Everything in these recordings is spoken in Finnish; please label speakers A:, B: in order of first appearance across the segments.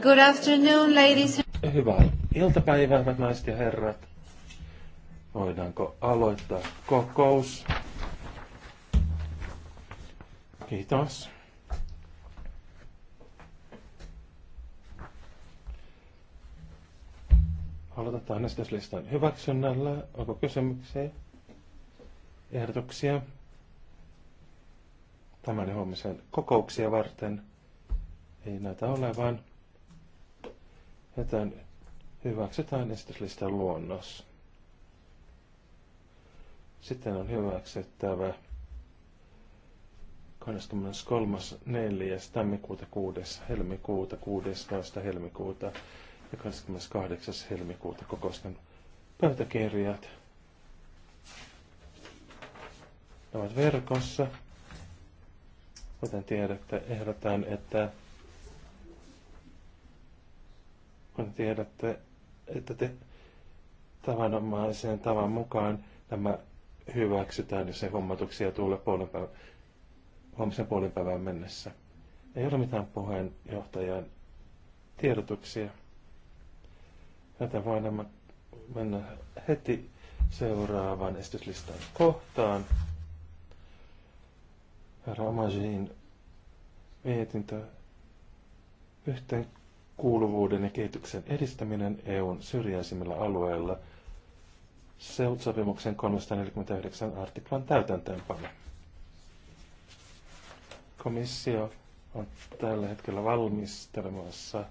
A: Good afternoon, ladies.
B: Hyvää iltapäivää, hyvät naiset ja herrat. Voidaanko aloittaa kokous? Kiitos. Aloitetaan äänestyslistan hyväksynnällä. Onko kysymyksiä? Ehdotuksia? Tämä huomisen kokouksia varten. Ei näitä ole, vaan joten hyväksytään esityslistan luonnos. Sitten on hyväksyttävä 23.4. tammikuuta 6. helmikuuta 16. helmikuuta ja 28. helmikuuta kokousten pöytäkirjat. Ne ovat verkossa. Kuten tiedätte, ehdotan, että kun tiedätte, että te tavanomaisen tavan mukaan tämä hyväksytään, jos ei hommatuksi tulee puolenpäivä, huomisen päivän mennessä. Ei ole mitään puheenjohtajan tiedotuksia, joten voin mennä heti seuraavaan esityslistan kohtaan. Ramajin mietintö yhteen kuuluvuuden ja kehityksen edistäminen EUn syrjäisimmillä alueilla SEUT-sopimuksen 349 artiklan täytäntöönpano. Komissio on tällä hetkellä valmistelemassa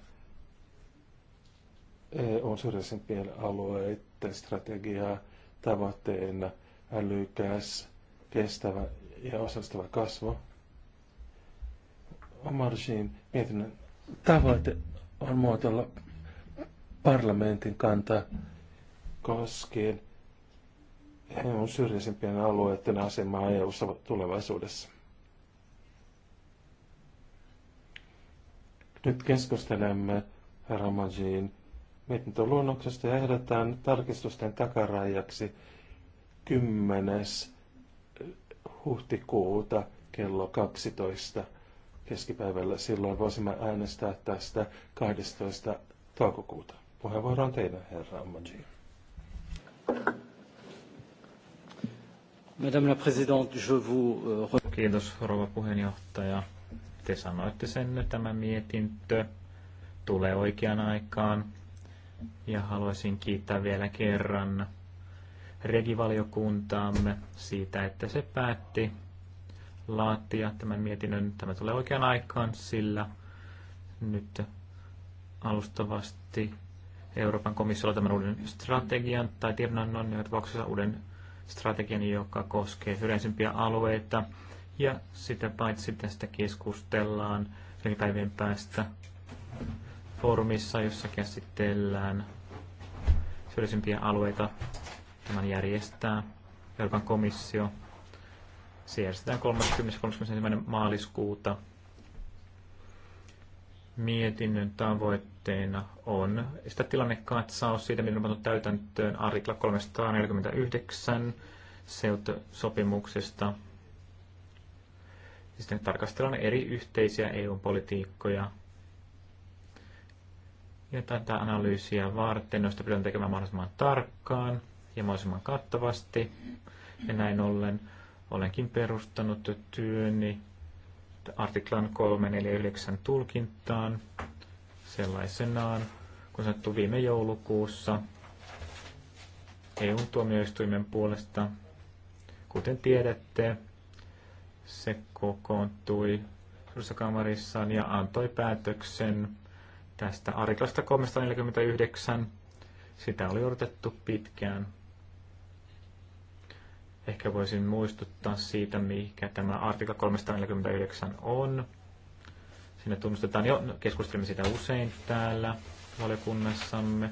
B: EUn syrjäisimpien alueiden strategiaa tavoitteena älykäs, kestävä ja osallistava kasvu. Omarjin mietinnön tavoite on muotoilla parlamentin kanta koskien EUn syrjäisimpien alueiden asemaa EUssa tulevaisuudessa. Nyt keskustelemme Ramajin mietintöluonnoksesta ja ehdotetaan tarkistusten takarajaksi 10. huhtikuuta kello 12 keskipäivällä. Silloin voisimme äänestää tästä 12. toukokuuta. Puheenvuoro on teidän, herra Ammanji.
C: Madame la Présidente, je vous... Euh, Kiitos, rouva puheenjohtaja. Te sanoitte sen, että tämä mietintö tulee oikeaan aikaan. Ja haluaisin kiittää vielä kerran regivaliokuntaamme siitä, että se päätti laatia tämän mietinnön. Tämä tulee oikeaan aikaan, sillä nyt alustavasti Euroopan komissiolla tämän uuden strategian tai tiedonannon ja tapauksessa uuden strategian, joka koskee yleisempiä alueita. Ja sitä paitsi tästä keskustellaan päivien päästä foorumissa, jossa käsitellään syrjäisimpiä alueita. Tämän järjestää Euroopan komissio se järjestetään 30. maaliskuuta. Mietinnön tavoitteena on sitä tilannekatsaus siitä, miten on pantu täytäntöön artikla 349 seutosopimuksesta. Sitten tarkastellaan eri yhteisiä EU-politiikkoja. Ja tätä analyysiä varten noista pyritään tekemään mahdollisimman tarkkaan ja mahdollisimman kattavasti. Ja näin ollen Olenkin perustanut työni artiklan 349 tulkintaan sellaisenaan, kun sanottu viime joulukuussa EU-tuomioistuimen puolesta. Kuten tiedätte, se kokoontui kamarissaan ja antoi päätöksen tästä artiklasta 349. Sitä oli odotettu pitkään. Ehkä voisin muistuttaa siitä, mikä tämä artikla 349 on. Siinä tunnustetaan jo, no, keskustelimme sitä usein täällä valiokunnassamme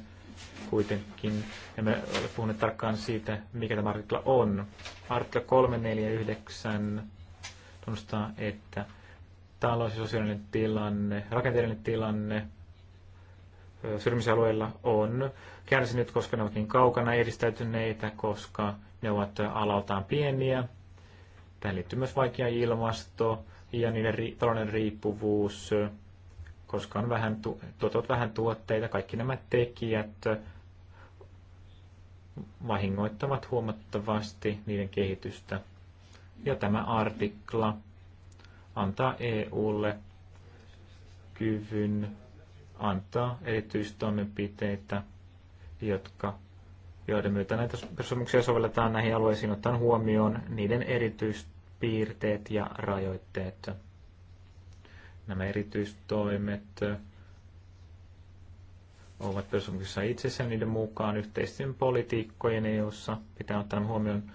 C: kuitenkin. Emme ole puhuneet tarkkaan siitä, mikä tämä artikla on. Artikla 349 tunnustaa, että talous- ja sosiaalinen tilanne, rakenteellinen tilanne syrjimisalueilla on kärsinyt, koska ne ovat niin kaukana edistäytyneitä, koska ne ovat alaltaan pieniä. Tähän liittyy myös vaikea ilmasto ja niiden ri- talouden riippuvuus, koska on vähän tu- tuotot vähän tuotteita. Kaikki nämä tekijät vahingoittavat huomattavasti niiden kehitystä. Ja tämä artikla antaa EUlle kyvyn antaa erityistoimenpiteitä, jotka joiden myötä näitä sopimuksia sovelletaan näihin alueisiin ottaen huomioon niiden erityispiirteet ja rajoitteet. Nämä erityistoimet ovat perussopimuksissa itsessään niiden mukaan yhteisten politiikkojen EU-ssa. Pitää ottaa huomioon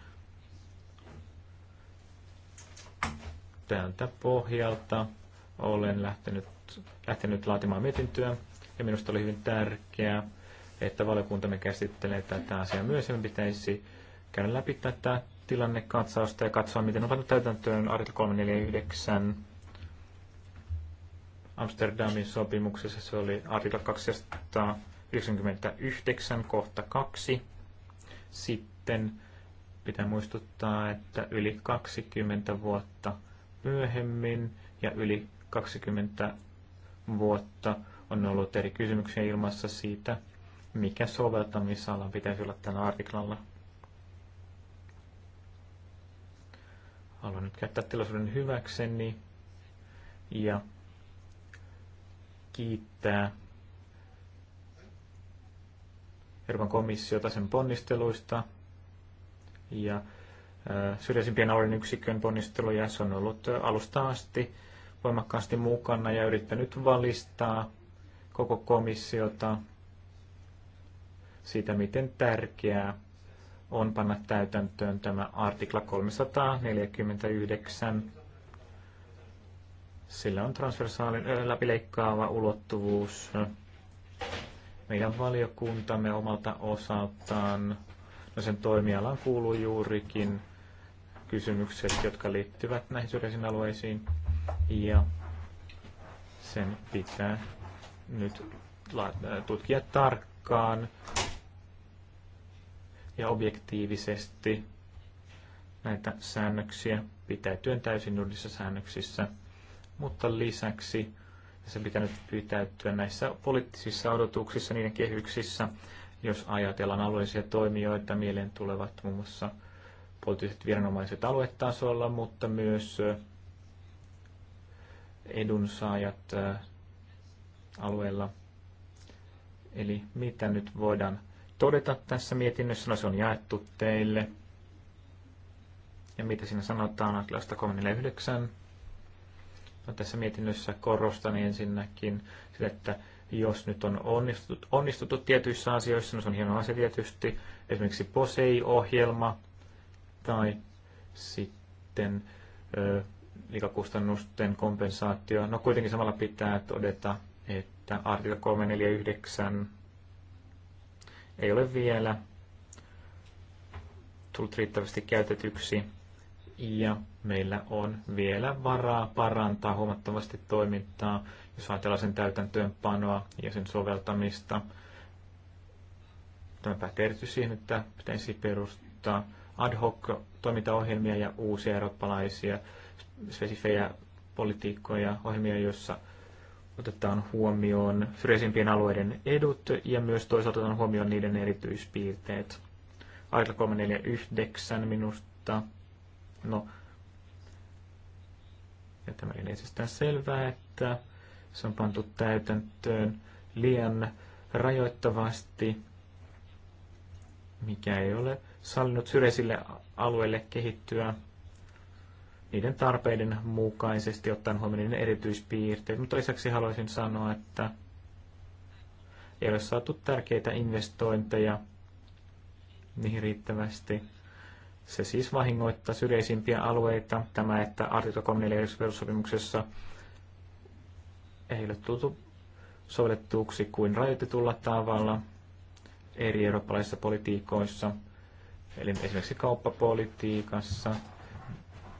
C: tältä pohjalta. Olen lähtenyt, lähtenyt laatimaan mietintöä ja minusta oli hyvin tärkeää että valiokuntamme käsittelee tätä asiaa myös ja me pitäisi käydä läpi tätä tilannekatsausta ja katsoa, miten on täytäntöön artikla 349 Amsterdamin sopimuksessa. Se oli artikla 299 kohta 2. Sitten pitää muistuttaa, että yli 20 vuotta myöhemmin ja yli 20 vuotta on ollut eri kysymyksiä ilmassa siitä, mikä soveltamisala pitäisi olla tällä artiklalla. Haluan nyt käyttää tilaisuuden hyväkseni ja kiittää Euroopan komissiota sen ponnisteluista ja syrjäisimpien alueiden yksikön ponnisteluja. Se on ollut alusta asti voimakkaasti mukana ja yrittänyt valistaa koko komissiota siitä, miten tärkeää on panna täytäntöön tämä artikla 349. Sillä on transversaalin läpileikkaava ulottuvuus. Meidän valiokuntamme omalta osaltaan, no sen toimialan kuuluu juurikin kysymykset, jotka liittyvät näihin syrjäisiin alueisiin. Ja sen pitää nyt tutkia tarkkaan ja objektiivisesti näitä säännöksiä pitäytyen täysin uudissa säännöksissä, mutta lisäksi se pitää nyt pitäytyä näissä poliittisissa odotuksissa, niiden kehyksissä, jos ajatellaan alueellisia toimijoita, mieleen tulevat muun muassa poliittiset viranomaiset aluetasolla, mutta myös edunsaajat alueella. Eli mitä nyt voidaan todeta tässä mietinnössä. No se on jaettu teille. Ja mitä siinä sanotaan artiklasta 349? No, tässä mietinnössä korostan ensinnäkin sitä, että jos nyt on onnistuttu, onnistuttu tietyissä asioissa, no se on hieno asia tietysti, esimerkiksi POSEI-ohjelma tai sitten ö, likakustannusten kompensaatio. No kuitenkin samalla pitää todeta, että artikla 349 ei ole vielä tullut riittävästi käytetyksi ja meillä on vielä varaa parantaa huomattavasti toimintaa, jos ajatellaan sen täytäntöönpanoa ja sen soveltamista. Tämä päättyy erityisesti siihen, että pitäisi perustaa ad hoc toimintaohjelmia ja uusia eurooppalaisia spesifejä politiikkoja, ohjelmia, joissa otetaan huomioon syrjäisimpien alueiden edut ja myös toisaalta otetaan huomioon niiden erityispiirteet. Artikla 349 minusta. No, ja tämä ei itsestään selvää, että se on pantu täytäntöön liian rajoittavasti, mikä ei ole sallinut syrjäisille alueille kehittyä niiden tarpeiden mukaisesti, ottaen huomioon niiden erityispiirteet. Mutta lisäksi haluaisin sanoa, että ei ole saatu tärkeitä investointeja niihin riittävästi. Se siis vahingoittaa syrjäisimpiä alueita. Tämä, että artikla 349 perussopimuksessa ei ole tultu sovellettuuksi kuin rajoitetulla tavalla eri eurooppalaisissa politiikoissa, eli esimerkiksi kauppapolitiikassa –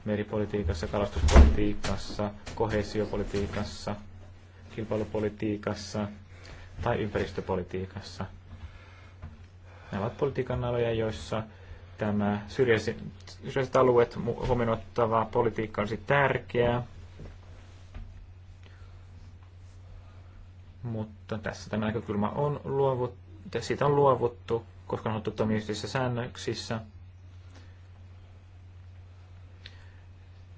C: meripolitiikassa, kalastuspolitiikassa, kohesiopolitiikassa, kilpailupolitiikassa tai ympäristöpolitiikassa. Nämä ovat politiikan aloja, joissa tämä syrjäiset, alueet huomioon politiikka olisi tärkeää. Mutta tässä tämä näkökulma on luovuttu, siitä on luovuttu, koska on haluttu säännöksissä –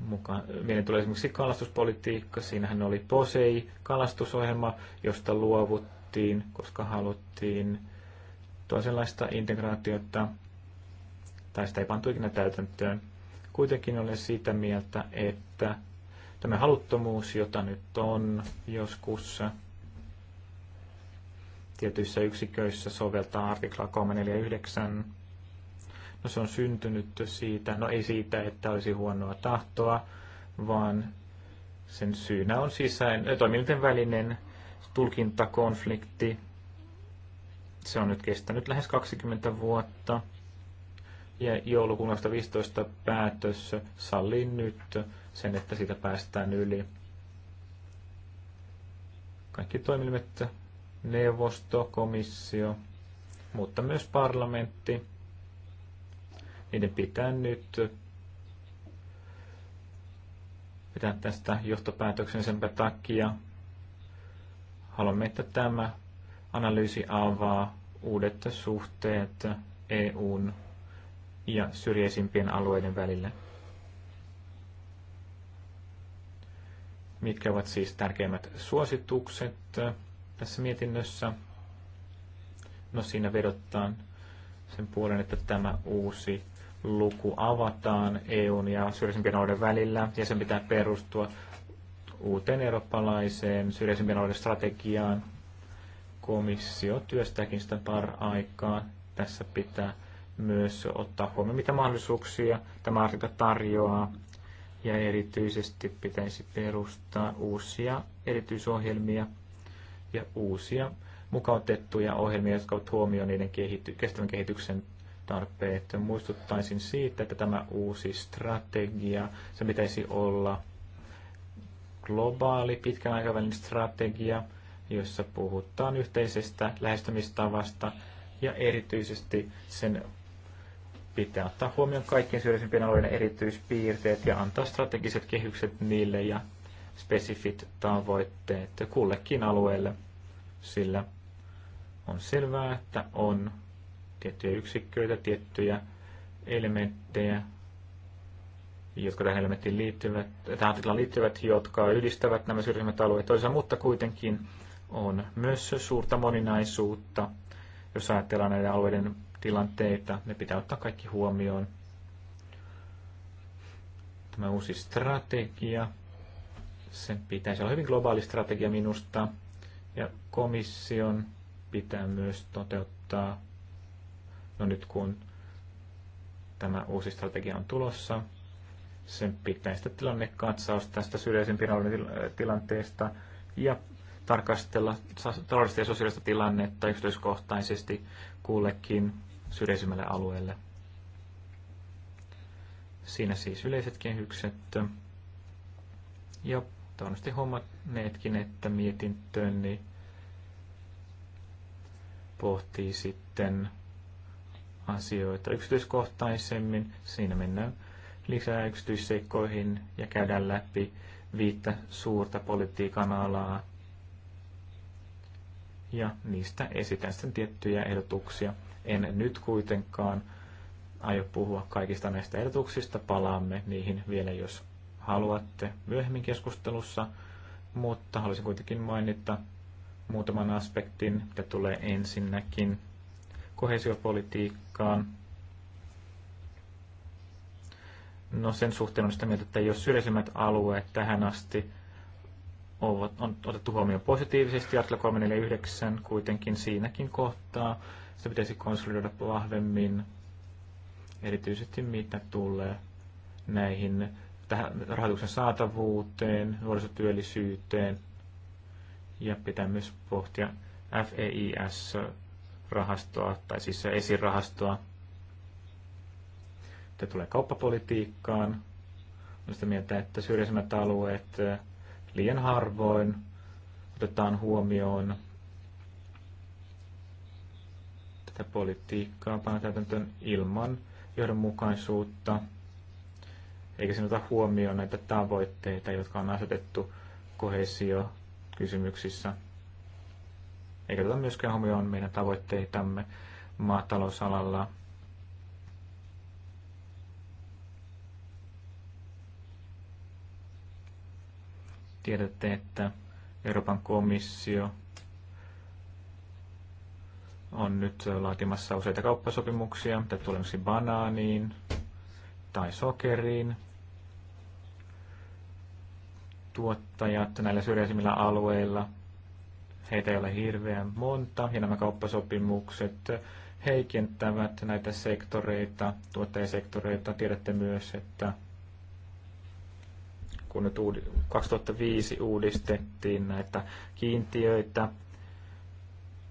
C: mukaan. Mieleen tulee esimerkiksi kalastuspolitiikka, siinähän oli POSEI, kalastusohjelma, josta luovuttiin, koska haluttiin toisenlaista integraatiota, tai sitä ei pantu ikinä täytäntöön. Kuitenkin olen sitä mieltä, että tämä haluttomuus, jota nyt on joskus tietyissä yksiköissä soveltaa artiklaa 349 No se on syntynyt siitä, no ei siitä, että olisi huonoa tahtoa, vaan sen syynä on sisäinen, eh, toimijoiden välinen tulkintakonflikti. Se on nyt kestänyt lähes 20 vuotta. Ja joulukuun 2015 päätös sallii nyt sen, että siitä päästään yli. Kaikki toimilimet, neuvosto, komissio, mutta myös parlamentti niiden pitää nyt pitää tästä johtopäätöksen sen takia. Haluamme, että tämä analyysi avaa uudet suhteet EUn ja syrjäisimpien alueiden välille. Mitkä ovat siis tärkeimmät suositukset tässä mietinnössä? No siinä vedotaan sen puolen, että tämä uusi luku avataan EUn ja syrjäisimpien alueiden välillä, ja sen pitää perustua uuteen eurooppalaiseen syrjäisimpien alueiden strategiaan. Komissio työstääkin sitä par-aikaa. Tässä pitää myös ottaa huomioon, mitä mahdollisuuksia tämä artikla tarjoaa. Ja erityisesti pitäisi perustaa uusia erityisohjelmia ja uusia mukautettuja ohjelmia, jotka ovat huomioon niiden kehity- kestävän kehityksen tarpeet. Muistuttaisin siitä, että tämä uusi strategia, se pitäisi olla globaali pitkän aikavälin strategia, jossa puhutaan yhteisestä lähestymistavasta ja erityisesti sen pitää ottaa huomioon kaikkien syrjäisimpien alueiden erityispiirteet ja antaa strategiset kehykset niille ja spesifit tavoitteet kullekin alueelle, sillä on selvää, että on tiettyjä yksikköitä, tiettyjä elementtejä, jotka tähän elementtiin liittyvät, tähän tilaan liittyvät, jotka yhdistävät nämä syrjimmät alueet toisaalta, mutta kuitenkin on myös suurta moninaisuutta, jos ajatellaan näiden alueiden tilanteita. Ne pitää ottaa kaikki huomioon. Tämä uusi strategia, sen pitäisi olla hyvin globaali strategia minusta, ja komission pitää myös toteuttaa No nyt kun tämä uusi strategia on tulossa, sen pitäisi tilannekatsaus tästä syrjäisimpien tilanteesta ja tarkastella taloudellista ja sosiaalista tilannetta yksityiskohtaisesti kullekin syleisimmälle alueelle. Siinä siis yleiset kehykset. Ja toivottavasti huomanneetkin, että mietintöni pohtii sitten asioita yksityiskohtaisemmin. Siinä mennään lisää yksityisseikkoihin ja käydään läpi viittä suurta politiikan alaa. Ja niistä esitän sitten tiettyjä ehdotuksia. En nyt kuitenkaan aio puhua kaikista näistä ehdotuksista. Palaamme niihin vielä, jos haluatte myöhemmin keskustelussa. Mutta haluaisin kuitenkin mainita muutaman aspektin, mitä tulee ensinnäkin kohesiopolitiikkaan. No sen suhteen on sitä mieltä, että jos syrjäisimmät alueet tähän asti ovat, on otettu huomioon positiivisesti, artikla 349 kuitenkin siinäkin kohtaa, sitä pitäisi konsolidoida vahvemmin, erityisesti mitä tulee näihin tähän rahoituksen saatavuuteen, nuorisotyöllisyyteen ja pitää myös pohtia FEIS rahastoa, tai siis esirahastoa. Tämä tulee kauppapolitiikkaan. On sitä mieltä, että syrjäisemmät alueet eh, liian harvoin otetaan huomioon tätä politiikkaa panna täytäntöön ilman johdonmukaisuutta, eikä sinota huomioon näitä tavoitteita, jotka on asetettu kohesio kysymyksissä eikä tätä myöskään huomioon meidän tavoitteitamme maatalousalalla. Tiedätte, että Euroopan komissio on nyt laatimassa useita kauppasopimuksia, mitä tulee banaaniin tai sokeriin. Tuottajat näillä syrjäisimmillä alueilla – heitä ei ole hirveän monta, ja nämä kauppasopimukset heikentävät näitä sektoreita, tuottajasektoreita. Tiedätte myös, että kun nyt 2005 uudistettiin näitä kiintiöitä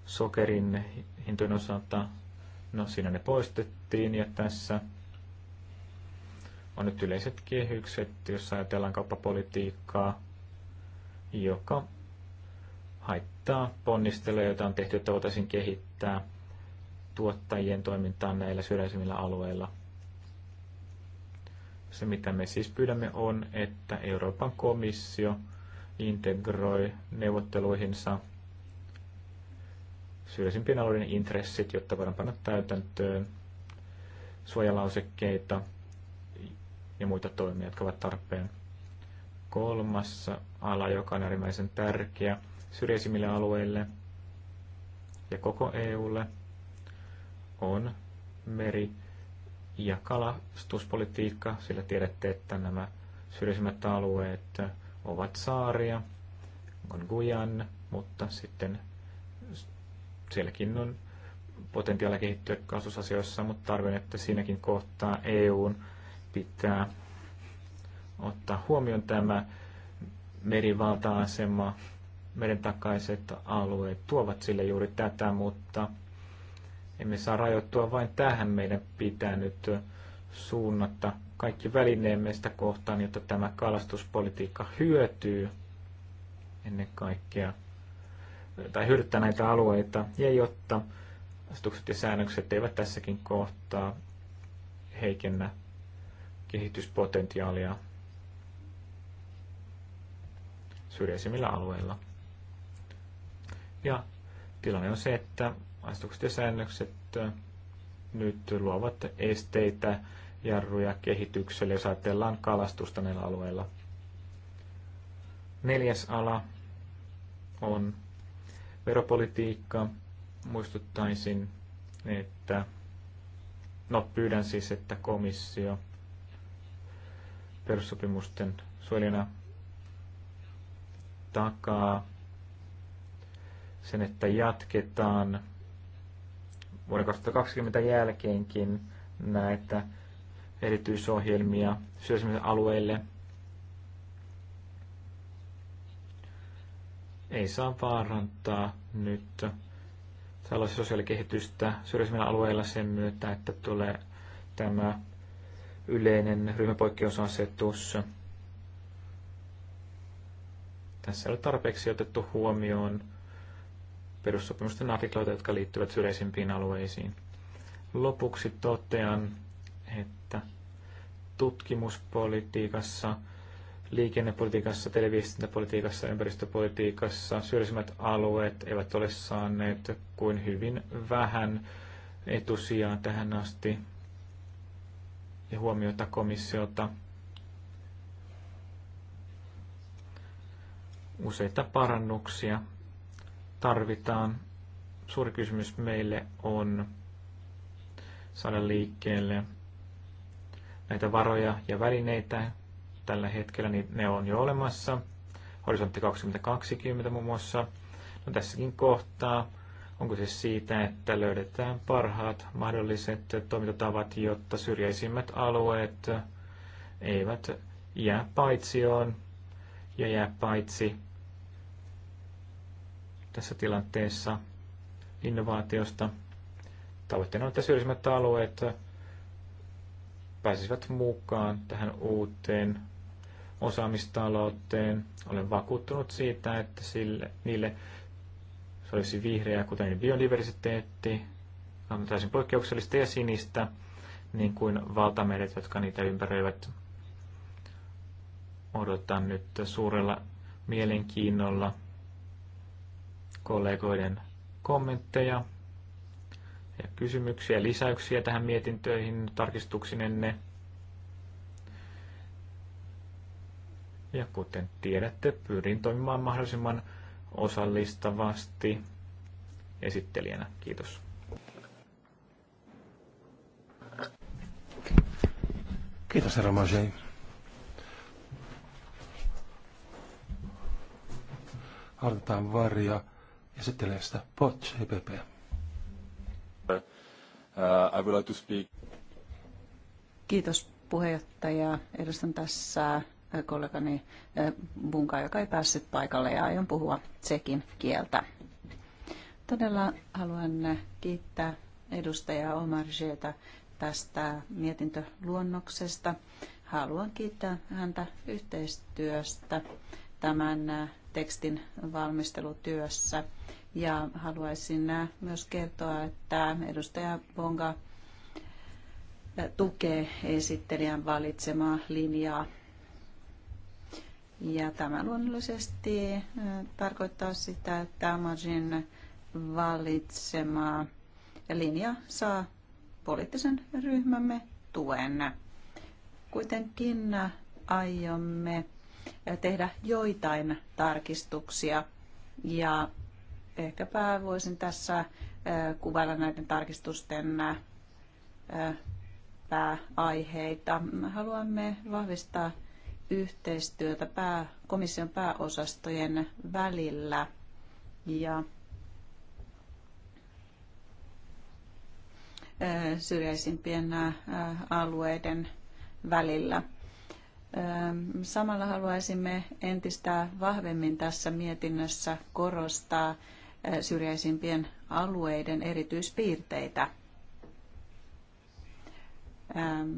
C: sokerin hintojen osalta, no siinä ne poistettiin ja tässä on nyt yleiset kehykset, jos ajatellaan kauppapolitiikkaa, joka rahoittaa ponnisteluja, joita on tehty, että voitaisiin kehittää tuottajien toimintaa näillä syrjäisimmillä alueilla. Se, mitä me siis pyydämme, on, että Euroopan komissio integroi neuvotteluihinsa syrjäisimpien alueiden intressit, jotta voidaan panna täytäntöön suojalausekkeita ja muita toimia, jotka ovat tarpeen. Kolmas ala, joka on äärimmäisen tärkeä, syrjäisimmille alueille ja koko EUlle on meri- ja kalastuspolitiikka, sillä tiedätte, että nämä syrjäisimmät alueet ovat saaria, on Gujan, mutta sitten sielläkin on potentiaalia kehittyä kasvusasioissa, mutta tarvitsen, että siinäkin kohtaa EUn pitää ottaa huomioon tämä merivalta-asema meidän takaiset alueet tuovat sille juuri tätä, mutta emme saa rajoittua vain tähän. Meidän pitää nyt suunnata kaikki välineemme sitä kohtaan, jotta tämä kalastuspolitiikka hyötyy ennen kaikkea tai hyödyttää näitä alueita ja jotta asetukset ja säännökset eivät tässäkin kohtaa heikennä kehityspotentiaalia syrjäisimmillä alueilla. Ja tilanne on se, että asetukset ja säännökset nyt luovat esteitä, jarruja kehitykselle, jos ajatellaan kalastusta näillä alueilla. Neljäs ala on veropolitiikka. Muistuttaisin, että no, pyydän siis, että komissio perussopimusten suojelijana takaa sen, että jatketaan vuoden 2020 jälkeenkin näitä erityisohjelmia syrjäisemmille alueille. Ei saa vaarantaa nyt tällaisen sosiaalikehitystä syrjäisemmillä alueilla sen myötä, että tulee tämä yleinen ryhmäpoikkeusasetus. Tässä ei ole tarpeeksi otettu huomioon perussopimusten artikloita, jotka liittyvät syrjäisimpiin alueisiin. Lopuksi totean, että tutkimuspolitiikassa, liikennepolitiikassa, televiestintäpolitiikassa, ympäristöpolitiikassa syrjäisimmät alueet eivät ole saaneet kuin hyvin vähän etusijaa tähän asti ja huomiota komissiota. Useita parannuksia tarvitaan. Suuri kysymys meille on saada liikkeelle näitä varoja ja välineitä. Tällä hetkellä niin ne on jo olemassa. Horisontti 2020 muun muassa. No tässäkin kohtaa onko se siitä, että löydetään parhaat mahdolliset toimintatavat, jotta syrjäisimmät alueet eivät jää paitsioon ja jää paitsi tässä tilanteessa innovaatiosta. Tavoitteena on, että syrjimmät alueet pääsisivät mukaan tähän uuteen osaamistalouteen. Olen vakuuttunut siitä, että sille, niille se olisi vihreää, kuten biodiversiteetti, on täysin poikkeuksellista ja sinistä, niin kuin valtameret jotka niitä ympäröivät. Odotan nyt suurella mielenkiinnolla kollegoiden kommentteja ja kysymyksiä, lisäyksiä tähän mietintöihin, tarkistuksinenne. Ja kuten tiedätte, pyrin toimimaan mahdollisimman osallistavasti esittelijänä. Kiitos.
B: Kiitos, herra Majei. Aloitetaan varja esittelijästä Potts, EPP. Uh, I would like to speak. Kiitos
D: puheenjohtaja. Edustan tässä kollegani Bunka, joka ei päässyt paikalle ja aion puhua sekin kieltä. Todella haluan kiittää edustaja Omar Zeta tästä mietintöluonnoksesta. Haluan kiittää häntä yhteistyöstä tämän tekstin valmistelutyössä. Ja haluaisin myös kertoa, että edustaja Bonga tukee esittelijän valitsemaa linjaa. Ja tämä luonnollisesti tarkoittaa sitä, että Marjin valitsema linja saa poliittisen ryhmämme tuen. Kuitenkin aiomme tehdä joitain tarkistuksia. Ja ehkäpä voisin tässä äh, kuvailla näiden tarkistusten äh, pääaiheita. Haluamme vahvistaa yhteistyötä pää, komission pääosastojen välillä ja äh, syrjäisimpien alueiden välillä. Ähm, samalla haluaisimme entistä vahvemmin tässä mietinnössä korostaa äh, syrjäisimpien alueiden erityispiirteitä. Ähm,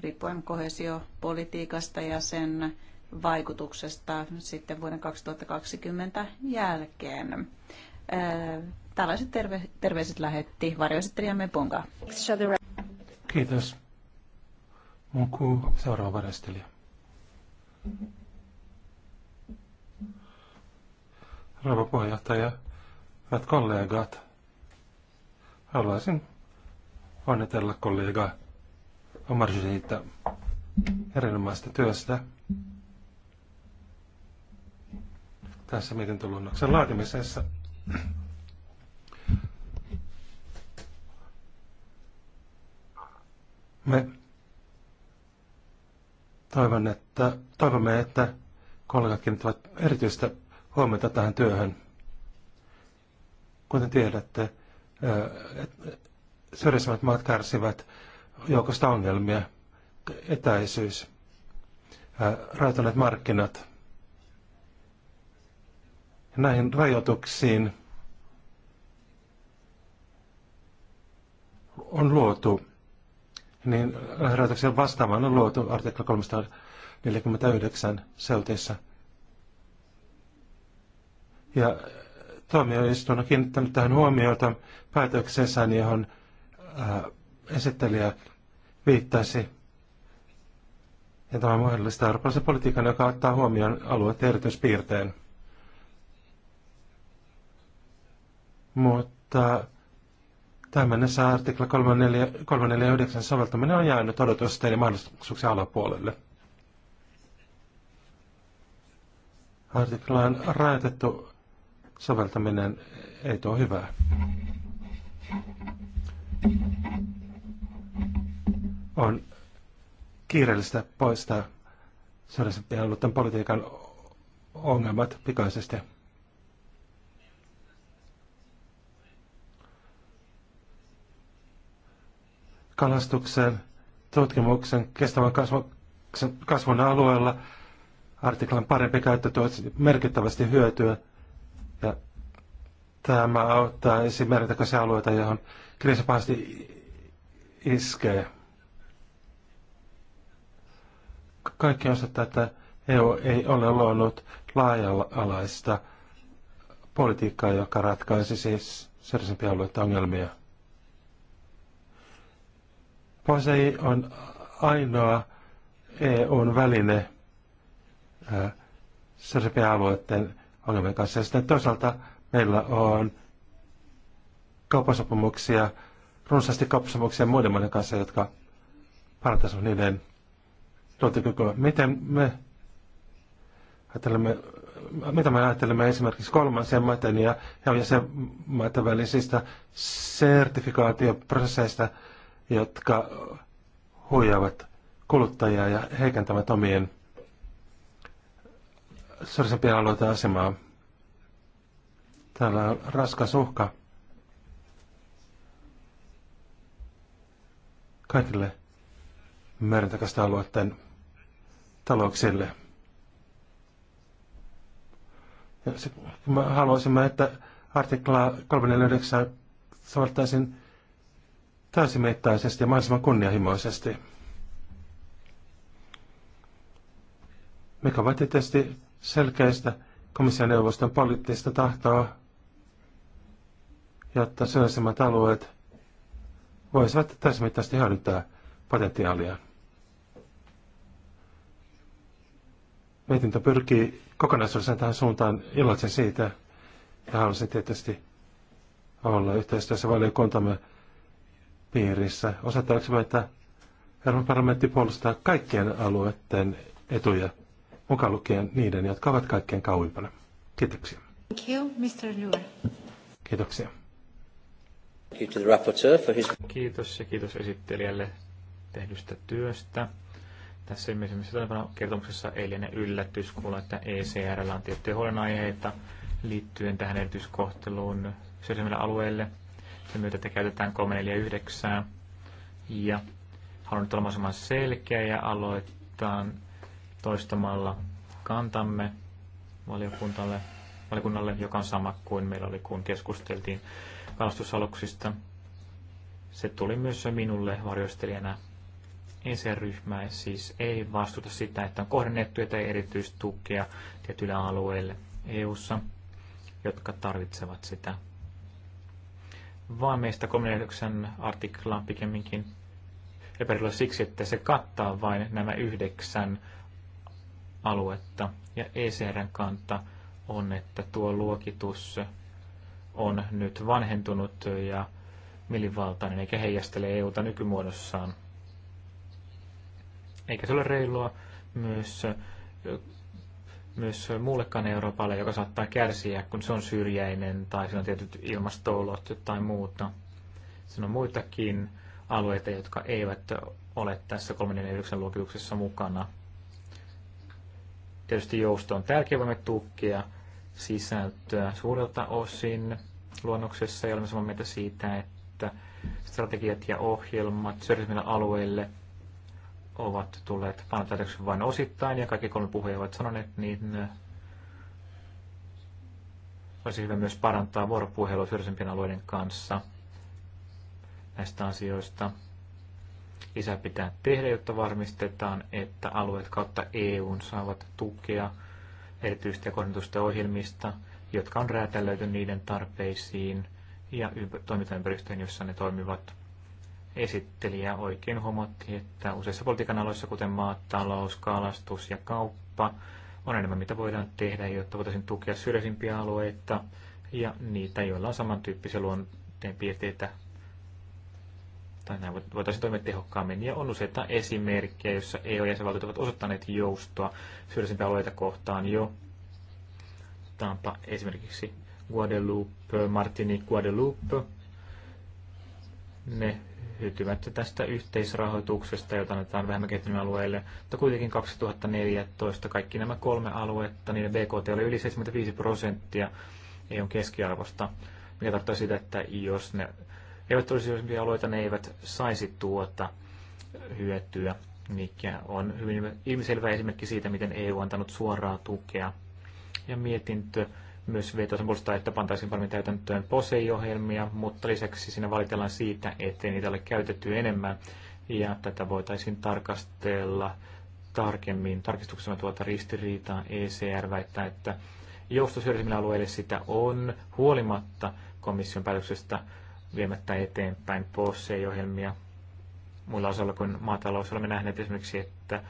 D: riippuen kohesiopolitiikasta ja sen vaikutuksesta sitten vuoden 2020 jälkeen. Äh, tällaiset terve- terveiset lähetti varjoesittelijämme Ponga.
B: Kiitos. Mun kuu seuraava varjoesittelijä. Rouva puheenjohtaja, hyvät kollegat, haluaisin onnitella kollega Omar siitä erinomaista työstä tässä mietintöluonnoksen laatimisessa. Me Toivon, että, toivomme, että kollegat kiinnittävät erityistä huomiota tähän työhön. Kuten tiedätte, syrjäisemmät maat kärsivät joukosta ongelmia, etäisyys, rajoittuneet markkinat. Ja näihin rajoituksiin on luotu niin rajoituksen vastaamaan on luotu artikla 349 seutissa. Ja tuomioistuin on kiinnittänyt tähän huomiota päätöksessään, johon ää, äh, esittelijä viittasi. Ja tämä mahdollistaa eurooppalaisen politiikan, joka ottaa huomioon alueet erityispiirteen. Mutta Tähän mennessä artikla 349 soveltaminen on jäänyt odotusten ja mahdollisuuksien alapuolelle. Artiklaan rajoitettu soveltaminen ei tuo hyvää. On kiireellistä poistaa sodassa politiikan ongelmat pikaisesti. kalastuksen tutkimuksen kestävän kasvun, kasvun alueella. Artiklan parempi käyttö tuo merkittävästi hyötyä ja tämä auttaa esimerkiksi alueita, johon kriisi pahasti iskee. Kaikki osoittaa, että EU ei ole luonut laaja-alaista politiikkaa, joka ratkaisi siis sellaisempia alueita ongelmia. POSEI on ainoa EUn väline CCP-alueiden ongelmien kanssa. Ja sitten toisaalta meillä on kauppasopimuksia, runsaasti kauppasopimuksia muiden maiden kanssa, jotka parantaisivat niiden tuotekykyä. Miten me ajattelemme, mitä me ajattelemme esimerkiksi kolmansien maiden ja jäsenmaiden välisistä sertifikaatioprosesseista, jotka huijaavat kuluttajia ja heikentävät omien syrjäisempien alueiden asemaa. Täällä on raskas uhka kaikille merentakasta alueiden talouksille. Ja sit, mä haluaisin, että artiklaa 349 soveltaisin täysimittaisesti ja mahdollisimman kunnianhimoisesti. mikä vaatii tietysti selkeästä komission neuvoston poliittista tahtoa, jotta sellaisemmat alueet voisivat täysimittaisesti hyödyntää potentiaalia. Mietintö pyrkii kokonaisuudessaan tähän suuntaan iloitsen siitä ja haluaisin tietysti olla yhteistyössä valiokuntamme piirissä. me, että Euroopan parlamentti puolustaa kaikkien alueiden etuja, mukaan lukien niiden, jotka ovat kaikkein kauimpana. Kiitoksia.
A: Thank you, Mr. Lure.
B: Kiitoksia.
C: Kiitos ja kiitos esittelijälle tehdystä työstä. Tässä ensimmäisessä kertomuksessa ei liene yllätys kuulla, että ECRllä on tiettyjä huolenaiheita liittyen tähän erityiskohteluun syrjimmille alueelle – sen myötä, että käytetään 349. Ja haluan nyt olla mahdollisimman selkeä ja aloittaa toistamalla kantamme valiokuntalle, valiokunnalle, joka on sama kuin meillä oli, kun keskusteltiin kalastusaluksista. Se tuli myös minulle varjostelijana ensin ryhmä siis ei vastuta sitä, että on kohdennettuja tai erityistukea tietyille alueille EU-ssa, jotka tarvitsevat sitä vaan meistä 39 artiklaa pikemminkin epäilyllä siksi, että se kattaa vain nämä yhdeksän aluetta. Ja ECRn kanta on, että tuo luokitus on nyt vanhentunut ja millivaltainen eikä heijastele EUta nykymuodossaan. Eikä se ole reilua myös myös muullekaan Euroopalle, joka saattaa kärsiä, kun se on syrjäinen tai siinä on tietyt ilmastoolot tai muuta. Siinä on muitakin alueita, jotka eivät ole tässä 349 luokituksessa mukana. Tietysti jousto on tärkeä, voimme tukkia sisältöä suurelta osin luonnoksessa ja olemme samaa mieltä siitä, että strategiat ja ohjelmat syrjäisemmille alueille ovat tulleet päätöksen vain osittain ja kaikki kolme puhujaa ovat sanoneet, niin äh, olisi hyvä myös parantaa vuoropuhelua syrjäisempien alueiden kanssa näistä asioista. Lisää pitää tehdä, jotta varmistetaan, että alueet kautta EUn saavat tukea erityisesti ja kohdentusta ohjelmista, jotka on räätälöity niiden tarpeisiin ja toimintaympäristöihin, jossa ne toimivat esittelijä oikein huomattiin, että useissa politiikan aloissa, kuten maatalous, kalastus ja kauppa, on enemmän mitä voidaan tehdä, jotta voitaisiin tukea syrjäisimpiä alueita ja niitä, joilla on samantyyppisiä luonteen piirteitä tai näin voitaisiin toimia tehokkaammin. Ja on useita esimerkkejä, joissa EU-jäsenvaltiot ovat osoittaneet joustoa syrjäisimpiä alueita kohtaan jo. Tämä esimerkiksi Guadeloupe, Martinique, Guadeloupe. Ne hyötyvät tästä yhteisrahoituksesta, jota annetaan vähemmän kehittyneille alueille. Mutta kuitenkin 2014 kaikki nämä kolme aluetta, niiden BKT oli yli 75 prosenttia EUn keskiarvosta, mikä tarkoittaa sitä, että jos ne eivät olisi sellaisia alueita, ne eivät saisi tuota hyötyä, mikä on hyvin ilmiselvä esimerkki siitä, miten EU on antanut suoraa tukea. Ja mietintö myös vetoisen puolesta, että pantaisiin paremmin täytäntöön POSEI-ohjelmia, mutta lisäksi siinä valitellaan siitä, ettei niitä ole käytetty enemmän, ja tätä voitaisiin tarkastella tarkemmin. Tarkistuksena tuota ristiriitaa ECR väittää, että joustosyrjimmillä alueille sitä on huolimatta komission päätöksestä viemättä eteenpäin POSEI-ohjelmia muilla osalla kuin maatalousalla. Me nähneet esimerkiksi, että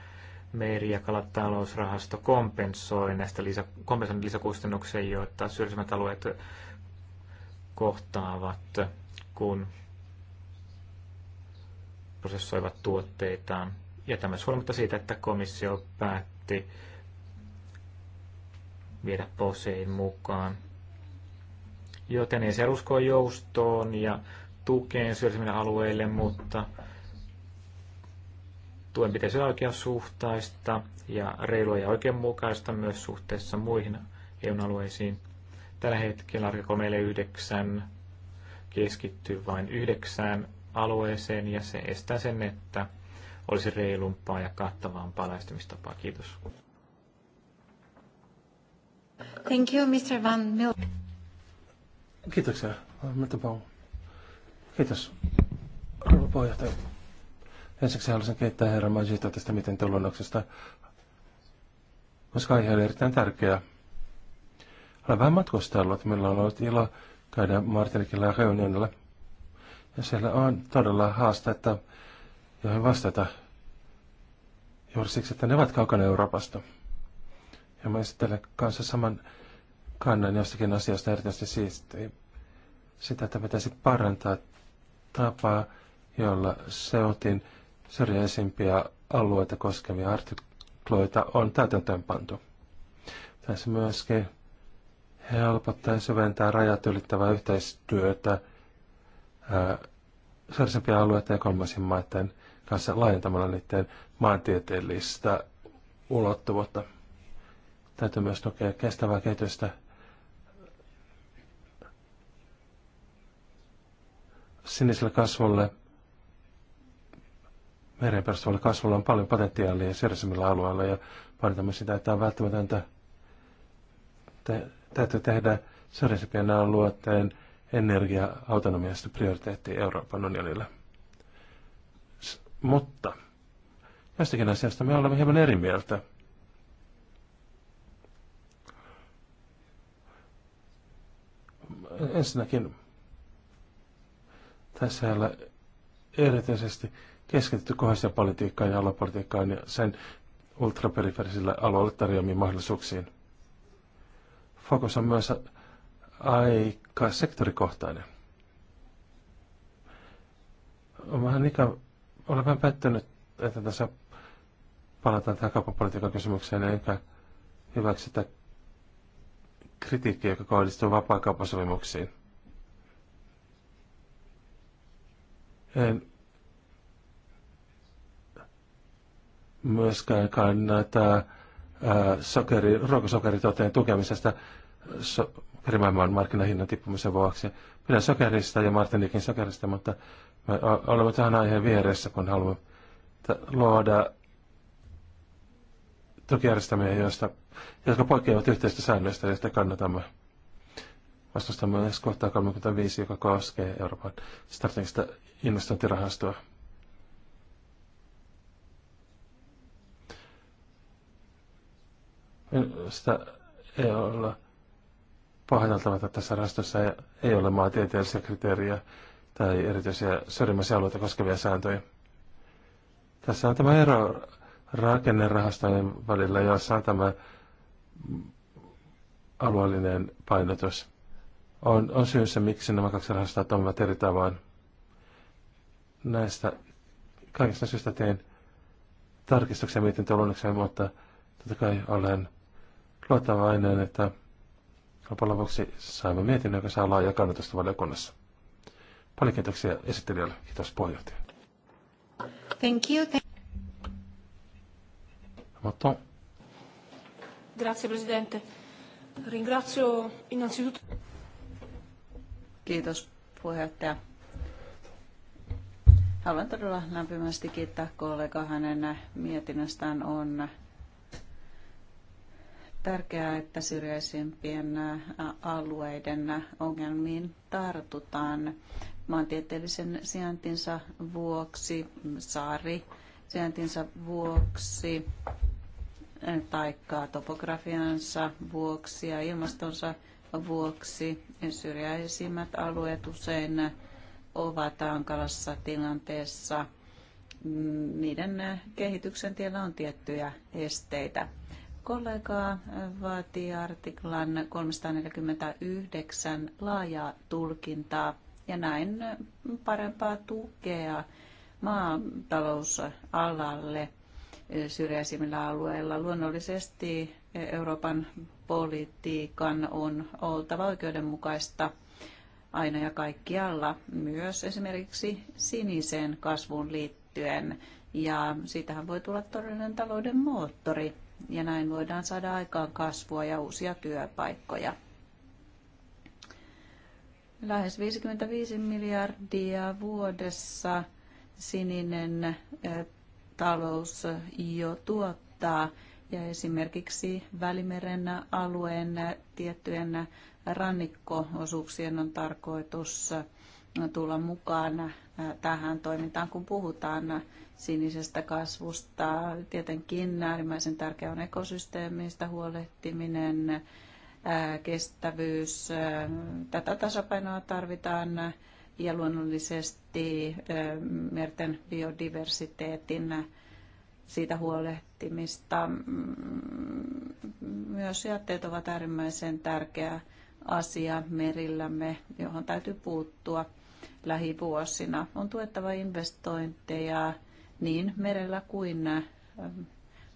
C: meri- ja kalatalousrahasto kompensoi näistä lisä, kompensoi lisäkustannuksia, joita syrjäisemmät alueet kohtaavat, kun prosessoivat tuotteitaan. Ja tämä siis huolimatta siitä, että komissio päätti viedä POSEin mukaan. Joten ei se usko joustoon ja tukeen syrjäisemmille alueille, mutta tuen pitäisi olla oikeasuhtaista ja reilua ja oikeanmukaista myös suhteessa muihin EU-alueisiin. Tällä hetkellä artikla 349 keskittyy vain yhdeksään alueeseen ja se estää sen, että olisi reilumpaa ja kattavampaa lähestymistapaa. Kiitos.
A: Thank you, Mr. Van Mil-
B: Kiitoksia. Kiitos. Arvo puheenjohtaja. Ensiksi haluaisin kiittää herra Majita tästä miten luonnoksesta, koska aihe oli erittäin tärkeä. Olen vähän matkustellut, millä on ollut ilo käydä Martinikilla ja Reunionilla. Ja siellä on todella että joihin vastata juuri siksi, että ne ovat kaukana Euroopasta. Ja mä esittelen kanssa saman kannan jostakin asiasta erityisesti siisti. Sitä, että pitäisi parantaa tapaa, jolla seutin syrjäisimpiä alueita koskevia artikloita on täytäntöönpantu. Tässä myöskin helpottaa ja syventää rajat ylittävää yhteistyötä syrjäisimpiä alueita ja kolmasin maiden kanssa laajentamalla niiden maantieteellistä ulottuvuutta. Täytyy myös tukea kestävää kehitystä sinisellä kasvulle – mereen perustuvalla kasvulla on paljon potentiaalia syrjäisemmillä alueilla ja painotamme sitä, että on välttämätöntä te, täytyy tehdä syrjäisempien alueiden energia-autonomiasta prioriteetti Euroopan unionille. S- mutta jostakin asiasta me olemme hieman eri mieltä. Ensinnäkin tässä erityisesti keskitytty politiikkaan ja aluepolitiikkaan ja sen ultraperiferisille alueilla tarjoamiin mahdollisuuksiin. Fokus on myös aika sektorikohtainen. On vähän ikä, olen vähän pettynyt, että tässä palataan tähän kauppapolitiikan kysymykseen, enkä hyväksytä kritiikkiä, joka kohdistuu vapaakauppasopimuksiin. En myöskään kannata sokeri, ruokasokeritoteen tukemisesta sokerimaailman markkinahinnan tippumisen vuoksi. Pidän sokerista ja Martinikin sokerista, mutta me olemme tähän aiheen vieressä, kun haluamme luoda tukijärjestelmiä, joista, jotka poikkeavat yhteistä säännöistä, joista kannatamme. Vastustamme myös kohtaa 35, joka koskee Euroopan strategista investointirahastoa. Minusta ei olla että tässä rastossa ei, ei ole maantieteellisiä kriteerejä tai erityisiä syrjimmäisiä alueita koskevia sääntöjä. Tässä on tämä ero rakennerahastojen välillä, jossa on tämä alueellinen painotus. On, on syynsä, miksi nämä kaksi rahastoa toimivat eri tavoin. Näistä kaikista syystä tein tarkistuksia mietintöluonnokseen, mutta totta kai olen luotava aineen, että loppujen lopuksi saimme mietinnön, joka saa laajaa kannatusta valiokunnassa. Paljon kiitoksia esittelijälle. Kiitos puheenjohtaja.
A: Thank you. Thank Grazie Presidente. Ringrazio
D: innanzitutto. Kiitos puheenjohtaja. Haluan todella lämpimästi kiittää kollega hänen mietinnöstään on tärkeää, että syrjäisempien alueiden ongelmiin tartutaan maantieteellisen sijaintinsa vuoksi, saari sijaintinsa vuoksi, taikka topografiansa vuoksi ja ilmastonsa vuoksi syrjäisimmät alueet usein ovat hankalassa tilanteessa. Mm, niiden kehityksen tiellä on tiettyjä esteitä kollegaa vaatii artiklan 349 laajaa tulkintaa ja näin parempaa tukea maatalousalalle syrjäisimmillä alueilla. Luonnollisesti Euroopan politiikan on oltava oikeudenmukaista aina ja kaikkialla, myös esimerkiksi siniseen kasvuun liittyen. Ja siitähän voi tulla todellinen talouden moottori ja näin voidaan saada aikaan kasvua ja uusia työpaikkoja. Lähes 55 miljardia vuodessa sininen talous jo tuottaa ja esimerkiksi Välimeren alueen tiettyjen rannikkoosuuksien on tarkoitus tulla mukaan tähän toimintaan, kun puhutaan sinisestä kasvusta. Tietenkin äärimmäisen tärkeä on ekosysteemistä huolehtiminen, kestävyys. Tätä tasapainoa tarvitaan ja luonnollisesti merten biodiversiteetin siitä huolehtimista. Mm, myös jätteet ovat äärimmäisen tärkeä asia merillämme, johon täytyy puuttua lähivuosina. On tuettava investointeja niin merellä kuin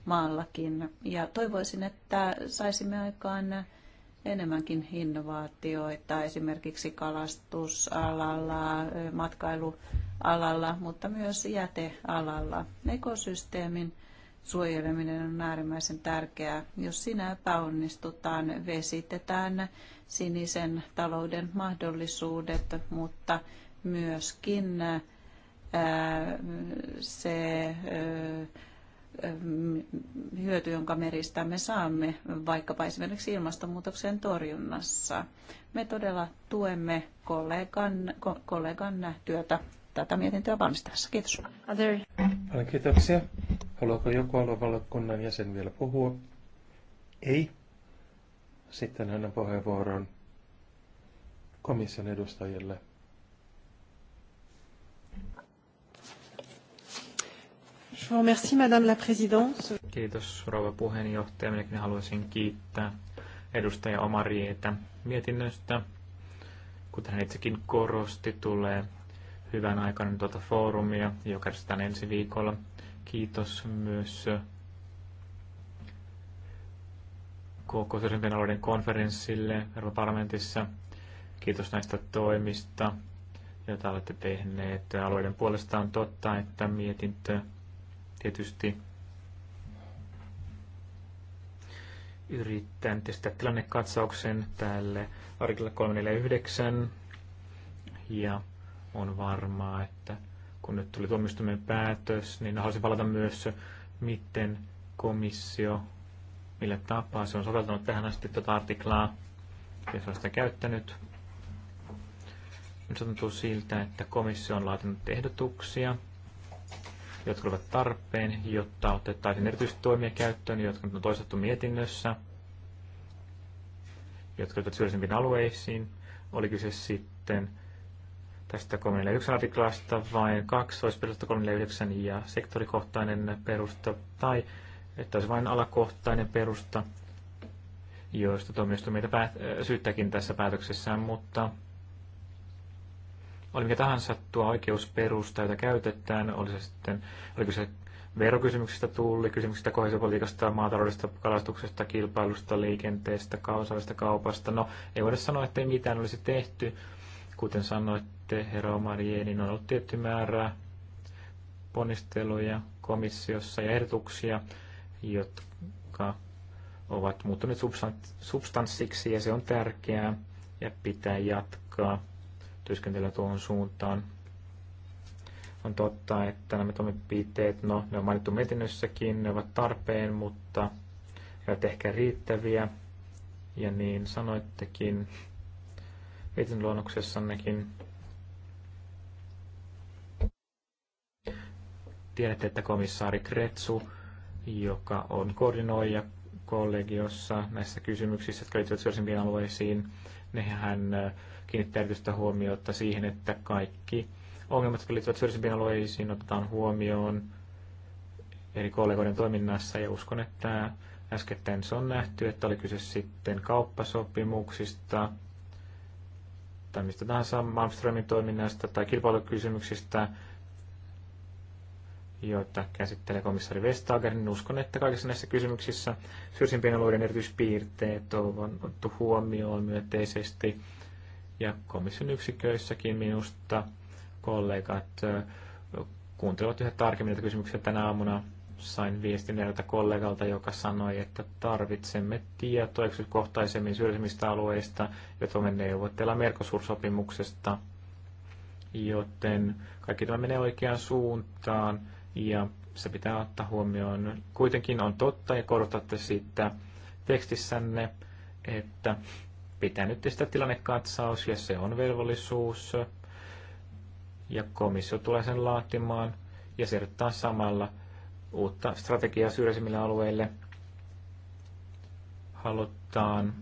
D: maallakin. Ja toivoisin, että saisimme aikaan enemmänkin innovaatioita esimerkiksi kalastusalalla, matkailualalla, mutta myös jätealalla. Ekosysteemin suojeleminen on äärimmäisen tärkeää. Jos sinä epäonnistutaan, vesitetään sinisen talouden mahdollisuudet, mutta myöskin äh, se äh, hyöty, jonka meristä me saamme vaikkapa esimerkiksi ilmastonmuutoksen torjunnassa. Me todella tuemme kollegan, kollegan työtä tätä mietintöä valmistellessa. Kiitos. Other.
B: Paljon kiitoksia. Haluaako joku aluevaliokunnan jäsen vielä puhua? Ei. Sitten annan puheenvuoron komission edustajille.
C: Kiitos rouva puheenjohtaja. Minäkin haluaisin kiittää edustaja Omarieta mietinnöstä. Kuten hän itsekin korosti, tulee hyvän aikana tuota foorumia, joka järjestetään ensi viikolla. Kiitos myös koko syrjimpien alueiden konferenssille Euroopan parlamentissa. Kiitos näistä toimista, joita olette tehneet. Alueiden puolesta on totta, että mietintö tietysti yrittää tehdä tilannekatsauksen tälle artikla 349 ja on varmaa, että kun nyt tuli tuomioistuimen päätös, niin haluaisin palata myös, miten komissio, millä tapaa se on soveltanut tähän asti tuota artiklaa, ja se on sitä käyttänyt. Nyt tuntuu siltä, että komissio on laatinut ehdotuksia, jotka ovat tarpeen, jotta otettaisiin toimia käyttöön, jotka on toistettu mietinnössä, jotka ovat syrjäisempiin alueisiin. Oli kyse sitten tästä 341 artiklasta, vain kaksi perusta 3.9 ja sektorikohtainen perusta, tai että olisi vain alakohtainen perusta, joista tuomioistuimia äh, syyttäkin tässä päätöksessään, mutta oli mikä tahansa tuo oikeusperusta, jota käytetään, oli se sitten, oliko se verokysymyksistä, tullikysymyksistä, kohesiopolitiikasta, maataloudesta, kalastuksesta, kilpailusta, liikenteestä, kausallisesta kaupasta. No, ei voida sanoa, että ei mitään olisi tehty, Kuten sanoitte, herra Omarie, niin on ollut tietty määrä ponnisteluja komissiossa ja ehdotuksia, jotka ovat muuttuneet substanssiksi ja se on tärkeää ja pitää jatkaa työskentelyä tuohon suuntaan. On totta, että nämä toimenpiteet, no ne on mainittu mietinnössäkin, ne ovat tarpeen, mutta ne ovat ehkä riittäviä. Ja niin sanoittekin, mietin luonnoksessannekin. Tiedätte, että komissaari Kretsu, joka on koordinoija kollegiossa näissä kysymyksissä, jotka liittyvät suosimpiin alueisiin, hän äh, kiinnittää erityistä huomiota siihen, että kaikki ongelmat, jotka liittyvät syrjimpiin alueisiin, otetaan huomioon eri kollegoiden toiminnassa ja uskon, että äskettäin se on nähty, että oli kyse sitten kauppasopimuksista, tai mistä tahansa Malmströmin toiminnasta tai kilpailukysymyksistä, joita käsittelee komissaari Vestager, niin uskon, että kaikissa näissä kysymyksissä syrsimpien alueiden erityispiirteet on otettu huomioon myönteisesti. Ja komission yksiköissäkin minusta kollegat äh, kuuntelevat yhä tarkemmin näitä kysymyksiä tänä aamuna sain viestin eräältä kollegalta, joka sanoi, että tarvitsemme tietoa yksityiskohtaisemmin syrjäisemmistä alueista, joita me neuvotellaan Mercosur-sopimuksesta, joten kaikki tämä menee oikeaan suuntaan ja se pitää ottaa huomioon. Kuitenkin on totta ja korotatte siitä tekstissänne, että pitää nyt testata tilannekatsaus ja se on velvollisuus ja komissio tulee sen laatimaan ja se samalla – uutta strategiaa syrjäisimmille alueille. Halutaan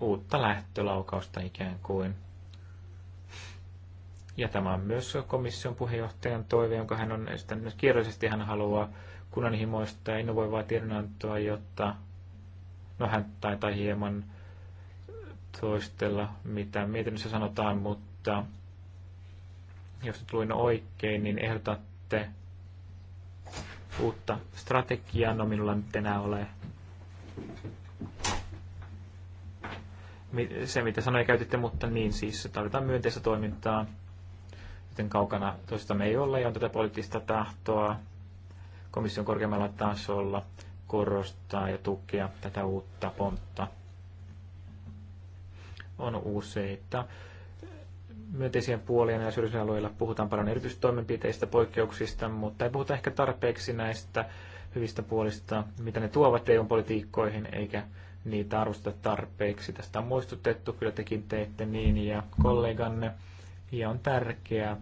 C: uutta lähtölaukausta ikään kuin. Ja tämä on myös komission puheenjohtajan toive, jonka hän on esittänyt myös kierroisesti. Hän haluaa kunnanhimoista ja innovoivaa tiedonantoa, jotta no hän taitaa hieman toistella, mitä mietinnössä sanotaan, mutta jos nyt luin oikein, niin ehdotatte uutta strategiaa. No minulla nyt enää ole se, mitä sanoja käytitte, mutta niin siis tarvitaan myönteistä toimintaa, joten kaukana me ei olla ja on tätä poliittista tahtoa komission korkeammalla tasolla korostaa ja tukea tätä uutta pontta. On useita myönteisiä puolia näillä syrjäisillä alueilla. Puhutaan paljon erityistoimenpiteistä, poikkeuksista, mutta ei puhuta ehkä tarpeeksi näistä hyvistä puolista, mitä ne tuovat EU-politiikkoihin, eikä niitä arvosteta tarpeeksi. Tästä on muistutettu, kyllä tekin teette niin ja kolleganne. Ja on tärkeää,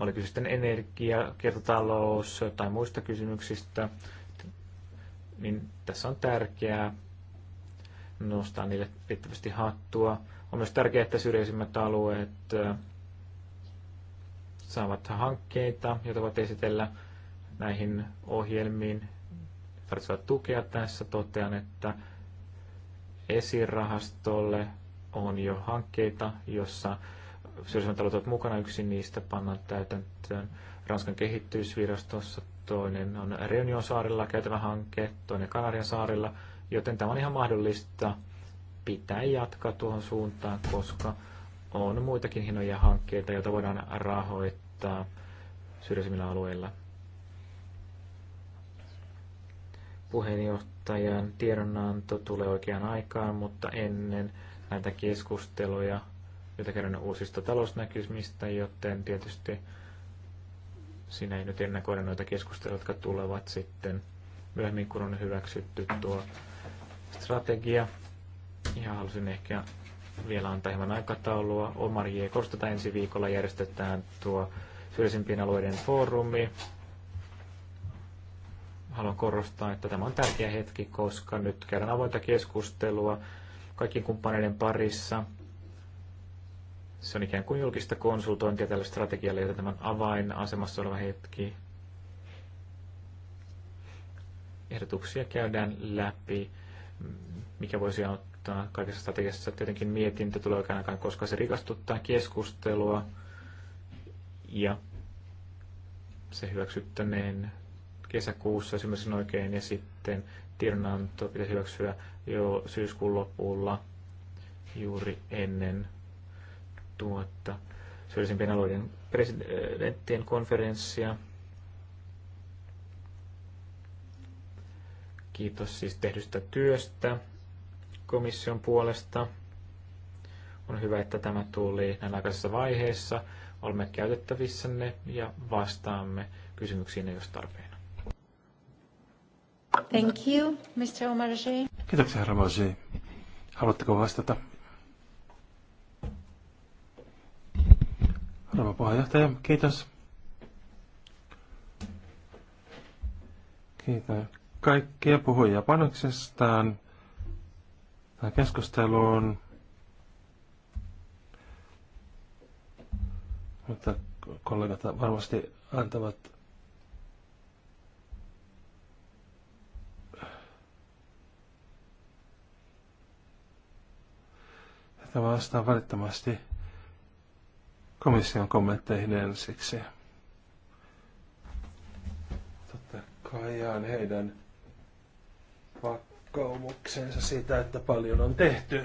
C: oli kyse sitten energia, kiertotalous tai muista kysymyksistä, niin tässä on tärkeää nostaa niille riittävästi hattua. On myös tärkeää, että syrjäisimmät alueet äh, saavat hankkeita, joita voivat esitellä näihin ohjelmiin. Tarvitsevat tukea tässä. Totean, että esirahastolle on jo hankkeita, jossa syrjäisimmät alueet ovat mukana. Yksi niistä pannaan täytäntöön Ranskan kehittyysvirastossa. Toinen on Reunion saarella käytävä hanke, toinen Kanarian saarilla, joten tämä on ihan mahdollista pitää jatkaa tuohon suuntaan, koska on muitakin hienoja hankkeita, joita voidaan rahoittaa syrjäisimmillä alueilla. Puheenjohtajan tiedonanto tulee oikeaan aikaan, mutta ennen näitä keskusteluja, joita käydään uusista talousnäkymistä, joten tietysti siinä ei nyt ennakoida noita keskusteluja, jotka tulevat sitten myöhemmin, kun on hyväksytty tuo strategia ihan halusin ehkä vielä antaa hieman aikataulua. Omar J. Kostata ensi viikolla järjestetään tuo syrjäisimpien alueiden foorumi. Haluan korostaa, että tämä on tärkeä hetki, koska nyt käydään avointa keskustelua kaikkien kumppaneiden parissa. Se on ikään kuin julkista konsultointia tälle strategialle, jota tämän avainasemassa oleva hetki. Ehdotuksia käydään läpi, mikä voisi auttaa mutta kaikessa strategiassa tietenkin mietintö tulee oikein aikaan, koska se rikastuttaa keskustelua ja se hyväksyttäneen kesäkuussa, esimerkiksi oikein, ja sitten tiedonanto pitäisi hyväksyä jo syyskuun lopulla juuri ennen tuota syrjäisempien alueiden presidenttien konferenssia. Kiitos siis tehdystä työstä komission puolesta. On hyvä, että tämä tuli näin aikaisessa vaiheessa. Olemme käytettävissänne ja vastaamme kysymyksiin, jos tarpeen.
A: Thank you, Mr. Omarjee.
C: Kiitoksia, herra Omarjee. Haluatteko vastata?
B: Rouva puheenjohtaja, kiitos. Kiitän kaikkia puhujia panoksestaan keskusteluun. Mutta kollegat varmasti antavat että vastaan välittömästi komission kommentteihin ensiksi. Totta kai heidän pakko vakaumuksensa siitä, että paljon on tehty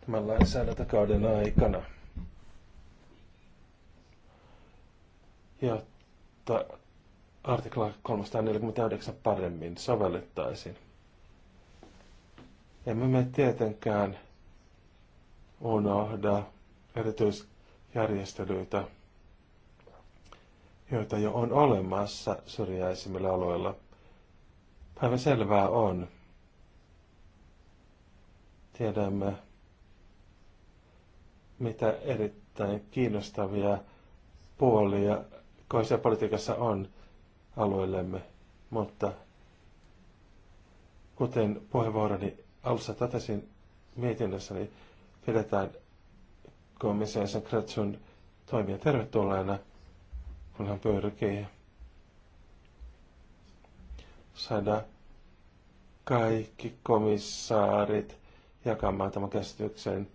B: tämän lainsäädäntökauden aikana. Jotta artikla 349 paremmin sovellettaisiin. Emme me tietenkään unohda erityisjärjestelyitä, joita jo on olemassa syrjäisimmillä alueilla – Päivän selvää on. Tiedämme, mitä erittäin kiinnostavia puolia politiikassa on alueellemme, mutta kuten puheenvuoroni alussa totesin mietinnössäni, niin pidetään komissaarisen Kretsun toimia tervetulleena, kun hän pyrkii saada kaikki komissaarit jakamaan tämän käsityksen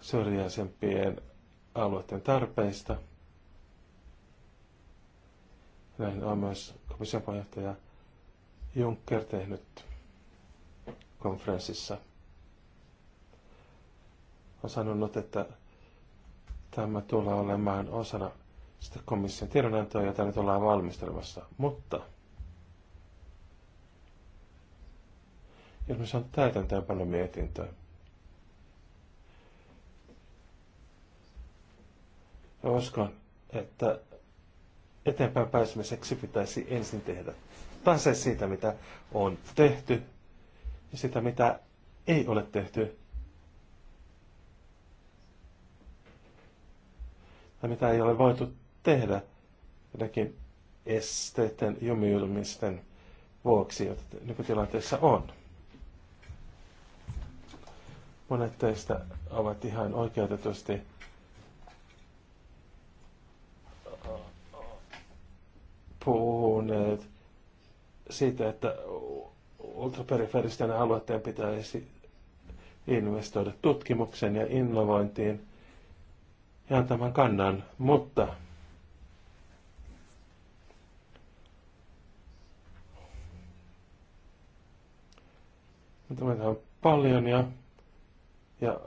B: syrjäisempien alueiden tarpeista. Näin on myös komission puheenjohtaja Juncker tehnyt konferenssissa. On sanonut, että tämä tulee olemaan osana sitä komission tiedonantoa, jota nyt ollaan valmistelemassa. Mutta jolla se on täytäntöönpano mietintö. Ja uskon, että eteenpäin pääsemiseksi pitäisi ensin tehdä tase siitä, mitä on tehty ja sitä, mitä ei ole tehty. Tai mitä ei ole voitu tehdä jotenkin esteiden jumiutumisten vuoksi, joita nykytilanteessa on. Monet teistä ovat ihan oikeutetusti äh, puhuneet siitä, että ultraperiferisten alueiden pitäisi investoida tutkimukseen ja innovointiin ja antamaan kannan, mutta mutta meitä on paljon ja ja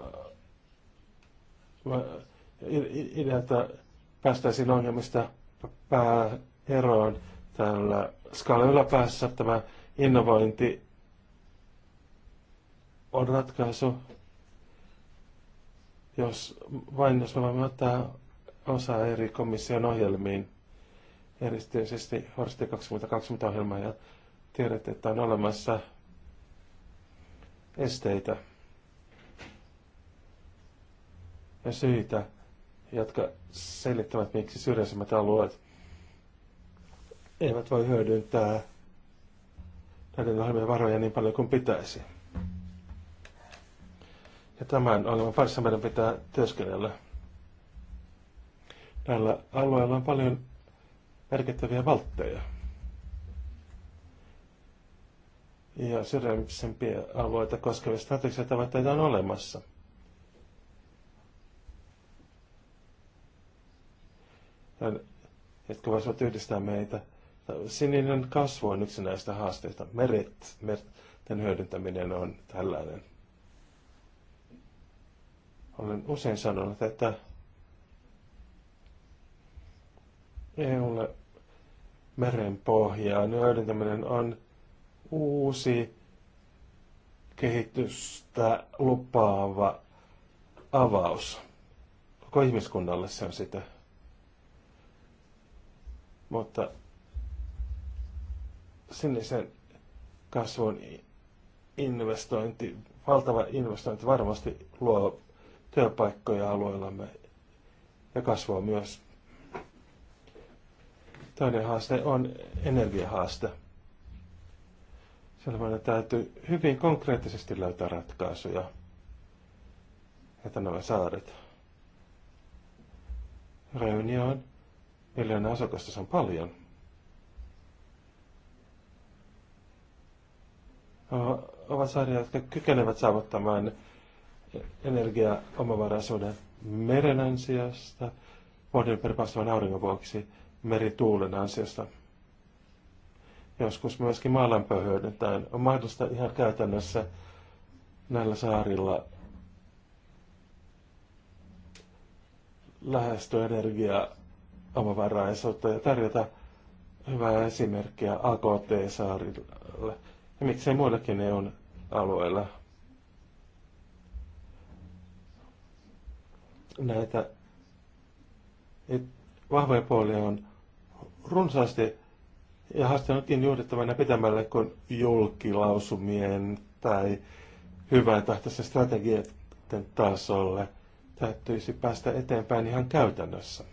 B: idea, että päästäisiin ongelmista pää eroon tällä skaalan yläpäässä tämä innovointi on ratkaisu, jos vain jos me voimme ottaa osaa eri komission ohjelmiin, erityisesti Horsti 2020 ohjelmaa ja tiedät, että on olemassa esteitä. ja syitä, jotka selittävät, miksi syrjäisemmät alueet eivät voi hyödyntää näiden ohjelmien varoja niin paljon kuin pitäisi. Ja tämän ongelman parissa meidän pitää työskennellä. Näillä alueilla on paljon merkittäviä valtteja. Ja syrjäisempiä alueita koskevia strategisia tavoitteita on olemassa. jotka voisivat yhdistää meitä. Sininen kasvu on yksi näistä haasteista. Meret, merten hyödyntäminen on tällainen. Olen usein sanonut, että EUlle merenpohjaan hyödyntäminen on uusi kehitystä lupaava avaus. Koko ihmiskunnalle se on sitä. Mutta sinisen kasvun investointi, valtava investointi varmasti luo työpaikkoja alueellamme ja kasvua myös. Toinen haaste on energiahaaste. meidän täytyy hyvin konkreettisesti löytää ratkaisuja, että nämä saaret. Reunion miljoonaa asukasta, on paljon. Ovat saaria, jotka kykenevät saavuttamaan energiaomavaraisuuden meren ansiosta, vuoden per auringon vuoksi, merituulen ansiosta. Joskus myöskin maalämpöä hyödyntäen On mahdollista ihan käytännössä näillä saarilla lähestyä energiaa omavaraisuutta ja tarjota hyvää esimerkkiä AKT-saarille ja miksei muillakin EUn alueilla. Näitä et, vahvoja puolia on runsaasti ja haastanutkin juuri tämän pitämällä kuin julkilausumien tai hyvää tahtoisen strategioiden tasolle. Täytyisi päästä eteenpäin ihan käytännössä.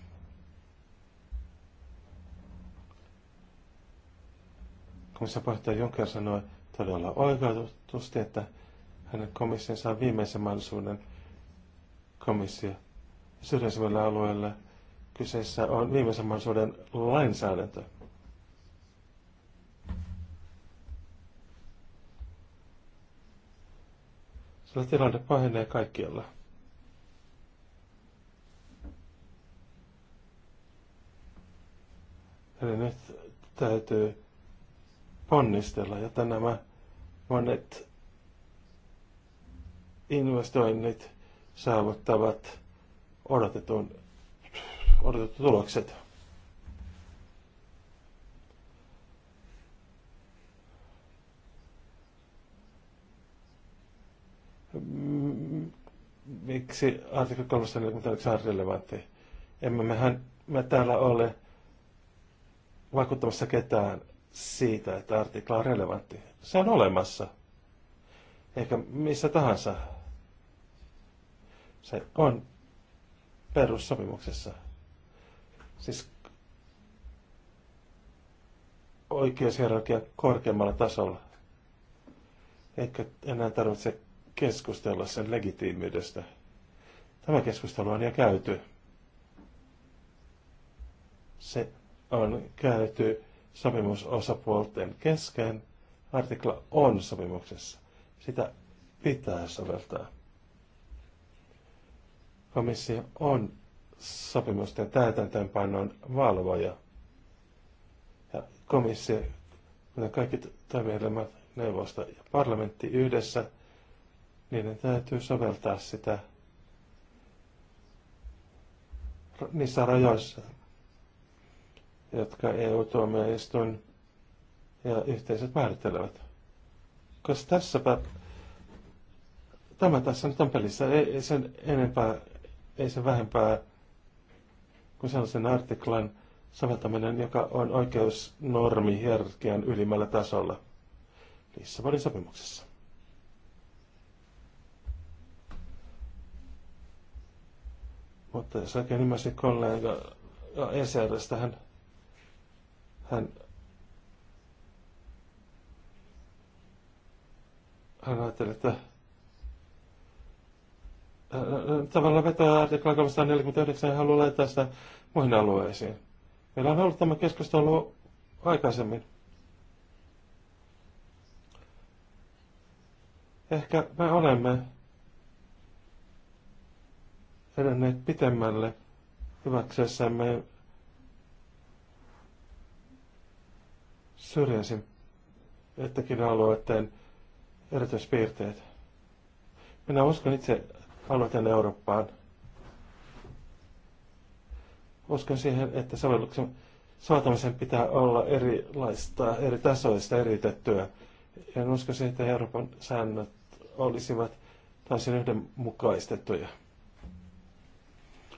B: Komission puheenjohtaja Juncker sanoi todella oikeutusti, että hänen komissionsa saa viimeisen mahdollisuuden komissio syrjäisemmillä alueilla. Kyseessä on viimeisen mahdollisuuden lainsäädäntö. Sillä tilanne pahenee kaikkialla. Eli nyt täytyy ponnistella, jotta nämä monet investoinnit saavuttavat odotetun, odotetut tulokset. Miksi artikla 341 on relevantti? Emme mehän me täällä ole vaikuttamassa ketään siitä, että artikla on relevantti. Se on olemassa. Eikä missä tahansa. Se on perussopimuksessa. Siis oikeushierarkia korkeammalla tasolla. Eikä enää tarvitse keskustella sen legitiimiydestä. Tämä keskustelu on jo käyty. Se on käyty sopimusosapuolten kesken. Artikla on sopimuksessa. Sitä pitää soveltaa. Komissio on sopimusten täytäntöönpannon valvoja. Ja komissio, kuten kaikki toimielimet, neuvosto ja parlamentti yhdessä, niiden täytyy soveltaa sitä niissä rajoissa, jotka EU-tuomioistuin ja yhteiset määrittelevät. Koska tässäpä, tämä tässä nyt on pelissä, ei, ei sen enempää, ei sen vähempää kuin sellaisen artiklan soveltaminen, joka on oikeusnormi hierarkian ylimmällä tasolla Lissabonin sopimuksessa. Mutta jos oikein ymmärsin kollega ECRstä, hän hän, hän ajatteli, että tavallaan vetää artikla 349 ja haluaa laittaa sitä muihin alueisiin. Meillä on ollut tämä keskustelu aikaisemmin. Ehkä me olemme edenneet pitemmälle hyväksessämme syrjäisin ettekin alueiden erityispiirteet. Minä uskon itse alueiden Eurooppaan. Uskon siihen, että sovelluksen saatamisen pitää olla erilaista, eri tasoista eritettyä. En usko siihen, että Euroopan säännöt olisivat täysin yhdenmukaistettuja.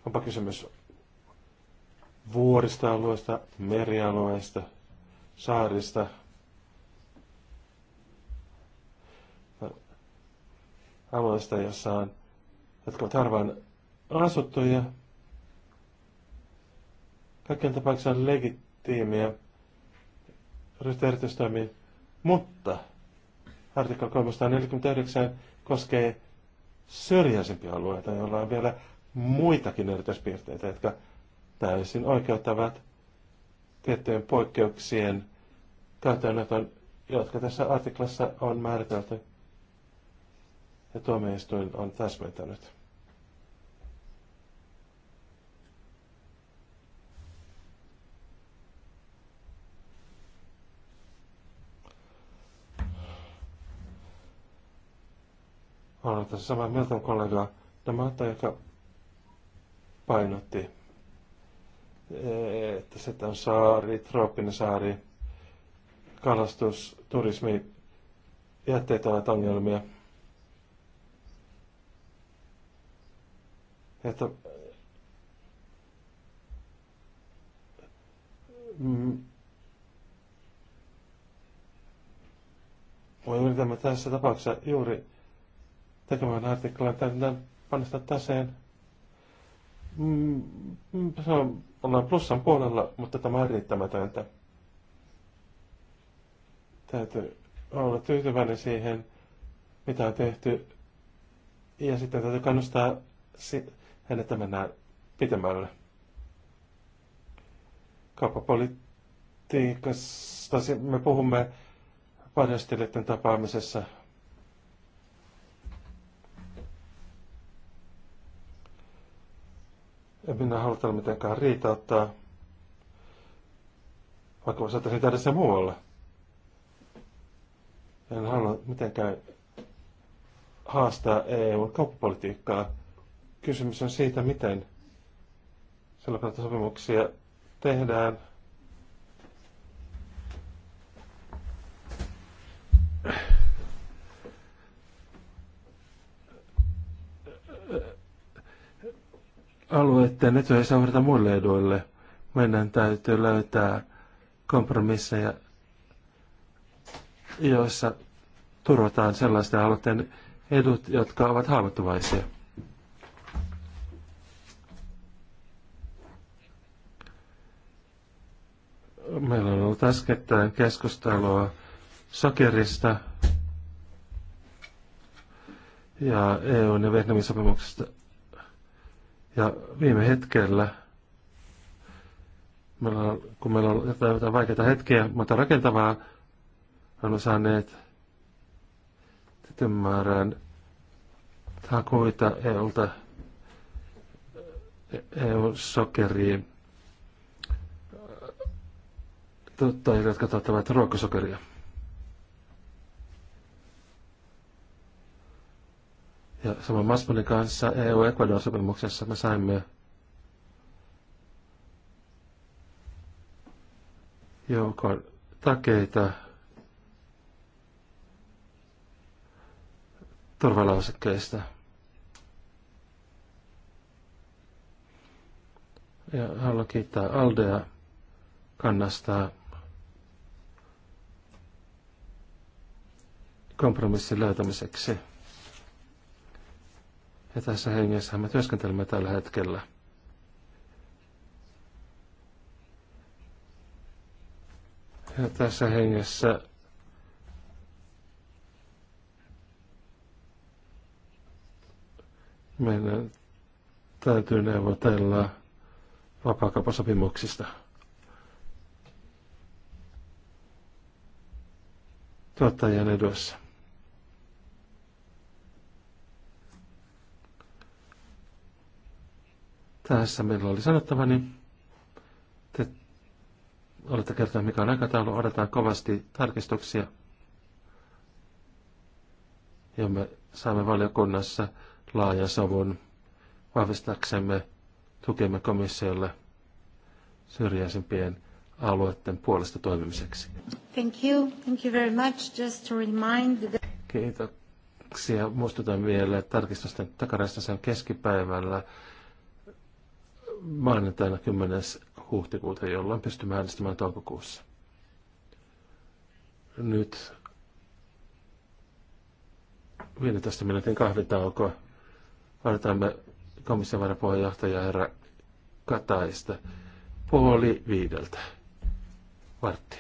B: Onpa kysymys vuoristoalueesta, merialueesta, saarista. Alueesta, jossa on, jotka ovat harvaan asuttuja. Kaikkien tapauksessa on legitiimiä ryhtyä erityistoimiin, mutta artikla 349 koskee syrjäisempiä alueita, joilla on vielä muitakin erityispiirteitä, jotka täysin oikeuttavat tiettyjen poikkeuksien käytännöton, jotka tässä artiklassa on määritelty ja tuomioistuin on täsmentänyt. Olen tässä samaa mieltä kollegaa Damata, joka painotti että se on saari, trooppinen saari, kalastus, turismi, jätteet ovat ongelmia. Että mm, yritämme tässä tapauksessa juuri tekemään artikkelia, tämän panostaa taseen Mm, mm, se on, ollaan plussan puolella, mutta tämä on riittämätöntä. Täytyy olla tyytyväinen siihen, mitä on tehty. Ja sitten täytyy kannustaa hänet, että mennään pitemmälle. Kauppapolitiikassa, me puhumme varjostelijoiden tapaamisessa En minä haluta mitenkään riitauttaa, vaikka mä saattaisin tehdä se muualle. En halua mitenkään haastaa EUn kauppapolitiikkaa. Kysymys on siitä, miten sellaisia sopimuksia tehdään – alueiden etuja saa muille eduille. Meidän täytyy löytää kompromisseja, joissa turvataan sellaisten alueiden edut, jotka ovat haavoittuvaisia. Meillä on ollut äskettäin keskustelua sokerista ja EUn ja Vietnamin sopimuksesta ja viime hetkellä, kun meillä on jotain vaikeita hetkiä, mutta rakentavaa, olemme saaneet tietyn määrän takuita EUlta EU-sokeriin, tuottajille, jotka tuottavat ruokasokeria. Ja sama Masmonin kanssa EU-Ecuador-sopimuksessa me saimme joukon takeita turvalausekkeista. Ja haluan kiittää Aldea kannasta kompromissin löytämiseksi. Ja tässä hengessä me työskentelemme tällä hetkellä. Ja tässä hengessä meidän täytyy neuvotella vapaakauppasopimuksista. tuottajien edessä. Tässä meillä oli niin Te olette kertoneet, mikä on aikataulu. Odotetaan kovasti tarkistuksia. Ja me saamme valiokunnassa laajan savun vahvistaksemme tukemme komissiolle syrjäisempien alueiden puolesta toimimiseksi.
A: Thank you. Thank you very much. Just to remind the...
B: Kiitoksia. Muistutan vielä, että tarkistusten takaraista sen keskipäivällä maanantaina 10. huhtikuuta, jolloin pystymme äänestämään toukokuussa. Nyt 15 minuutin kahvitauko. Vartaamme komission varapuheenjohtaja herra Kataista puoli viideltä. Vartti.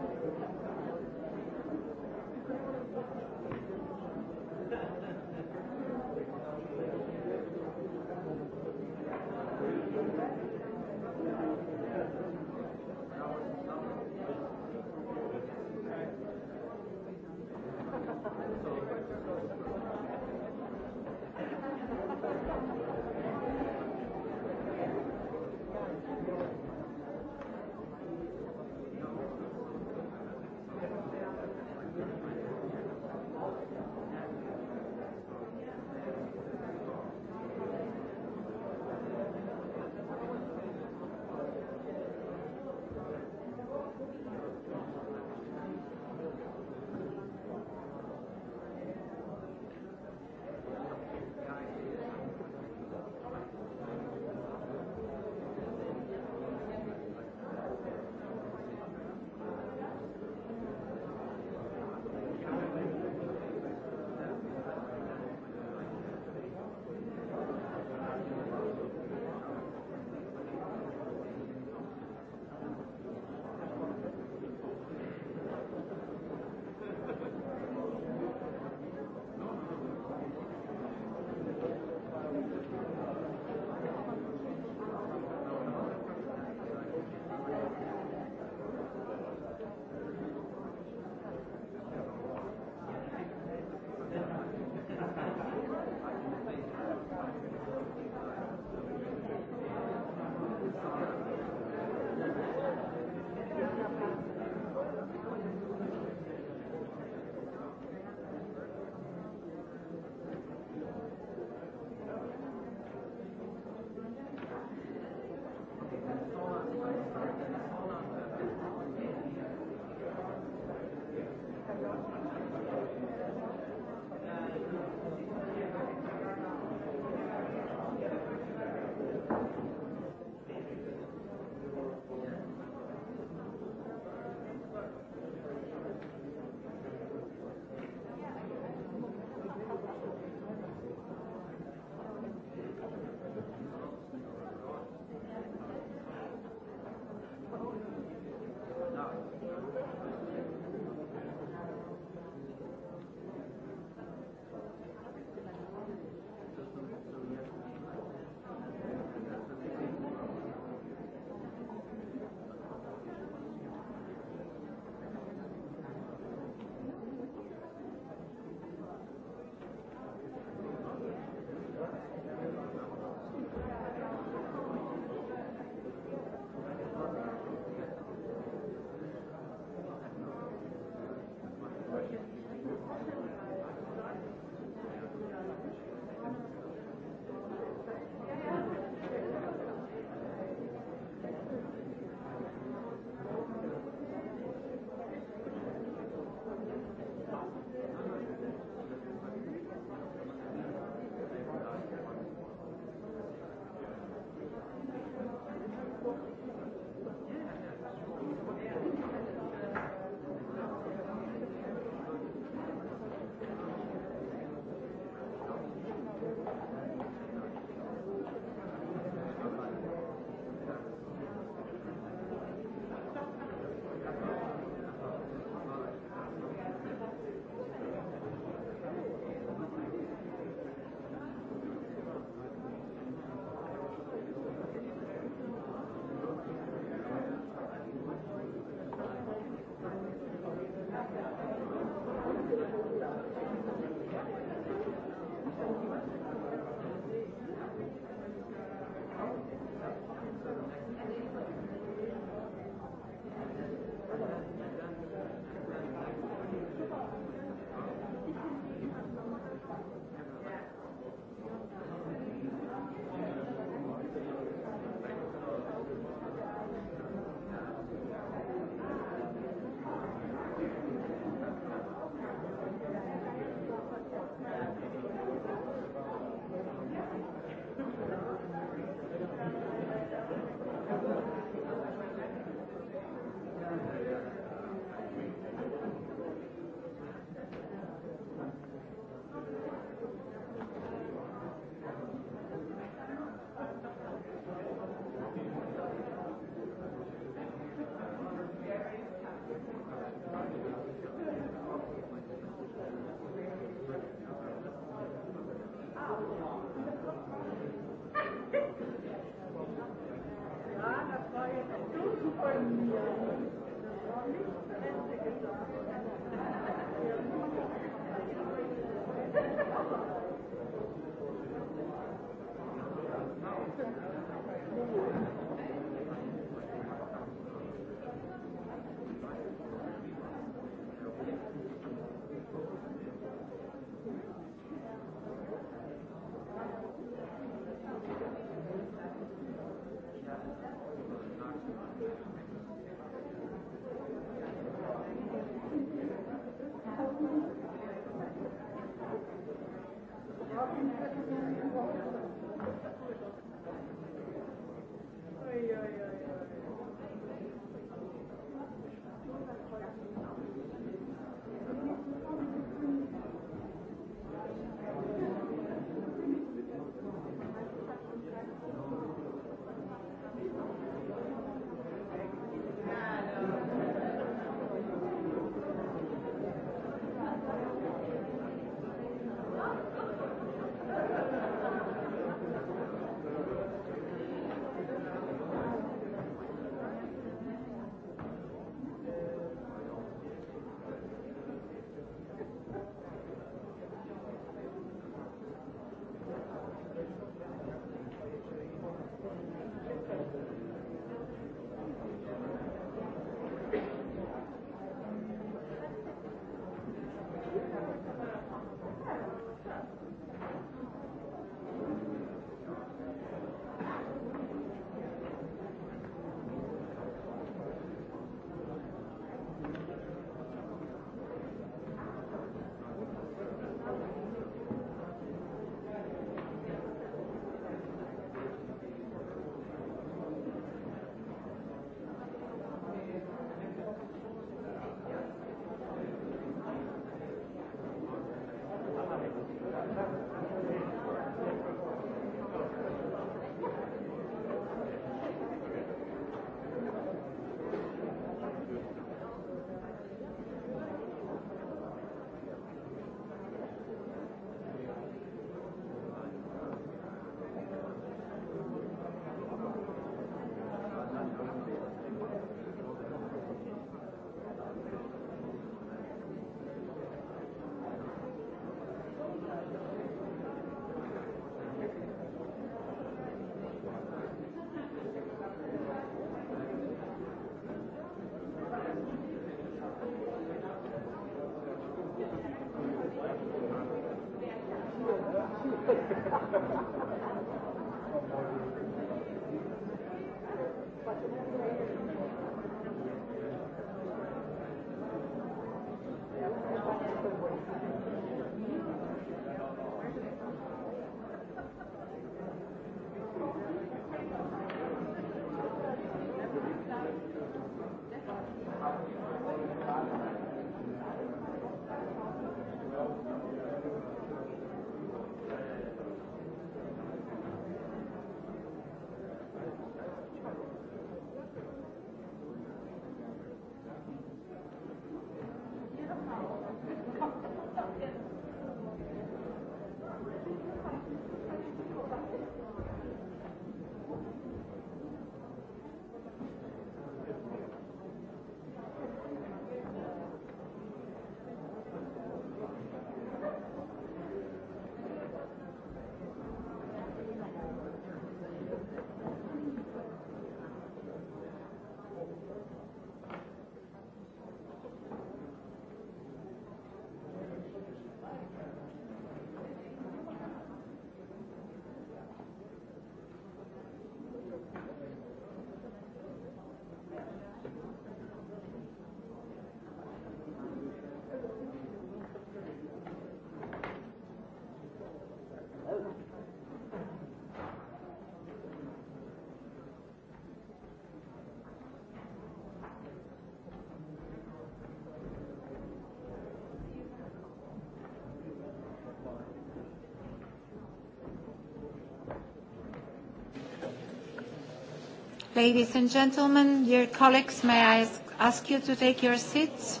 A: Ladies and gentlemen, dear colleagues, may I ask you to take your seats?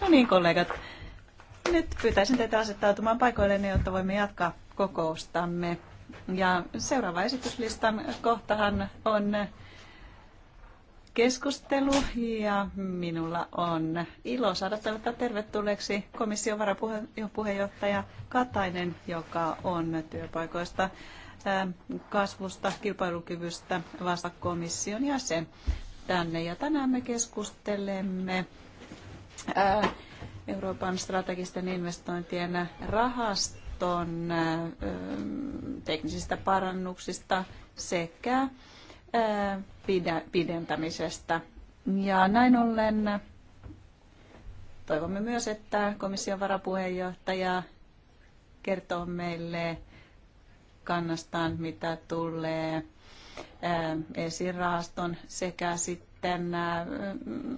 D: No niin, kollegat. Nyt pyytäisin teitä asettautumaan paikoilleen, jotta voimme jatkaa kokoustamme. Ja seuraava esityslistan kohtahan on keskustelu ja minulla on ilo saada toivottaa tervetulleeksi komission varapuheenjohtaja Katainen, joka on työpaikoista kasvusta, kilpailukyvystä komission jäsen tänne. Ja tänään me keskustelemme Euroopan strategisten investointien rahaston teknisistä parannuksista sekä pidentämisestä. Ja näin ollen toivomme myös, että komission varapuheenjohtaja kertoo meille kannastaan, mitä tulee esirahaston sekä sitten mm,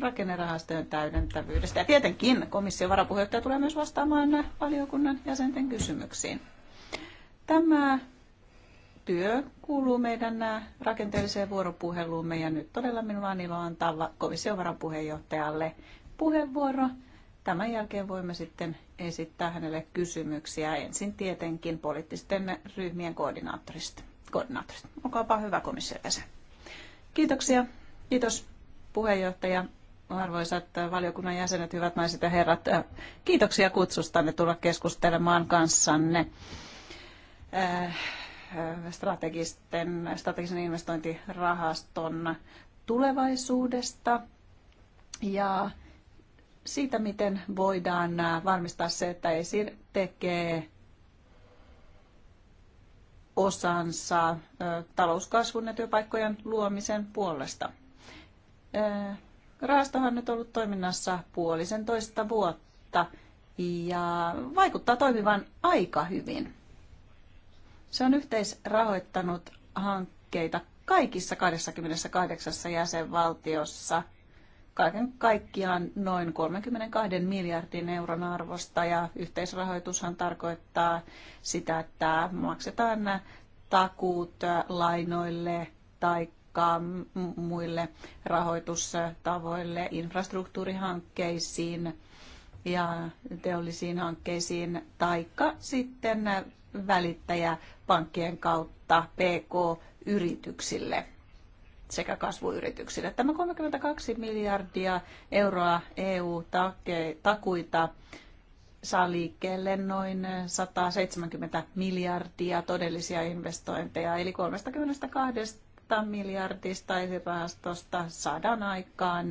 D: rakennerahastojen täydentävyydestä. Ja tietenkin komission varapuheenjohtaja tulee myös vastaamaan valiokunnan jäsenten kysymyksiin. Tämä työ kuuluu meidän rakenteelliseen vuoropuheluumme ja nyt todella minulla on ilo antaa komission varapuheenjohtajalle puheenvuoro Tämän jälkeen voimme sitten esittää hänelle kysymyksiä ensin tietenkin poliittisten ryhmien koordinaattorista. koordinaattorista. Olkaapa hyvä komissio tässä. Kiitoksia. Kiitos puheenjohtaja. Arvoisat valiokunnan jäsenet, hyvät naiset ja herrat, kiitoksia kutsustanne tulla keskustelemaan kanssanne eh, strategisten, strategisen investointirahaston tulevaisuudesta ja siitä, miten voidaan varmistaa se, että ESIR tekee osansa talouskasvun ja työpaikkojen luomisen puolesta. Rahastohan on nyt ollut toiminnassa puolisen toista vuotta ja vaikuttaa toimivan aika hyvin. Se on yhteisrahoittanut hankkeita kaikissa 28 jäsenvaltiossa – kaiken kaikkiaan noin 32 miljardin euron arvosta ja yhteisrahoitushan tarkoittaa sitä, että maksetaan takuut lainoille tai muille rahoitustavoille, infrastruktuurihankkeisiin ja teollisiin hankkeisiin, taikka sitten välittäjäpankkien kautta PK-yrityksille sekä kasvuyrityksille. Tämä 32 miljardia euroa EU-takuita saa liikkeelle noin 170 miljardia todellisia investointeja, eli 32 miljardista esirahastosta saadaan aikaan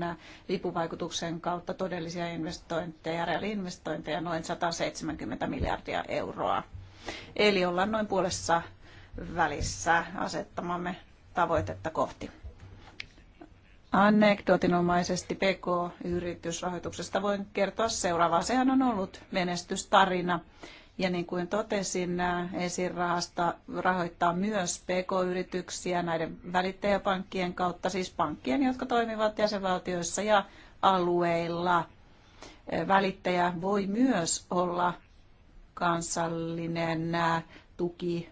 D: lipuvaikutuksen kautta todellisia investointeja, reaaliinvestointeja noin 170 miljardia euroa. Eli ollaan noin puolessa välissä asettamamme tavoitetta kohti. Anekdootinomaisesti PK-yritysrahoituksesta voin kertoa seuraavaa. Sehän on ollut menestystarina. Ja niin kuin totesin, esirahasta rahoittaa myös PK-yrityksiä näiden välittäjäpankkien kautta, siis pankkien, jotka toimivat jäsenvaltioissa ja alueilla. Välittäjä voi myös olla kansallinen tukipankki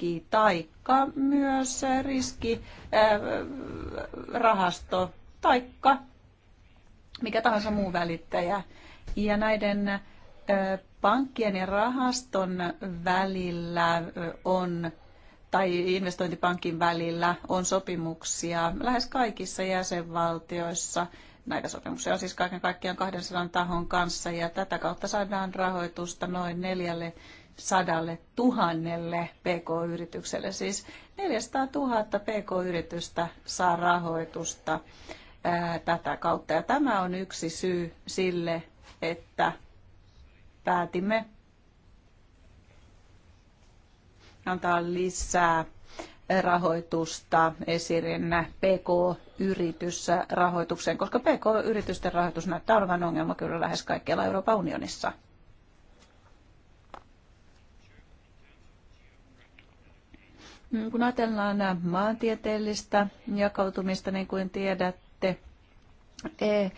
D: riski taikka myös riski äh, rahasto taikka mikä tahansa muu välittäjä. Ja näiden äh, pankkien ja rahaston välillä äh, on tai investointipankin välillä on sopimuksia lähes kaikissa jäsenvaltioissa. Näitä sopimuksia on siis kaiken kaikkiaan 200 tahon kanssa ja tätä kautta saadaan rahoitusta noin neljälle sadalle tuhannelle pk-yritykselle. Siis 400 000 pk-yritystä saa rahoitusta tätä kautta. Ja tämä on yksi syy sille, että päätimme antaa lisää rahoitusta esirinnä PK-yritysrahoitukseen, koska PK-yritysten rahoitus näyttää olevan ongelma kyllä lähes kaikkialla Euroopan unionissa. Kun ajatellaan maantieteellistä jakautumista, niin kuin tiedätte, e,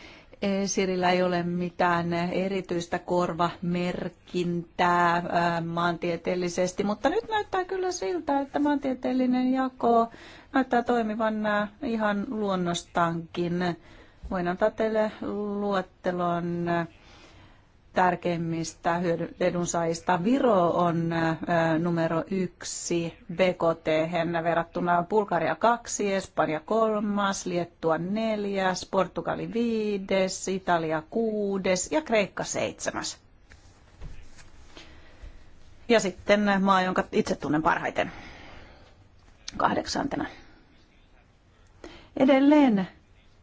D: Sirillä ei ole mitään erityistä korvamerkintää maantieteellisesti, mutta nyt näyttää kyllä siltä, että maantieteellinen jako näyttää toimivan ihan luonnostaankin. Voin antaa teille luettelon tärkeimmistä edunsaajista. Viro on numero yksi BKT verrattuna Bulgaria kaksi, Espanja kolmas, Liettua neljäs, Portugali viides, Italia kuudes ja Kreikka seitsemäs. Ja sitten maa, jonka itse tunnen parhaiten kahdeksantena. Edelleen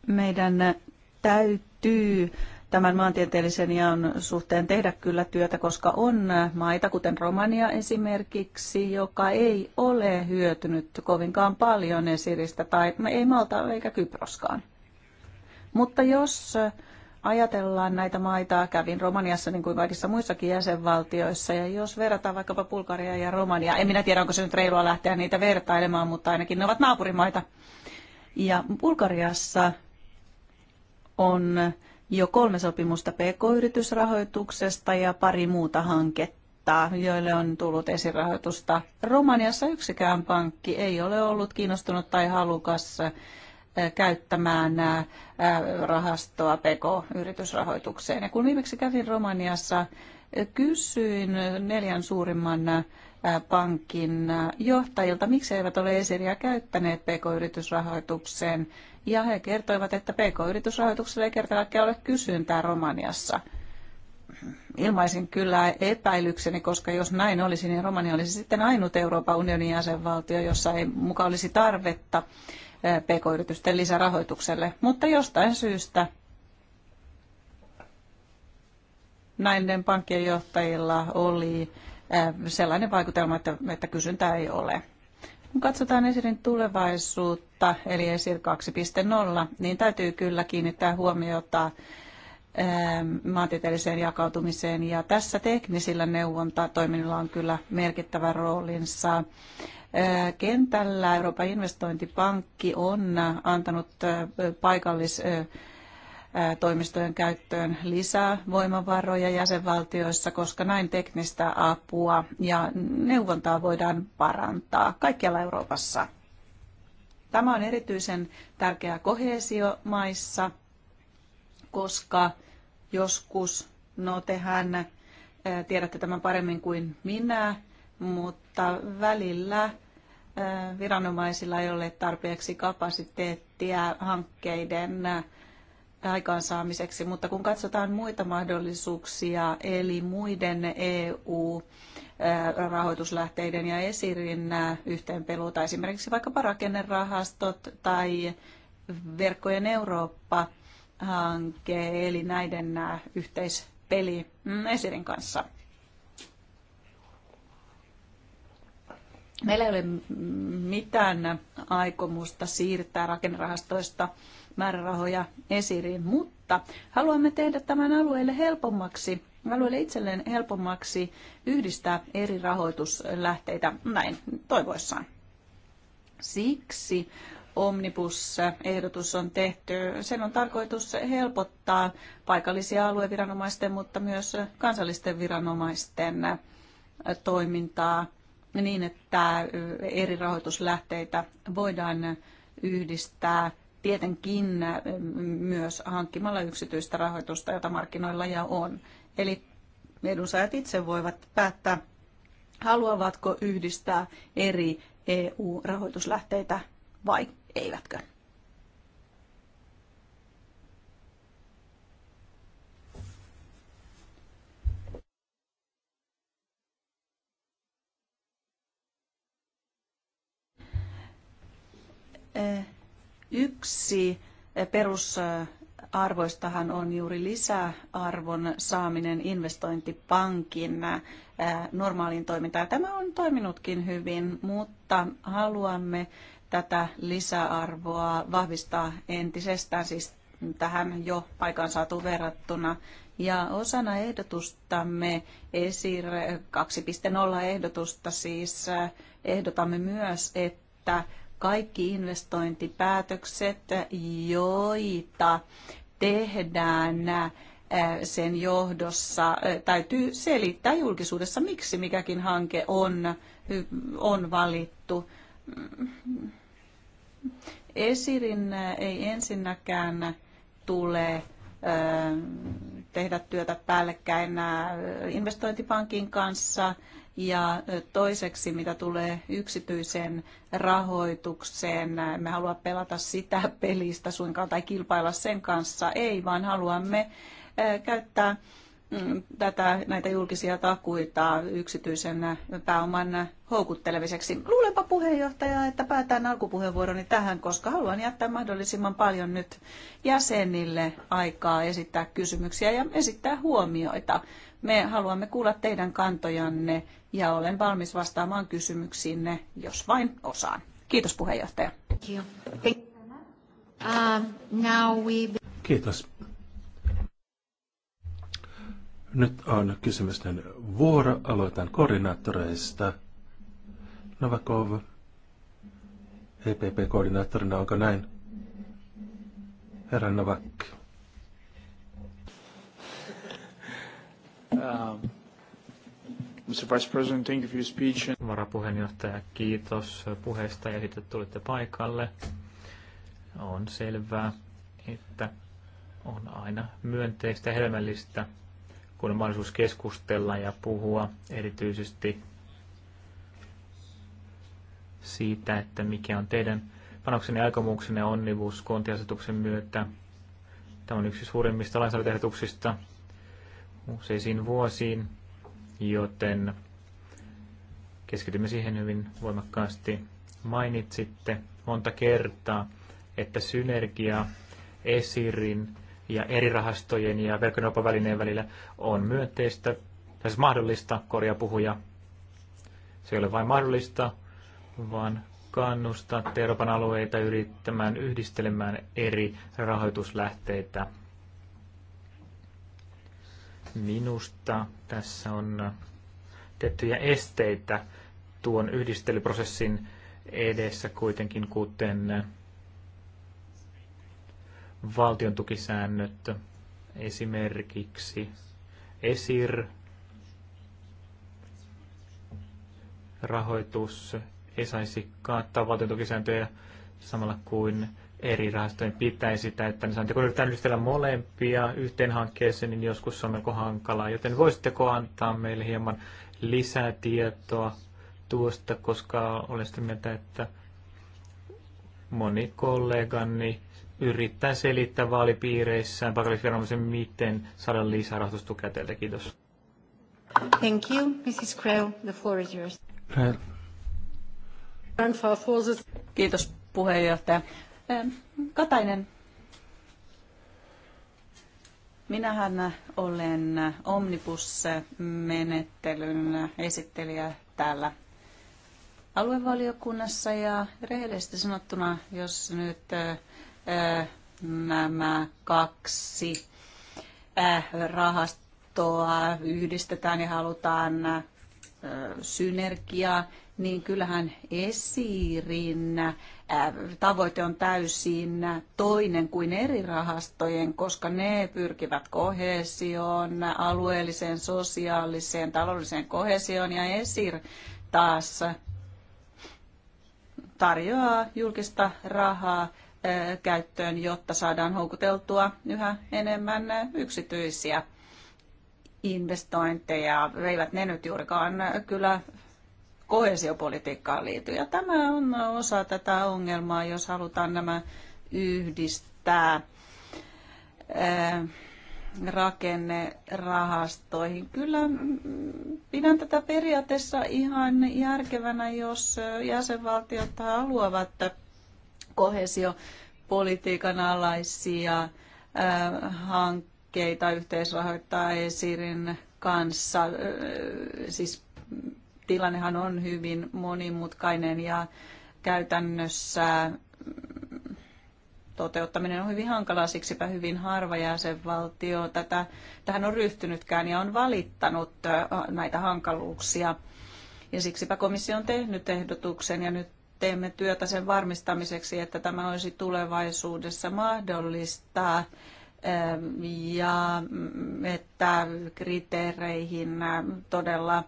D: meidän täytyy tämän maantieteellisen jaon suhteen tehdä kyllä työtä, koska on maita, kuten Romania esimerkiksi, joka ei ole hyötynyt kovinkaan paljon esiristä, tai no, ei Malta eikä Kyproskaan. Mutta jos ajatellaan näitä maita, kävin Romaniassa niin kuin kaikissa muissakin jäsenvaltioissa, ja jos verrataan vaikkapa Bulgaria ja Romaniaa, en minä tiedä, onko se nyt reilua lähteä niitä vertailemaan, mutta ainakin ne ovat naapurimaita. Ja Bulgariassa on jo kolme sopimusta PK-yritysrahoituksesta ja pari muuta hanketta, joille on tullut esirahoitusta. Romaniassa yksikään pankki ei ole ollut kiinnostunut tai halukas eh, käyttämään eh, rahastoa PK-yritysrahoitukseen. Ja kun viimeksi kävin Romaniassa, kysyin neljän suurimman pankin johtajilta, miksi eivät ole esiriä käyttäneet pk-yritysrahoitukseen. Ja he kertoivat, että pk-yritysrahoitukselle ei kerta ole kysyntää Romaniassa. Ilmaisin kyllä epäilykseni, koska jos näin olisi, niin Romania olisi sitten ainut Euroopan unionin jäsenvaltio, jossa ei muka olisi tarvetta eh, pk-yritysten lisärahoitukselle. Mutta jostain syystä näiden pankkien johtajilla oli Äh, sellainen vaikutelma, että, että kysyntää ei ole. Kun katsotaan Esirin tulevaisuutta, eli Esir 2.0, niin täytyy kyllä kiinnittää huomiota äh, maantieteelliseen jakautumiseen. Ja tässä teknisillä neuvontatoiminnilla on kyllä merkittävä roolinsa. Äh, kentällä Euroopan investointipankki on antanut paikallis toimistojen käyttöön lisää voimavaroja jäsenvaltioissa, koska näin teknistä apua ja neuvontaa voidaan parantaa kaikkialla Euroopassa. Tämä on erityisen tärkeää kohesiomaissa, koska joskus, no tehän tiedätte tämän paremmin kuin minä, mutta välillä viranomaisilla ei ole tarpeeksi kapasiteettia hankkeiden aikaansaamiseksi, mutta kun katsotaan muita mahdollisuuksia, eli muiden EU-rahoituslähteiden ja esirin yhteenpeluuta, esimerkiksi vaikkapa rakennerahastot tai verkkojen Eurooppa-hanke, eli näiden yhteispeli esirin kanssa. Meillä ei ole mitään aikomusta siirtää rakennerahastoista määrärahoja esiriin, mutta haluamme tehdä tämän alueelle helpommaksi, alueelle itselleen helpommaksi yhdistää eri rahoituslähteitä näin toivoissaan. Siksi Omnibus-ehdotus on tehty. Sen on tarkoitus helpottaa paikallisia alueviranomaisten, mutta myös kansallisten viranomaisten toimintaa niin, että eri rahoituslähteitä voidaan yhdistää tietenkin mm, myös hankkimalla yksityistä rahoitusta, jota markkinoilla ja on. Eli edunsaajat itse voivat päättää, haluavatko yhdistää eri EU-rahoituslähteitä vai eivätkö. Eh Yksi perusarvoistahan on juuri lisäarvon saaminen investointipankin normaaliin toimintaan. Tämä on toiminutkin hyvin, mutta haluamme tätä lisäarvoa vahvistaa entisestään, siis tähän jo paikan saatu verrattuna. Ja osana ehdotustamme ESIR 2.0 ehdotusta siis ehdotamme myös, että kaikki investointipäätökset, joita tehdään sen johdossa, täytyy selittää julkisuudessa, miksi mikäkin hanke on, on valittu. Esirin ei ensinnäkään tule tehdä työtä päällekkäin investointipankin kanssa – ja toiseksi, mitä tulee yksityiseen rahoitukseen, me halua pelata sitä pelistä suinkaan tai kilpailla sen kanssa, ei, vaan haluamme käyttää mm, tätä, näitä julkisia takuita yksityisen pääoman houkuttelemiseksi. Luulenpa puheenjohtaja, että päätään alkupuheenvuoroni tähän, koska haluan jättää mahdollisimman paljon nyt jäsenille aikaa esittää kysymyksiä ja esittää huomioita. Me haluamme kuulla teidän kantojanne ja olen valmis vastaamaan kysymyksiinne, jos vain osaan. Kiitos puheenjohtaja. Um,
B: Kiitos. Nyt on kysymysten vuoro. Aloitan koordinaattoreista. Novakov, EPP-koordinaattorina, onko näin?
C: Herra Novak. Um. Mr. Vice President, thank you for your speech. Varapuheenjohtaja, kiitos puheesta ja sitten tulitte paikalle. On selvää, että on aina myönteistä ja hedelmällistä, kun on mahdollisuus keskustella ja puhua erityisesti siitä, että mikä on teidän panoksenne ja aikomuksenne onnivus kontiasetuksen myötä. Tämä on yksi suurimmista lainsäädäntöehdotuksista useisiin vuosiin joten keskitymme siihen hyvin voimakkaasti. Mainitsitte monta kertaa, että synergia esirin ja eri rahastojen ja verkkokaupan välillä on myönteistä, tai siis mahdollista, korja puhuja. Se ei ole vain mahdollista, vaan kannustaa Euroopan alueita yrittämään yhdistelemään eri rahoituslähteitä. Minusta tässä on tiettyjä esteitä tuon yhdistelyprosessin edessä kuitenkin, kuten valtion tukisäännöt, esimerkiksi ESIR, rahoitus ei saisi kaattaa valtion tukisääntöjä samalla kuin eri rahastojen pitäisi täyttää. Niin kun yritetään yhdistellä molempia yhteen hankkeeseen, niin joskus se on melko hankalaa. Joten voisitteko antaa meille hieman lisää tietoa tuosta, koska olen sitä mieltä, että moni kollegani yrittää selittää vaalipiireissään paikallisviranomaisen, miten saada lisää rahoitustukea teiltä. Kiitos.
A: Thank you, Mrs. Krell. The floor is yours. Kiitos puheenjohtaja. Katainen,
D: minähän olen Omnibus-menettelyn esittelijä täällä aluevaliokunnassa ja rehellisesti sanottuna, jos nyt nämä kaksi rahastoa yhdistetään ja halutaan synergiaa, niin kyllähän esirin tavoite on täysin toinen kuin eri rahastojen, koska ne pyrkivät kohesioon, alueelliseen, sosiaaliseen, taloudelliseen kohesioon ja esir taas tarjoaa julkista rahaa käyttöön, jotta saadaan houkuteltua yhä enemmän yksityisiä investointeja, eivät ne nyt juurikaan kyllä koesiopolitiikkaan liity. Ja tämä on osa tätä ongelmaa, jos halutaan nämä yhdistää eh, rakennerahastoihin. Kyllä pidän tätä periaatteessa ihan järkevänä, jos jäsenvaltiot haluavat kohesiopolitiikan alaisia eh, hankkeita hankkeita yhteisrahoittaa Esirin kanssa. Siis tilannehan on hyvin monimutkainen ja käytännössä mm, toteuttaminen on hyvin hankalaa, siksipä hyvin harva jäsenvaltio tätä, tähän on ryhtynytkään ja on valittanut näitä hankaluuksia. Ja siksipä komissio on tehnyt ehdotuksen ja nyt teemme työtä sen varmistamiseksi, että tämä olisi tulevaisuudessa mahdollista ja mm, että kriteereihin todella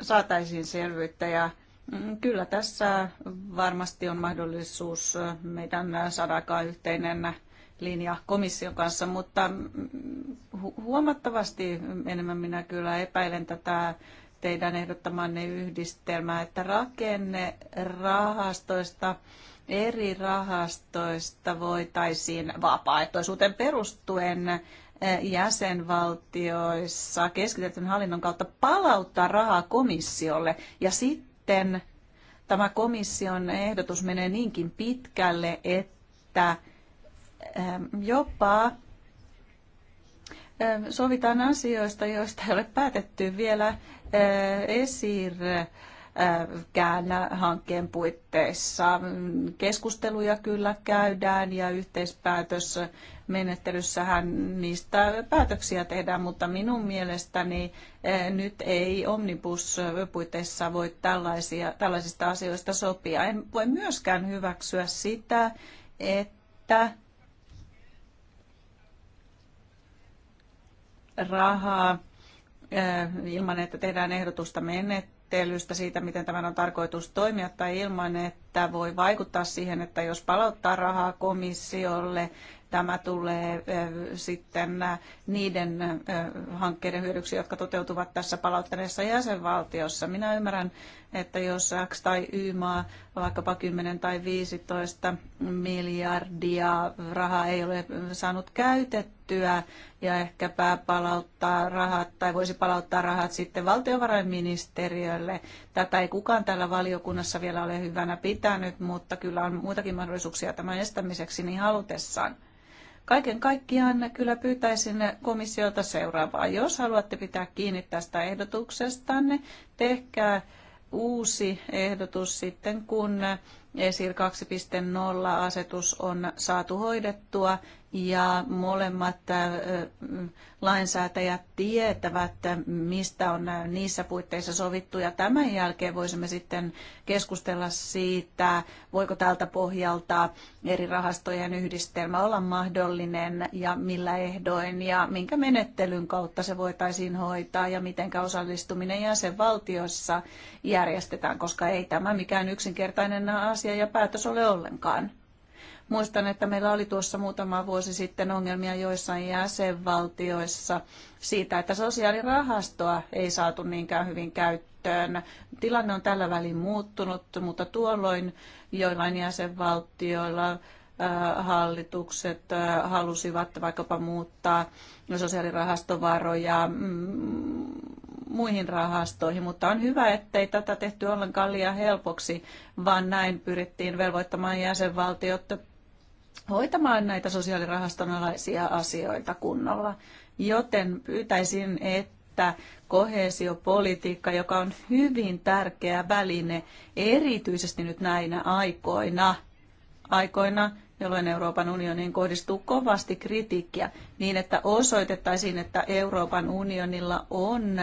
D: saataisiin selvyyttä ja mm, Kyllä tässä varmasti on mahdollisuus meidän saada yhteinen linja komission kanssa, mutta mm, huomattavasti enemmän minä kyllä epäilen tätä teidän ehdottamanne yhdistelmää, että rakenne rahastoista eri rahastoista voitaisiin vapaaehtoisuuteen perustuen eh, jäsenvaltioissa keskitetyn hallinnon kautta palauttaa rahaa komissiolle ja sitten tämä komission ehdotus menee niinkin pitkälle, että eh, jopa eh, sovitaan asioista, joista ei ole päätetty vielä esir hankkeen puitteissa. Keskusteluja kyllä käydään ja yhteispäätös menettelyssähän niistä päätöksiä tehdään, mutta minun mielestäni eh, nyt ei omnibus-puitteissa voi tällaisia, tällaisista asioista sopia. En voi myöskään hyväksyä sitä, että rahaa eh, ilman, että tehdään ehdotusta menet määrittelystä siitä, miten tämän on tarkoitus toimia tai ilman, että voi vaikuttaa siihen, että jos palauttaa rahaa komissiolle, tämä tulee sitten niiden hankkeiden hyödyksi, jotka toteutuvat tässä palauttaneessa jäsenvaltiossa. Minä ymmärrän että jos X tai Y-maa vaikkapa 10 tai 15 miljardia rahaa ei ole saanut käytettyä ja ehkäpä palauttaa rahat tai voisi palauttaa rahat sitten valtiovarainministeriölle. Tätä ei kukaan täällä valiokunnassa vielä ole hyvänä pitänyt, mutta kyllä on muitakin mahdollisuuksia tämän estämiseksi niin halutessaan. Kaiken kaikkiaan kyllä pyytäisin komissiolta seuraavaa. Jos haluatte pitää kiinni tästä ehdotuksestanne, niin tehkää uusi ehdotus sitten, kun ESIR 2.0-asetus on saatu hoidettua ja molemmat äh, lainsäätäjät tietävät, mistä on niissä puitteissa sovittu. Ja tämän jälkeen voisimme sitten keskustella siitä, voiko tältä pohjalta eri rahastojen yhdistelmä olla mahdollinen ja millä ehdoin ja minkä menettelyn kautta se voitaisiin hoitaa ja miten osallistuminen jäsenvaltioissa
C: järjestetään,
D: koska ei tämä mikään yksinkertainen asia ja päätös ole ollenkaan. Muistan, että meillä oli tuossa muutama vuosi sitten ongelmia joissain jäsenvaltioissa siitä, että sosiaalirahastoa ei saatu niinkään hyvin käyttöön. Tilanne on tällä välin muuttunut, mutta tuolloin joillain jäsenvaltioilla äh, hallitukset äh, halusivat vaikkapa muuttaa sosiaalirahastovaroja mm, muihin rahastoihin, mutta on hyvä, ettei tätä tehty ollenkaan liian helpoksi, vaan näin pyrittiin velvoittamaan jäsenvaltiot hoitamaan näitä sosiaalirahaston alaisia asioita kunnolla. Joten pyytäisin, että kohesiopolitiikka, joka on hyvin tärkeä väline, erityisesti nyt näinä aikoina, aikoina, jolloin Euroopan unioniin kohdistuu kovasti kritiikkiä, niin että osoitettaisiin, että Euroopan unionilla on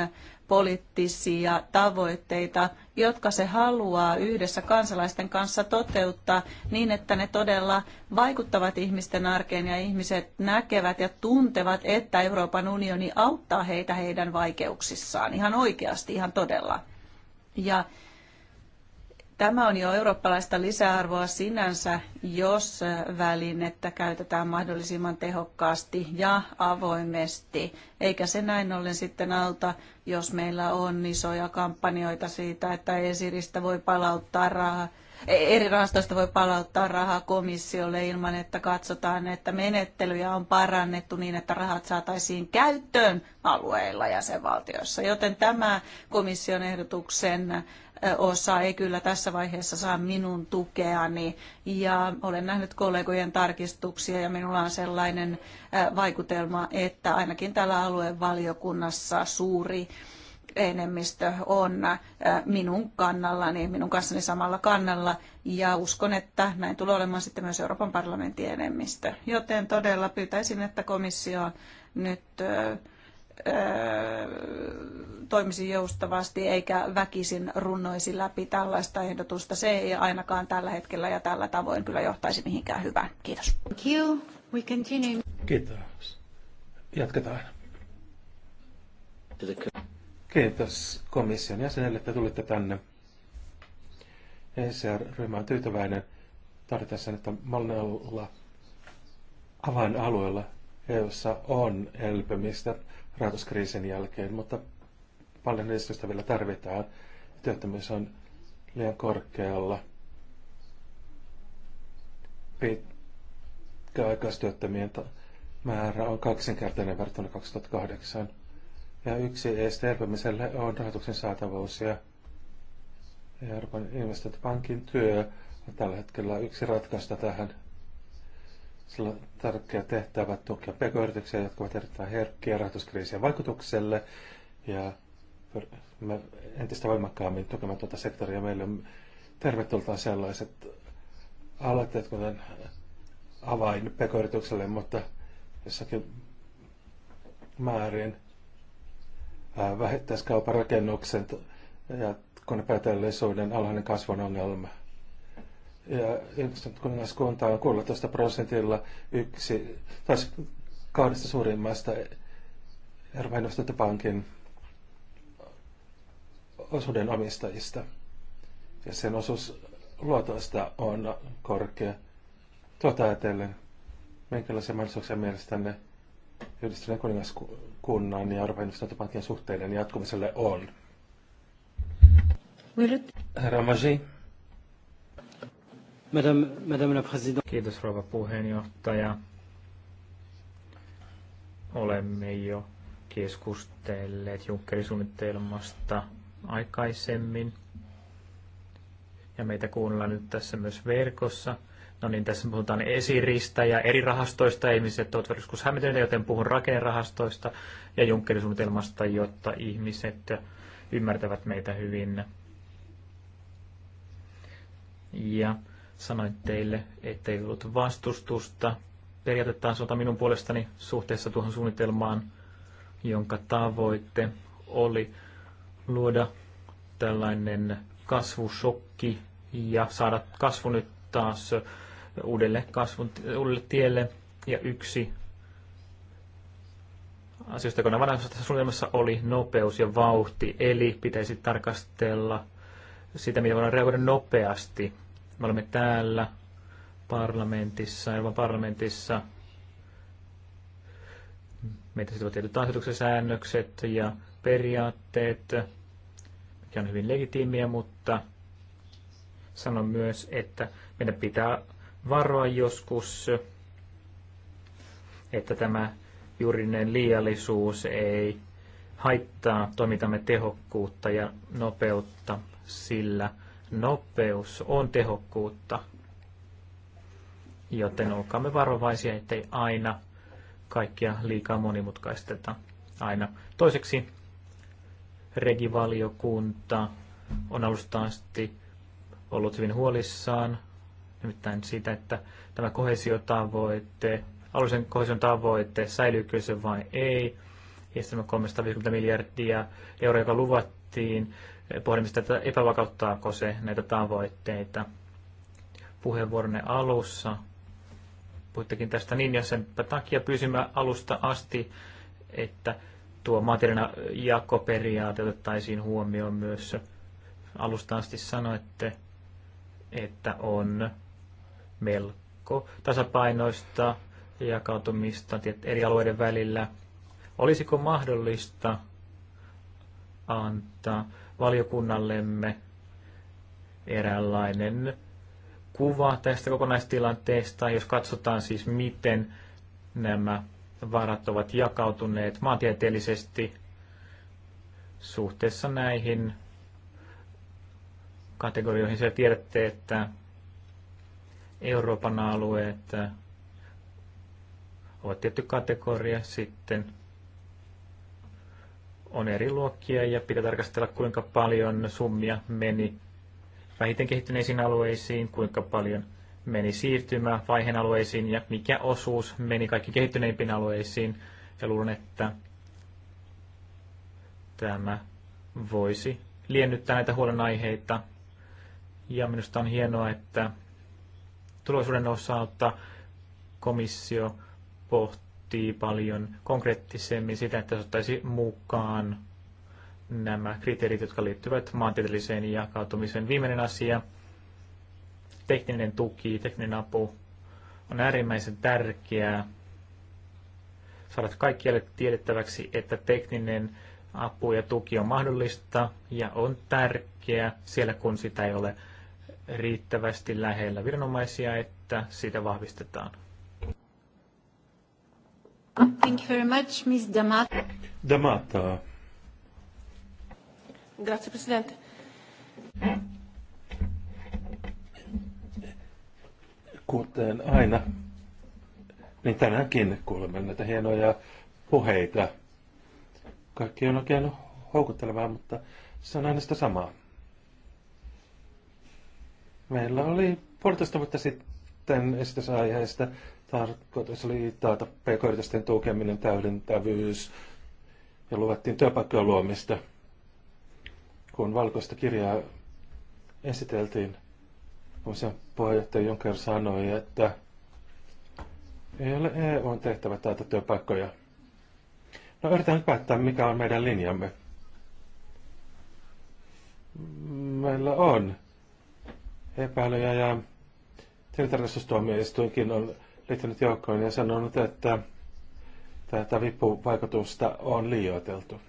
D: poliittisia tavoitteita, jotka se haluaa yhdessä kansalaisten kanssa toteuttaa niin, että ne todella vaikuttavat ihmisten arkeen ja ihmiset näkevät ja tuntevat, että Euroopan unioni auttaa heitä heidän vaikeuksissaan ihan oikeasti, ihan todella. Ja Tämä on jo eurooppalaista lisäarvoa sinänsä, jos välinettä käytetään mahdollisimman tehokkaasti ja avoimesti. Eikä se näin ollen sitten auta, jos meillä on isoja kampanjoita siitä, että esiristä voi palauttaa rahaa eri rahastoista voi palauttaa rahaa komissiolle ilman, että katsotaan, että menettelyjä on parannettu niin, että rahat saataisiin käyttöön alueilla jäsenvaltioissa. Joten tämä komission ehdotuksen osa ei kyllä tässä vaiheessa saa minun tukeani. Ja olen nähnyt kollegojen tarkistuksia ja minulla on sellainen vaikutelma, että ainakin täällä alueen valiokunnassa suuri enemmistö on minun kannallani, minun kanssani samalla kannalla ja uskon, että näin tulee olemaan sitten myös Euroopan parlamentin enemmistö. Joten todella pyytäisin, että komissio nyt toimisi joustavasti eikä väkisin runnoisi läpi tällaista ehdotusta. Se ei ainakaan tällä hetkellä ja tällä tavoin kyllä johtaisi mihinkään hyvään. Kiitos.
A: Thank you. We continue.
B: Kiitos. Jatketaan. Kiitos komission jäsenelle, että tulitte tänne. ECR-ryhmä on tyytyväinen tarvitessa, että monella avainalueella EUssa on elpymistä rahoituskriisin jälkeen, mutta paljon edistystä vielä tarvitaan. Työttömyys on liian korkealla. Pitkäaikaistyöttömien määrä on kaksinkertainen verrattuna 2008. Ja yksi este elpymiselle on rahoituksen saatavuus ja Euroopan investointipankin työ on tällä hetkellä yksi ratkaista tähän tärkeä tehtävä tukea pk-yrityksiä, jotka ovat erittäin herkkiä rahoituskriisien vaikutukselle. Ja me entistä voimakkaammin tukemaan tuota sektoria. Meille on tervetulta sellaiset aloitteet, kuten avain pk mutta jossakin määrin vähittäiskaupan rakennuksen ja konepäätöllisyyden alhainen kasvun ongelma – ja yhdistynyt on 13 prosentilla yksi, tai kahdesta suurimmasta Euroopan investointipankin osuuden omistajista. Ja sen osuus luotoista on korkea. Tuota ajatellen, minkälaisia mahdollisuuksia mielestänne yhdistyneen kuningaskunnan ja Euroopan investointipankin suhteiden jatkumiselle on?
C: Herra Magi. Kiitos rouva puheenjohtaja. Olemme jo keskustelleet Junckerin aikaisemmin. Ja meitä kuunnellaan nyt tässä myös verkossa. No niin, tässä puhutaan esiristä ja eri rahastoista. Ihmiset ovat joskus hämmentyneitä, joten puhun rakennerahastoista ja Junckerin jotta ihmiset ymmärtävät meitä hyvin. Ja Sanoin teille, ettei ollut vastustusta periaatetasolta minun puolestani suhteessa tuohon suunnitelmaan, jonka tavoite oli luoda tällainen kasvusokki ja saada kasvu nyt taas uudelle, kasvun, uudelle tielle. Ja yksi asioista, joka on tässä suunnitelmassa, oli nopeus ja vauhti. Eli pitäisi tarkastella sitä, miten voidaan reagoida nopeasti me olemme täällä parlamentissa, Euroopan parlamentissa. Meitä sitovat tietyt asetuksen säännökset ja periaatteet, mikä on hyvin legitiimiä, mutta sanon myös, että meidän pitää varoa joskus, että tämä juridinen liiallisuus ei haittaa toimintamme tehokkuutta ja nopeutta, sillä nopeus on tehokkuutta. Joten olkaamme varovaisia, ettei aina kaikkia liikaa monimutkaisteta. Aina. Toiseksi regivaliokunta on alusta asti ollut hyvin huolissaan, nimittäin siitä, että tämä kohesiotavoite, alueellisen kohesion tavoite, säilyykö se vai ei. Ja sitten 350 miljardia euroa, joka luvattiin pohdimista, että epävakauttaako se näitä tavoitteita. Puheenvuoronne alussa puhuttekin tästä niin, ja sen takia pyysimme alusta asti, että tuo materiaalinen jakoperiaate otettaisiin huomioon myös. Alusta asti sanoitte, että on melko tasapainoista jakautumista eri alueiden välillä. Olisiko mahdollista antaa valiokunnallemme eräänlainen kuva tästä kokonaistilanteesta, jos katsotaan siis miten nämä varat ovat jakautuneet maantieteellisesti suhteessa näihin kategorioihin. Se tiedätte, että Euroopan alueet ovat tietty kategoria, sitten on eri luokkia ja pitää tarkastella, kuinka paljon summia meni vähiten kehittyneisiin alueisiin, kuinka paljon meni siirtymävaiheen alueisiin ja mikä osuus meni kaikki kehittyneimpiin alueisiin. Ja luulen, että tämä voisi liennyttää näitä huolenaiheita. Ja minusta on hienoa, että tuloisuuden osalta komissio pohtii pohtii paljon konkreettisemmin sitä, että se ottaisi mukaan nämä kriteerit, jotka liittyvät maantieteelliseen jakautumiseen. Viimeinen asia, tekninen tuki, tekninen apu on äärimmäisen tärkeää saada kaikkialle tiedettäväksi, että tekninen apu ja tuki on mahdollista ja on tärkeää siellä, kun sitä ei ole riittävästi lähellä viranomaisia, että sitä vahvistetaan.
A: Thank you very much, Ms. D'Amato.
C: D'Amato.
A: Grazie, Presidente.
B: Kuten aina, niin tänäänkin kuulemme näitä hienoja puheita. Kaikki on oikein houkuttelevaa, mutta se on aina sitä samaa. Meillä oli puolitoista vuotta sitten esitysaiheesta tarkoitus oli taata pk-yritysten tukeminen, täydentävyys ja luvattiin työpaikkojen luomista. Kun valkoista kirjaa esiteltiin, komission puheenjohtaja Juncker sanoi, että ei ole EUn tehtävä taata työpaikkoja. No yritetään nyt päättää, mikä on meidän linjamme. Meillä on epäilyjä ja tilintarkastustuomioistuinkin on liittynyt joukkoon ja sanonut, että tätä vipuvaikutusta on liioiteltu.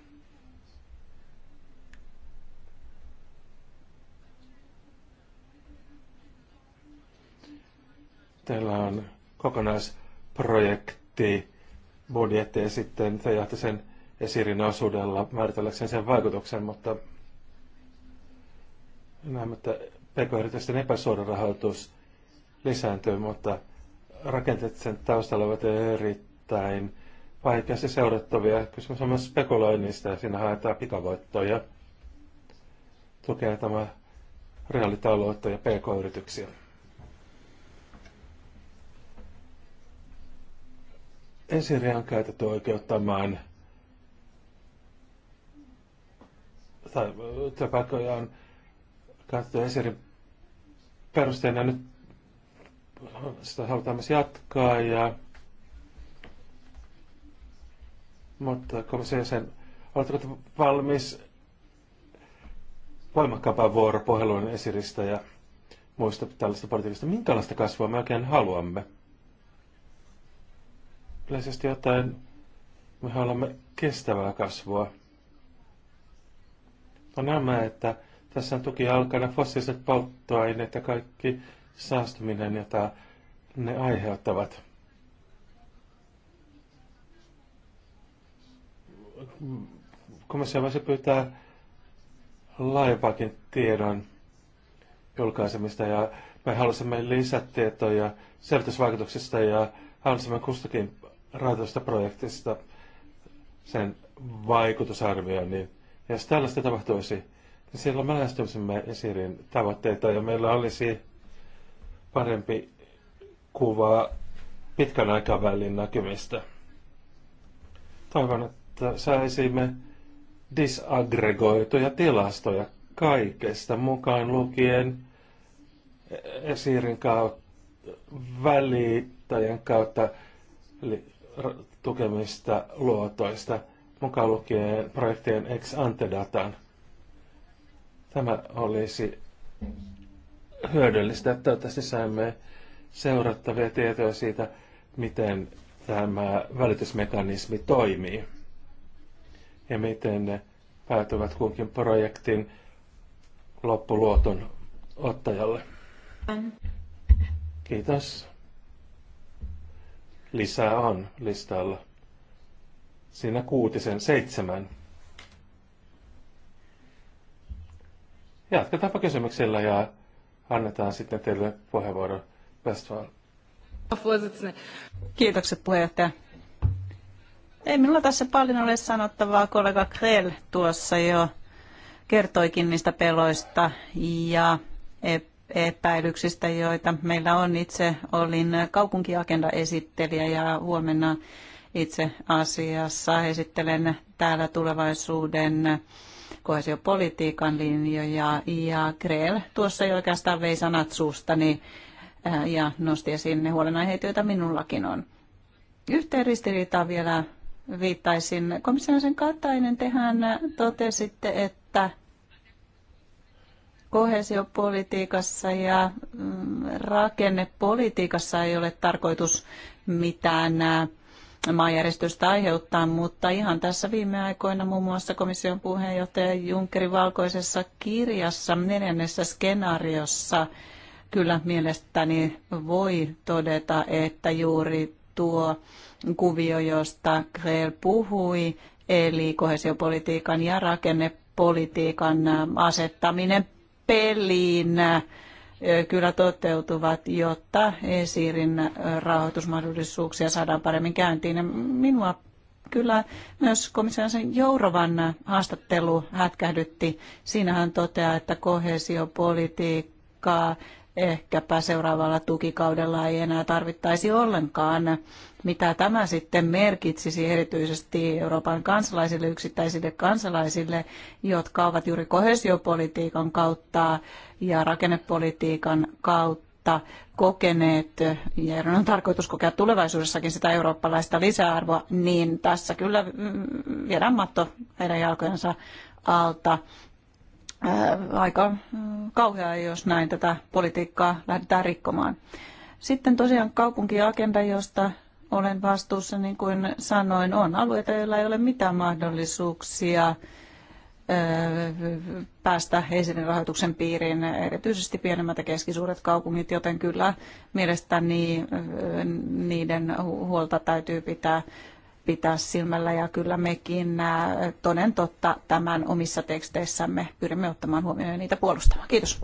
B: Teillä on kokonaisprojekti, budjetti ja sitten te jahti sen esirin osuudella määritelläkseen sen vaikutuksen, mutta näemme, että pk-yritysten epäsuora rahoitus lisääntyy, mutta rakenteet sen taustalla ovat erittäin vaikeasti seurattavia. Kysymys on myös spekuloinnista ja siinä haetaan pikavoittoja. Tukee tämä reaalitaloutta ja pk-yrityksiä. Ensireä on käytetty oikeuttamaan tai työpaikkoja on käytetty ensirin perusteena nyt sitä halutaan myös jatkaa. Ja, mutta komissio jäsen, oletteko valmis voimakkaampaan vuoropuheluun esiristä ja muista tällaista politiikasta? Minkälaista kasvua me oikein haluamme? Yleisesti jotain, me haluamme kestävää kasvua. On nämä, että tässä on tuki alkana fossiiliset polttoaineet ja kaikki saastuminen, jota ne aiheuttavat. Komissio voisi pyytää laajempaakin tiedon julkaisemista ja me halusimme lisätietoja selvitysvaikutuksista ja halusimme kustakin rahoitusta projektista sen vaikutusarvioinnin. Ja jos tällaista tapahtuisi, niin silloin me lähestymisemme esirin tavoitteita ja meillä olisi parempi kuva pitkän aikavälin näkymistä. Toivon, että saisimme disaggregoituja tilastoja kaikesta mukaan lukien esiirin kautta, välittäjän kautta eli tukemista luotoista, mukaan lukien projektien ex antedatan. Tämä olisi hyödyllistä. Toivottavasti saimme seurattavia tietoja siitä, miten tämä välitysmekanismi toimii ja miten ne päätyvät kunkin projektin loppuluoton ottajalle. Kiitos. Lisää on listalla. Siinä kuutisen seitsemän. Jatketaanpa kysymyksellä ja annetaan sitten teille puheenvuoro. Westfall.
D: Kiitokset puheenjohtaja. Ei minulla tässä paljon ole sanottavaa. Kollega Krell tuossa jo kertoikin niistä peloista ja epäilyksistä, joita meillä on. Itse olin kaupunkiagenda-esittelijä ja huomenna itse asiassa esittelen täällä tulevaisuuden koesiopolitiikan linjoja ja Kreel tuossa jo oikeastaan vei sanat suustani äh, ja nosti esiin ne huolenaiheet, joita minullakin on. Yhteen ristiriitaan vielä viittaisin. Komissaarisen Katainen, tehän totesitte, että kohesiopolitiikassa ja mm, rakennepolitiikassa ei ole tarkoitus mitään äh, maanjäristystä aiheuttaa, mutta ihan tässä viime aikoina muun muassa komission puheenjohtaja Junckerin valkoisessa kirjassa neljännessä skenaariossa kyllä mielestäni voi todeta, että juuri tuo kuvio, josta Krell puhui, eli kohesiopolitiikan ja rakennepolitiikan asettaminen peliin kyllä toteutuvat, jotta esiirin rahoitusmahdollisuuksia saadaan paremmin käyntiin. Ja minua kyllä myös komissaarisen Jourovan haastattelu hätkähdytti. Siinä hän toteaa, että kohesiopolitiikkaa ehkäpä seuraavalla tukikaudella ei enää tarvittaisi ollenkaan. Mitä tämä sitten merkitsisi erityisesti Euroopan kansalaisille, yksittäisille kansalaisille, jotka ovat juuri kohesiopolitiikan kautta ja rakennepolitiikan kautta kokeneet, ja on tarkoitus kokea tulevaisuudessakin sitä eurooppalaista lisäarvoa, niin tässä kyllä mm, viedään matto heidän jalkojensa alta aika mm, kauheaa, jos näin tätä politiikkaa lähdetään rikkomaan. Sitten tosiaan kaupunkiagenda, josta olen vastuussa, niin kuin sanoin, on alueita, joilla ei ole mitään mahdollisuuksia päästä Helsingin rahoituksen piiriin, erityisesti pienemmät ja keskisuuret kaupungit, joten kyllä mielestäni niiden huolta täytyy pitää pitää silmällä ja kyllä mekin äh, toden totta tämän omissa teksteissämme pyrimme ottamaan huomioon ja niitä puolustamaan. Kiitos.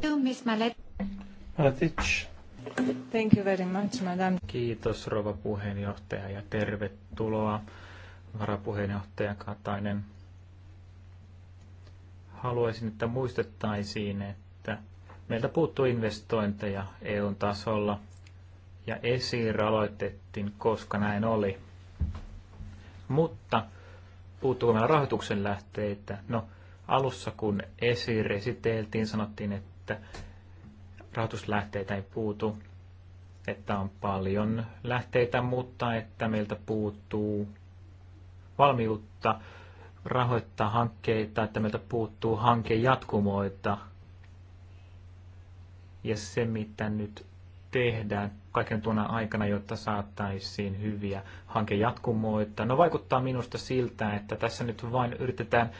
A: Thank you very much, madam.
C: Kiitos rouva puheenjohtaja ja tervetuloa varapuheenjohtaja Katainen. Haluaisin, että muistettaisiin, että meiltä puuttuu investointeja EUn tasolla ja esiin aloitettiin, koska näin oli mutta puuttuuko meillä rahoituksen lähteitä? No, alussa kun ESIR esiteltiin, sanottiin, että rahoituslähteitä ei puutu, että on paljon lähteitä, mutta että meiltä puuttuu valmiutta rahoittaa hankkeita, että meiltä puuttuu hankejatkumoita. Ja se, mitä nyt tehdään kaiken tuona aikana, jotta saattaisiin hyviä hankejatkumoita. No vaikuttaa minusta siltä, että tässä nyt vain yritetään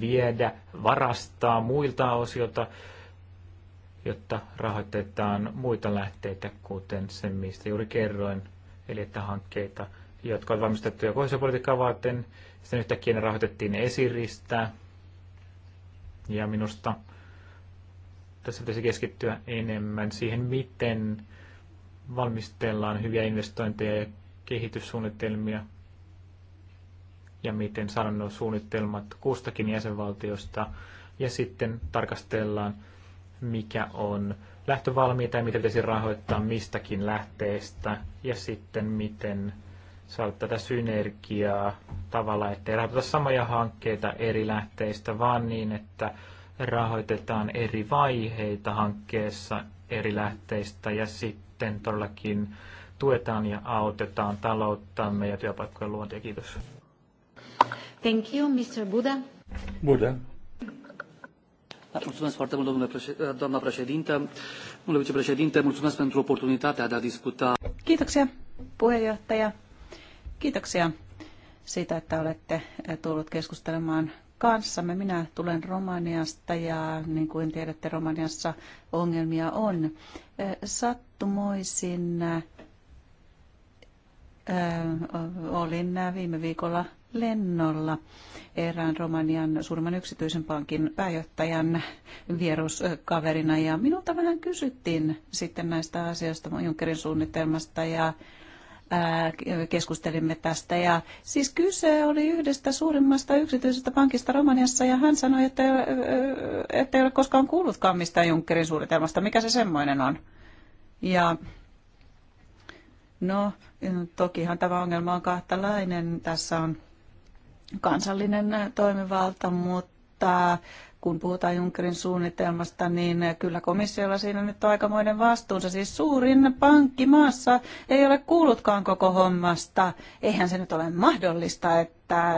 C: viedä, varastaa muilta osiota, jotta rahoitetaan muita lähteitä, kuten se, mistä juuri kerroin, eli että hankkeita, jotka on valmistettuja politiikkaa varten, sitten yhtäkkiä ne rahoitettiin esiristä, ja minusta tässä pitäisi keskittyä enemmän siihen, miten valmistellaan hyviä investointeja ja kehityssuunnitelmia ja miten saadaan nuo suunnitelmat kustakin jäsenvaltiosta ja sitten tarkastellaan, mikä on lähtövalmiita ja mitä pitäisi rahoittaa mistäkin lähteestä ja sitten miten saada tätä synergiaa tavalla, ettei rahoiteta samoja hankkeita eri lähteistä, vaan niin, että rahoitetaan eri vaiheita hankkeessa eri lähteistä ja sitten sitten todellakin tuetaan ja autetaan talouttamme ja työpaikkojen luontia. Kiitos.
A: Thank you, Mr. Buda.
C: Buda.
E: Mulțumesc foarte mult, domnule președinte, doamna președintă. Domnule vicepreședinte, mulțumesc pentru oportunitatea de a discuta.
D: Kiitoksia, puheenjohtaja. Kiitoksia siitä, että olette tullut keskustelemaan kanssamme. Minä tulen Romaniasta ja niin kuin tiedätte, Romaniassa ongelmia on. Sattumoisin olin viime viikolla lennolla erään Romanian suurimman yksityisen pankin pääjohtajan vieruskaverina ja minulta vähän kysyttiin sitten näistä asioista Junckerin suunnitelmasta ja keskustelimme tästä. Ja siis kyse oli yhdestä suurimmasta yksityisestä pankista Romaniassa ja hän sanoi, että, että ei ole koskaan kuullutkaan mistään Junckerin suunnitelmasta. Mikä se semmoinen on? Ja no, tokihan tämä ongelma on kahtalainen. Tässä on kansallinen toimivalta, mutta kun puhutaan Junckerin suunnitelmasta, niin kyllä komissiolla siinä nyt on aikamoinen vastuunsa. Siis suurin pankki maassa ei ole kuullutkaan koko hommasta. Eihän se nyt ole mahdollista, että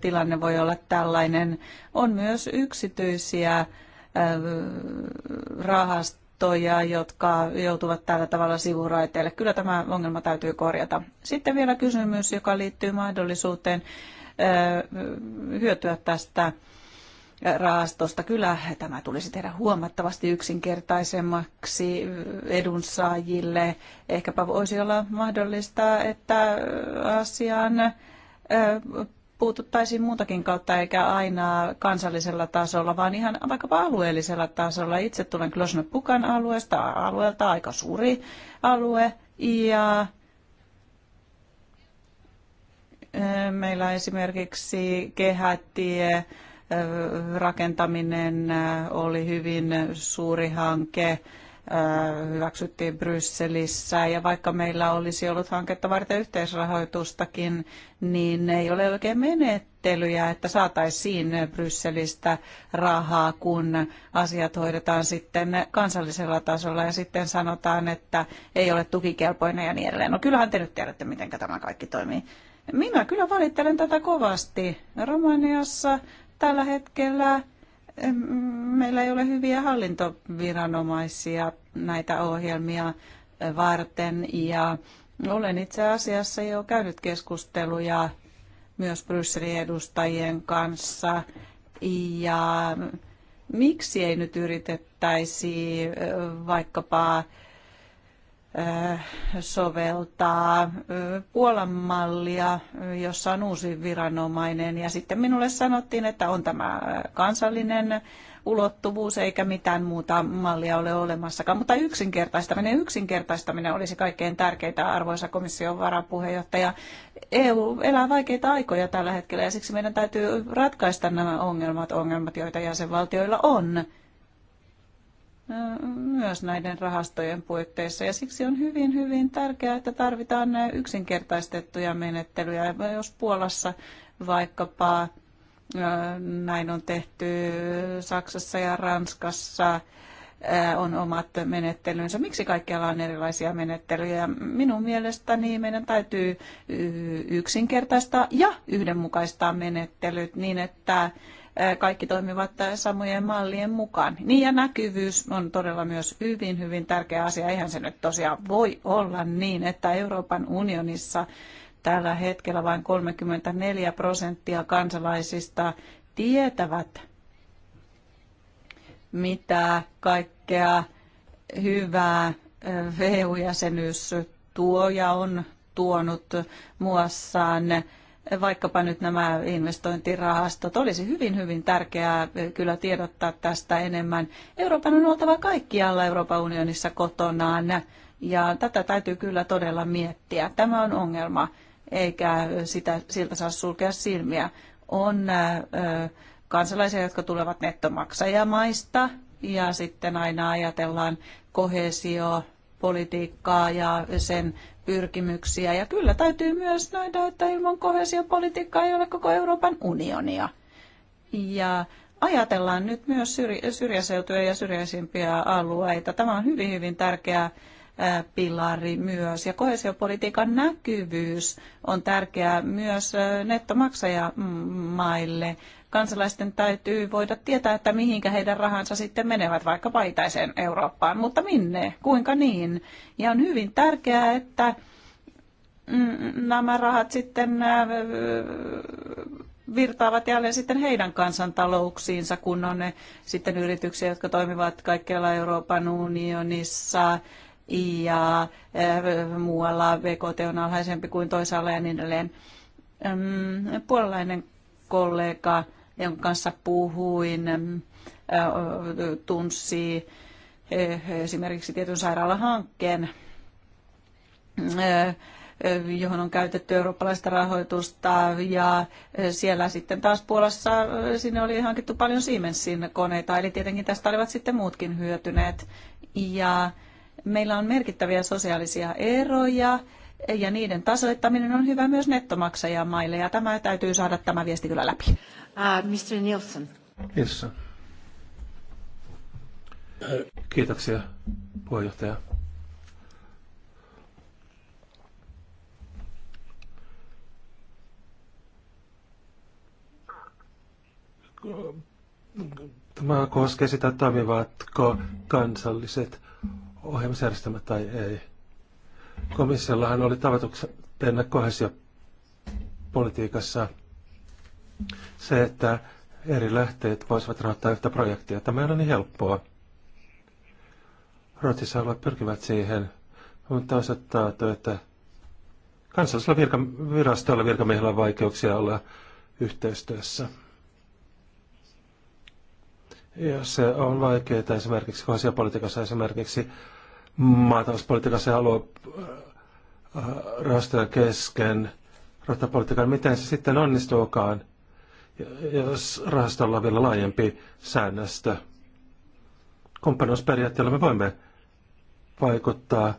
D: tilanne voi olla tällainen. On myös yksityisiä rahastoja, jotka joutuvat tällä tavalla sivuraiteille. Kyllä tämä ongelma täytyy korjata. Sitten vielä kysymys, joka liittyy mahdollisuuteen hyötyä tästä rahastosta. Kyllä tämä tulisi tehdä huomattavasti yksinkertaisemmaksi edunsaajille. Ehkäpä voisi olla mahdollista, että asiaan puututtaisiin muutakin kautta eikä aina kansallisella tasolla, vaan ihan vaikkapa alueellisella tasolla. Itse tulen Klosno Pukan alueesta, alueelta aika suuri alue, ja meillä esimerkiksi kehätie, rakentaminen äh, oli hyvin suuri hanke äh, hyväksyttiin Brysselissä. Ja vaikka meillä olisi ollut hanketta varten yhteisrahoitustakin, niin ei ole oikein menettelyjä, että saataisiin Brysselistä rahaa, kun asiat hoidetaan sitten kansallisella tasolla ja sitten sanotaan, että ei ole tukikelpoinen ja niin edelleen. No kyllähän te nyt tiedätte, miten tämä kaikki toimii. Minä kyllä valittelen tätä kovasti. Romaniassa tällä hetkellä meillä ei ole hyviä hallintoviranomaisia näitä ohjelmia varten ja olen itse asiassa jo käynyt keskusteluja myös Brysselin edustajien kanssa ja miksi ei nyt yritettäisi vaikkapa Äh, soveltaa äh, Puolan mallia, jossa on uusi viranomainen. Ja sitten minulle sanottiin, että on tämä kansallinen ulottuvuus eikä mitään muuta mallia ole olemassakaan. Mutta yksinkertaistaminen, yksinkertaistaminen olisi kaikkein tärkeintä, arvoisa komission varapuheenjohtaja. EU elää vaikeita aikoja tällä hetkellä ja siksi meidän täytyy ratkaista nämä ongelmat, ongelmat joita jäsenvaltioilla on myös näiden rahastojen puitteissa. Ja siksi on hyvin, hyvin tärkeää, että tarvitaan yksinkertaistettuja menettelyjä. Jos Puolassa vaikkapa näin on tehty Saksassa ja Ranskassa, on omat menettelynsä. Miksi kaikkialla on erilaisia menettelyjä? Minun mielestäni meidän täytyy yksinkertaistaa ja yhdenmukaistaa menettelyt niin, että kaikki toimivat samojen mallien mukaan. Niin ja näkyvyys on todella myös hyvin, hyvin tärkeä asia. Eihän se nyt tosiaan voi olla niin, että Euroopan unionissa tällä hetkellä vain 34 prosenttia kansalaisista tietävät, mitä kaikkea hyvää EU-jäsenyys tuo ja on tuonut muassaan vaikkapa nyt nämä investointirahastot. Olisi hyvin, hyvin tärkeää eh, kyllä tiedottaa tästä enemmän. Euroopan on oltava kaikkialla Euroopan unionissa kotonaan ja tätä täytyy kyllä todella miettiä. Tämä on ongelma, eikä sitä, siltä saa sulkea silmiä. On ö, eh, eh, kansalaisia, jotka tulevat nettomaksajamaista ja sitten aina ajatellaan kohesio politiikkaa ja sen pyrkimyksiä. Ja kyllä täytyy myös nähdä, että ilman kohesiopolitiikkaa ei ole koko Euroopan unionia. Ja ajatellaan nyt myös syrjäseutuja ja syrjäisimpiä alueita. Tämä on hyvin, hyvin tärkeä pilari myös. Ja kohesiopolitiikan näkyvyys on tärkeää myös nettomaksajamaille kansalaisten täytyy voida tietää, että mihinkä heidän rahansa sitten menevät, vaikka paitaiseen Eurooppaan. Mutta minne? Kuinka niin? Ja on hyvin tärkeää, että mm, nämä rahat sitten äh, virtaavat jälleen sitten heidän kansantalouksiinsa, kun on ne sitten yrityksiä, jotka toimivat kaikkialla Euroopan unionissa ja äh, muualla VKT on alhaisempi kuin toisaalla ja niin edelleen. Mm, puolalainen kollega jonka kanssa puhuin, tunsi esimerkiksi tietyn sairaalahankkeen, johon on käytetty eurooppalaista rahoitusta ja siellä sitten taas Puolassa sinne oli hankittu paljon Siemensin koneita, eli tietenkin tästä olivat sitten muutkin hyötyneet. Ja meillä on merkittäviä sosiaalisia eroja ja niiden tasoittaminen on hyvä myös nettomaksajamaille ja tämä täytyy saada tämä viesti kyllä läpi. Uh, Mr. Nielsen.
B: Yes. Kiitoksia, puheenjohtaja. Tämä koskee sitä, toimivatko kansalliset ohjelmisjärjestelmät tai ei. Komissiollahan oli tavoituksena kohesiopolitiikassa politiikassa se, että eri lähteet voisivat rahoittaa yhtä projektia, tämä ei ole niin helppoa. Ruotsissa alueet pyrkivät siihen, mutta osoittaa, että kansallisella virka, virastolla virkamiehillä on vaikeuksia olla yhteistyössä. Ja se on vaikeaa esimerkiksi kohdassa esimerkiksi maatalouspolitiikassa ja aluerahastojen äh, kesken, ratta-politiikan, miten se sitten onnistuukaan jos rahastolla on vielä laajempi säännöstö. Kumppanuusperiaatteella me voimme vaikuttaa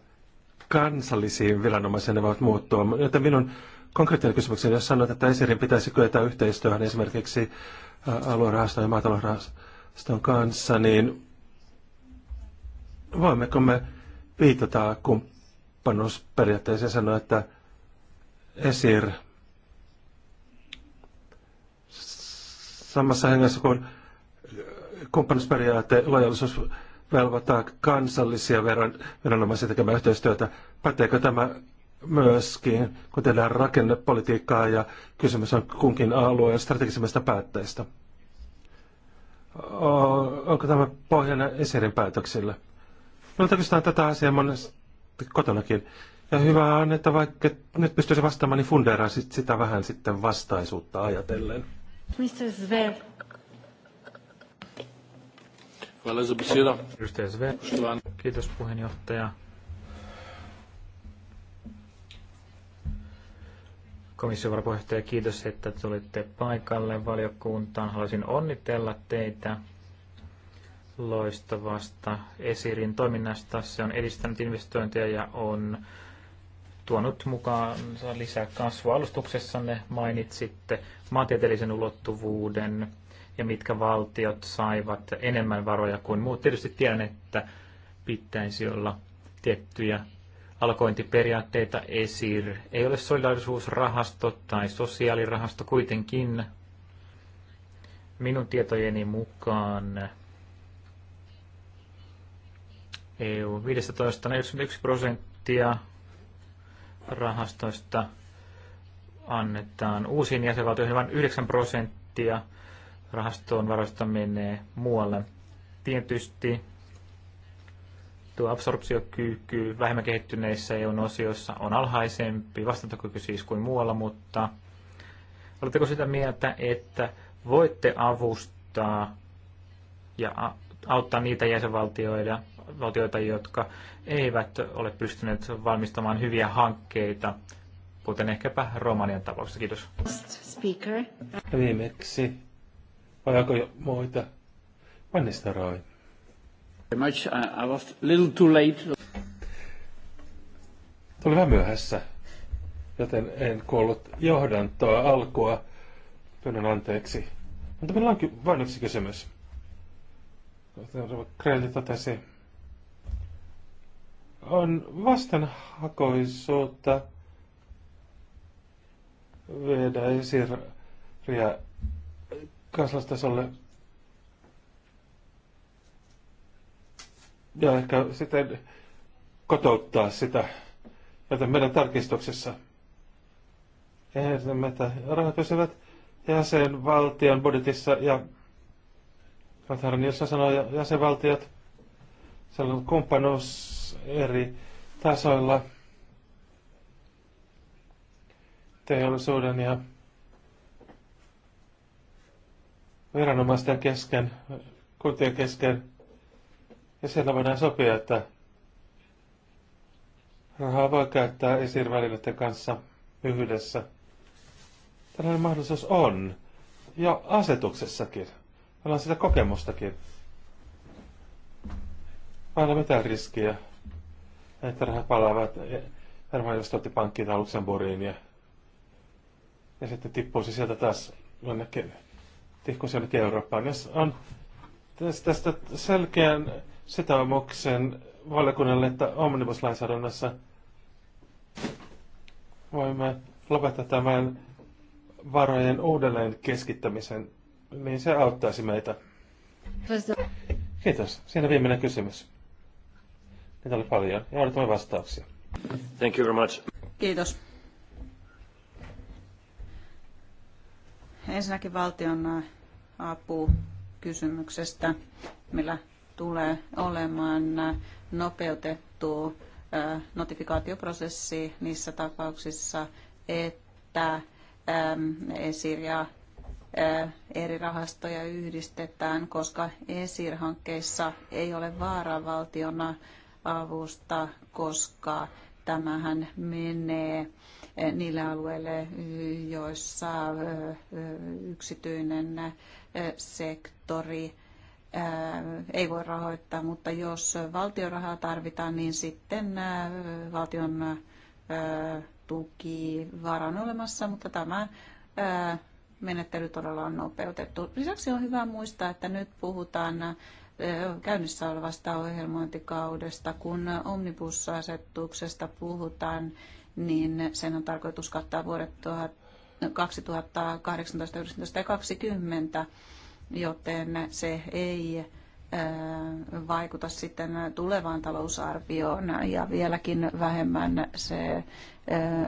B: kansallisiin viranomaisiin, ne voivat muuttua. Joten minun konkreettinen kysymykseni, jos sanoit, että Esirin pitäisi kyetä yhteistyöhön esimerkiksi aluerahaston ja maatalousrahaston kanssa, niin voimmeko me viitata kumppanuusperiaatteeseen sanoa, että Esir – samassa hengessä kuin kumppanuusperiaate, lojallisuus velvoittaa kansallisia veron, veronomaisia tekemään yhteistyötä. Päteekö tämä myöskin, kun tehdään rakennepolitiikkaa ja kysymys on kunkin alueen strategisemmista päätteistä? Onko tämä pohjana esirin päätöksille? No, Minulta kysytään tätä asiaa monesti kotonakin. Ja hyvä on, että vaikka nyt pystyisi vastaamaan, niin fundeeraan sitä vähän sitten vastaisuutta
C: ajatellen.
A: Mr. Zver.
C: Hvala za besedo. Kiitos puheenjohtaja. Komission varapuheenjohtaja, kiitos, että tulitte paikalle valiokuntaan. Haluaisin onnitella teitä loistavasta Esirin toiminnasta. Se on edistänyt investointeja ja on tuonut mukaan lisää kasvua. Alustuksessanne mainitsitte maantieteellisen ulottuvuuden ja mitkä valtiot saivat enemmän varoja kuin muut. Tietysti tiedän, että pitäisi olla tiettyjä alkointiperiaatteita esir. Ei ole solidarisuusrahasto tai sosiaalirahasto kuitenkin. Minun tietojeni mukaan EU 15 prosenttia rahastoista annetaan uusiin jäsenvaltioihin, vain 9 prosenttia rahastoon varoista menee muualle. Tietysti tuo absorptiokyky vähemmän kehittyneissä EUn osioissa on alhaisempi, vastantokyky siis kuin muualla, mutta oletteko sitä mieltä, että voitte avustaa ja auttaa niitä jäsenvaltioita, valtioita, jotka eivät ole pystyneet valmistamaan hyviä hankkeita, kuten ehkäpä Romanian tapauksessa. Kiitos.
A: Speaker.
B: Ja viimeksi, vai onko jo muita? Vannista Roy. Much. I was little too late. Tuli vähän myöhässä, joten en kuollut johdantoa alkua. Pyydän anteeksi. Mutta meillä onkin vain yksi kysymys. Krelli totesi, on vastenhakoisuutta viedä esiriä kansalaistasolle. Ja ehkä sitten kotouttaa sitä, joten meidän tarkistuksessa ehdotamme, että rahat pysyvät jäsenvaltion budjetissa ja Katharin, jossa sanoo jäsenvaltiot, sellainen on kumppanuus eri tasoilla teollisuuden ja viranomaisten kesken, kuntien kesken. Ja siellä voidaan sopia, että rahaa voi käyttää esirvälineiden kanssa yhdessä. Tällainen mahdollisuus on. Ja asetuksessakin. Meillä on sitä kokemustakin ole mitään riskiä, että rahat palaavat varmaan e- otti pankkiin tai Luxemburgiin ja, ja sitten tippuisi sieltä taas jonnekin, tihkuisi jonnekin Eurooppaan. Jos on tästä selkeän sitoumuksen valiokunnalle, että omnibuslainsäädännössä voimme lopettaa tämän varojen uudelleen keskittämisen, niin se auttaisi meitä. Kiitos. Siinä viimeinen kysymys. Niitä oli paljon ja odotamme vastauksia. Thank you very much.
D: Kiitos. Ensinnäkin valtion äh, apukysymyksestä, millä tulee olemaan äh, nopeutettu äh, notifikaatioprosessi niissä tapauksissa, että ESIR eri rahastoja yhdistetään, koska ESIR-hankkeissa ei ole vaaraa valtiona avusta, koska tämähän menee eh, niille alueille, joissa eh, eh, yksityinen sektori ei voi rahoittaa, mutta jos valtion rahaa tarvitaan, niin sitten valtion tuki vara on olemassa, mutta tämä menettely todella on nopeutettu. Lisäksi on hyvä muistaa, että nyt puhutaan Eh, käynnissä olevasta ohjelmointikaudesta. Kun omnibus-asetuksesta puhutaan, niin sen on tarkoitus kattaa vuodet 2018, 19 ja 2020, joten se ei eh, vaikuta sitten tulevaan talousarvioon ja vieläkin vähemmän se eh,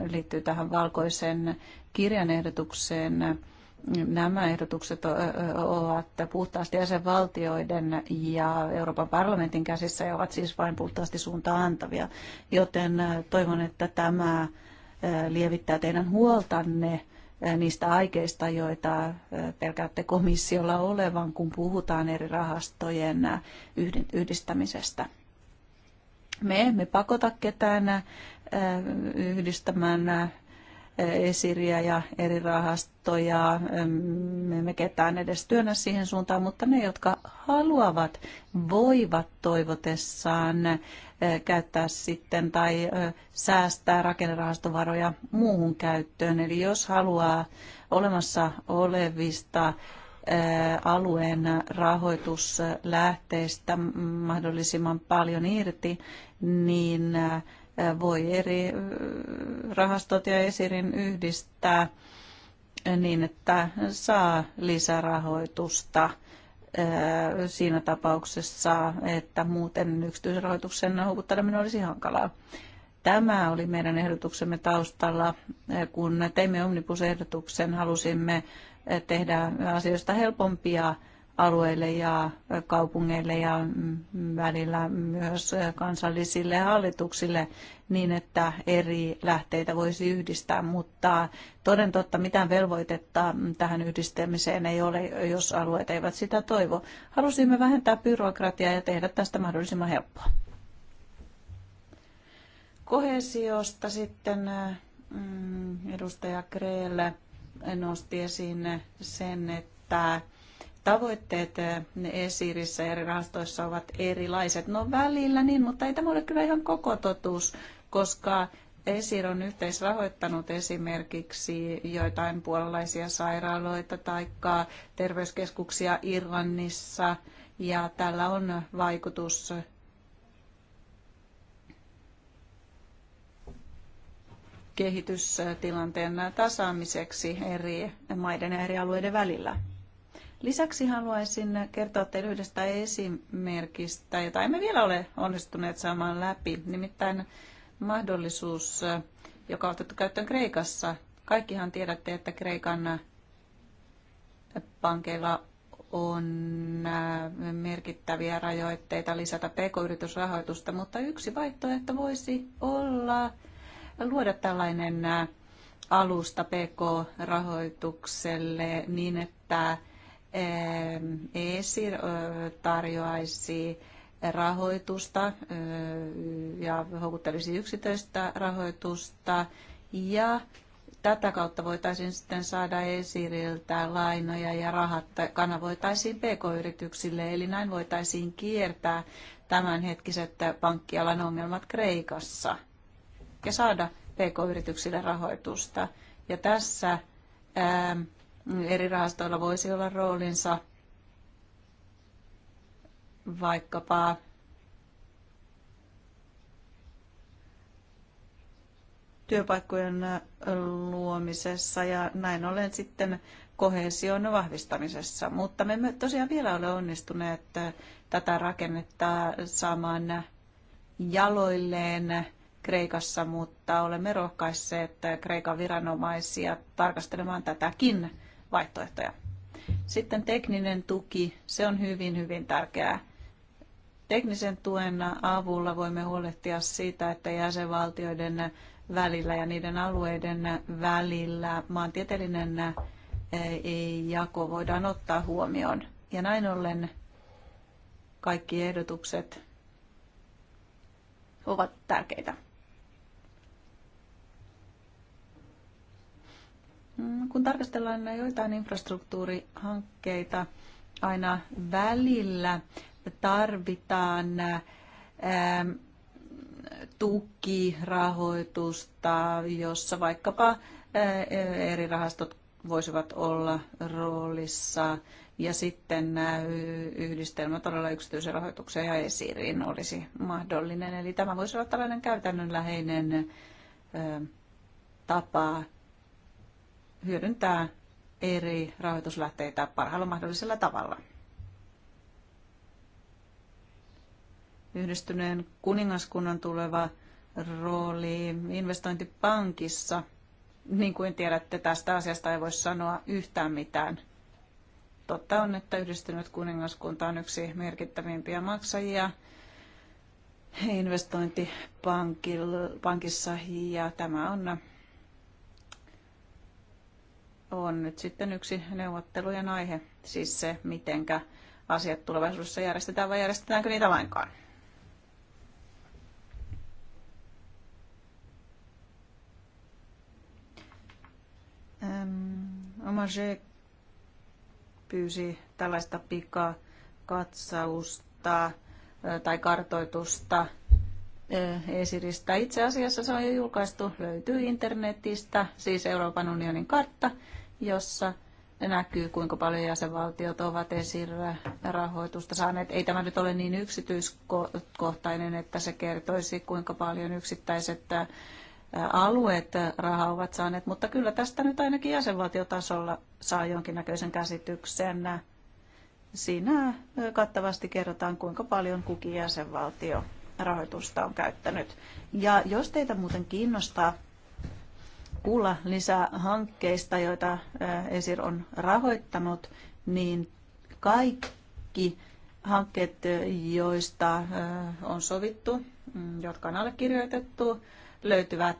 D: liittyy tähän valkoisen kirjan ehdotukseen nämä ehdotukset ovat puhtaasti jäsenvaltioiden ja Euroopan parlamentin käsissä ja ovat siis vain puhtaasti suuntaan antavia. Joten toivon, että tämä lievittää teidän huoltanne niistä aikeista, joita pelkäätte komissiolla olevan, kun puhutaan eri rahastojen yhdistämisestä. Me emme pakota ketään yhdistämään esiriä ja eri rahastoja. Me emme ketään edes työnnä siihen suuntaan, mutta ne, jotka haluavat, voivat toivotessaan eh, käyttää sitten tai eh, säästää rakennerahastovaroja muuhun käyttöön. Eli jos haluaa olemassa olevista eh, alueen rahoituslähteistä mahdollisimman paljon irti, niin voi eri rahastot ja esirin yhdistää niin, että saa lisärahoitusta siinä tapauksessa, että muuten yksityisrahoituksen houkutteleminen olisi hankalaa. Tämä oli meidän ehdotuksemme taustalla. Kun teimme ehdotuksen. halusimme tehdä asioista helpompia alueille ja kaupungeille ja välillä myös kansallisille hallituksille niin, että eri lähteitä voisi yhdistää, mutta toden totta mitään velvoitetta tähän yhdistämiseen ei ole, jos alueet eivät sitä toivo. Halusimme vähentää byrokratiaa ja tehdä tästä mahdollisimman helppoa. Kohesiosta sitten mm, edustaja Kreelle nosti esiin sen, että tavoitteet eh, esirissä eri rahastoissa ovat erilaiset. No välillä niin, mutta ei tämä ole kyllä ihan koko totuus, koska ESIR on yhteisrahoittanut esimerkiksi joitain puolalaisia sairaaloita tai terveyskeskuksia Irlannissa ja tällä on vaikutus kehitystilanteen tasaamiseksi eri maiden ja eri alueiden välillä. Lisäksi haluaisin kertoa teille yhdestä esimerkistä, jota emme vielä ole onnistuneet saamaan läpi, nimittäin mahdollisuus, joka on otettu käyttöön Kreikassa. Kaikkihan tiedätte, että Kreikan pankeilla on äh, merkittäviä rajoitteita lisätä pk-yritysrahoitusta, mutta yksi vaihtoehto voisi olla luoda tällainen äh, alusta pk-rahoitukselle niin, että ESIR tarjoaisi rahoitusta ja houkuttelisi yksityistä rahoitusta ja tätä kautta voitaisiin sitten saada esiriltä lainoja ja rahat kanavoitaisiin pk-yrityksille, eli näin voitaisiin kiertää tämänhetkiset pankkialan ongelmat Kreikassa ja saada pk-yrityksille rahoitusta. Ja tässä ää, eri rahastoilla voisi olla roolinsa vaikkapa työpaikkojen luomisessa ja näin ollen sitten kohesion vahvistamisessa. Mutta me emme tosiaan vielä ole onnistuneet tätä rakennetta saamaan jaloilleen Kreikassa, mutta olemme rohkaisseet Kreikan viranomaisia tarkastelemaan tätäkin vaihtoehtoja. Sitten tekninen tuki, se on hyvin, hyvin tärkeää. Teknisen tuen avulla voimme huolehtia siitä, että jäsenvaltioiden välillä ja niiden alueiden välillä maantieteellinen eh, jako voidaan ottaa huomioon. Ja näin ollen kaikki ehdotukset ovat tärkeitä. Mm, kun tarkastellaan joitain infrastruktuurihankkeita, aina välillä tarvitaan ähm, tukirahoitusta, jossa vaikkapa äh, eri rahastot voisivat olla roolissa ja sitten äh, yhdistelmä todella yksityisen rahoituksen ja esiriin olisi mahdollinen. Eli tämä voisi olla tällainen käytännönläheinen äh, tapa hyödyntää eri rahoituslähteitä parhaalla mahdollisella tavalla. Yhdistyneen kuningaskunnan tuleva rooli investointipankissa, niin kuin tiedätte, tästä asiasta ei voi sanoa yhtään mitään. Totta on, että yhdistynyt kuningaskunta on yksi merkittävimpiä maksajia investointipankissa ja tämä on on nyt sitten yksi neuvottelujen aihe, siis se, mitenkä asiat tulevaisuudessa järjestetään vai järjestetäänkö niitä lainkaan. Omage pyysi tällaista pikakatsausta tai kartoitusta esiristä. Itse asiassa se on jo julkaistu, löytyy internetistä, siis Euroopan unionin kartta, jossa näkyy, kuinka paljon jäsenvaltiot ovat ESIR-rahoitusta saaneet. Ei tämä nyt ole niin yksityiskohtainen, että se kertoisi, kuinka paljon yksittäiset alueet rahaa ovat saaneet, mutta kyllä tästä nyt ainakin jäsenvaltiotasolla saa jonkinnäköisen käsityksen. Siinä kattavasti kerrotaan, kuinka paljon kukin jäsenvaltio rahoitusta on käyttänyt. Ja jos teitä muuten kiinnostaa kuulla lisää hankkeista, joita ESIR on rahoittanut, niin kaikki hankkeet, joista on sovittu, mm, jotka on allekirjoitettu, löytyvät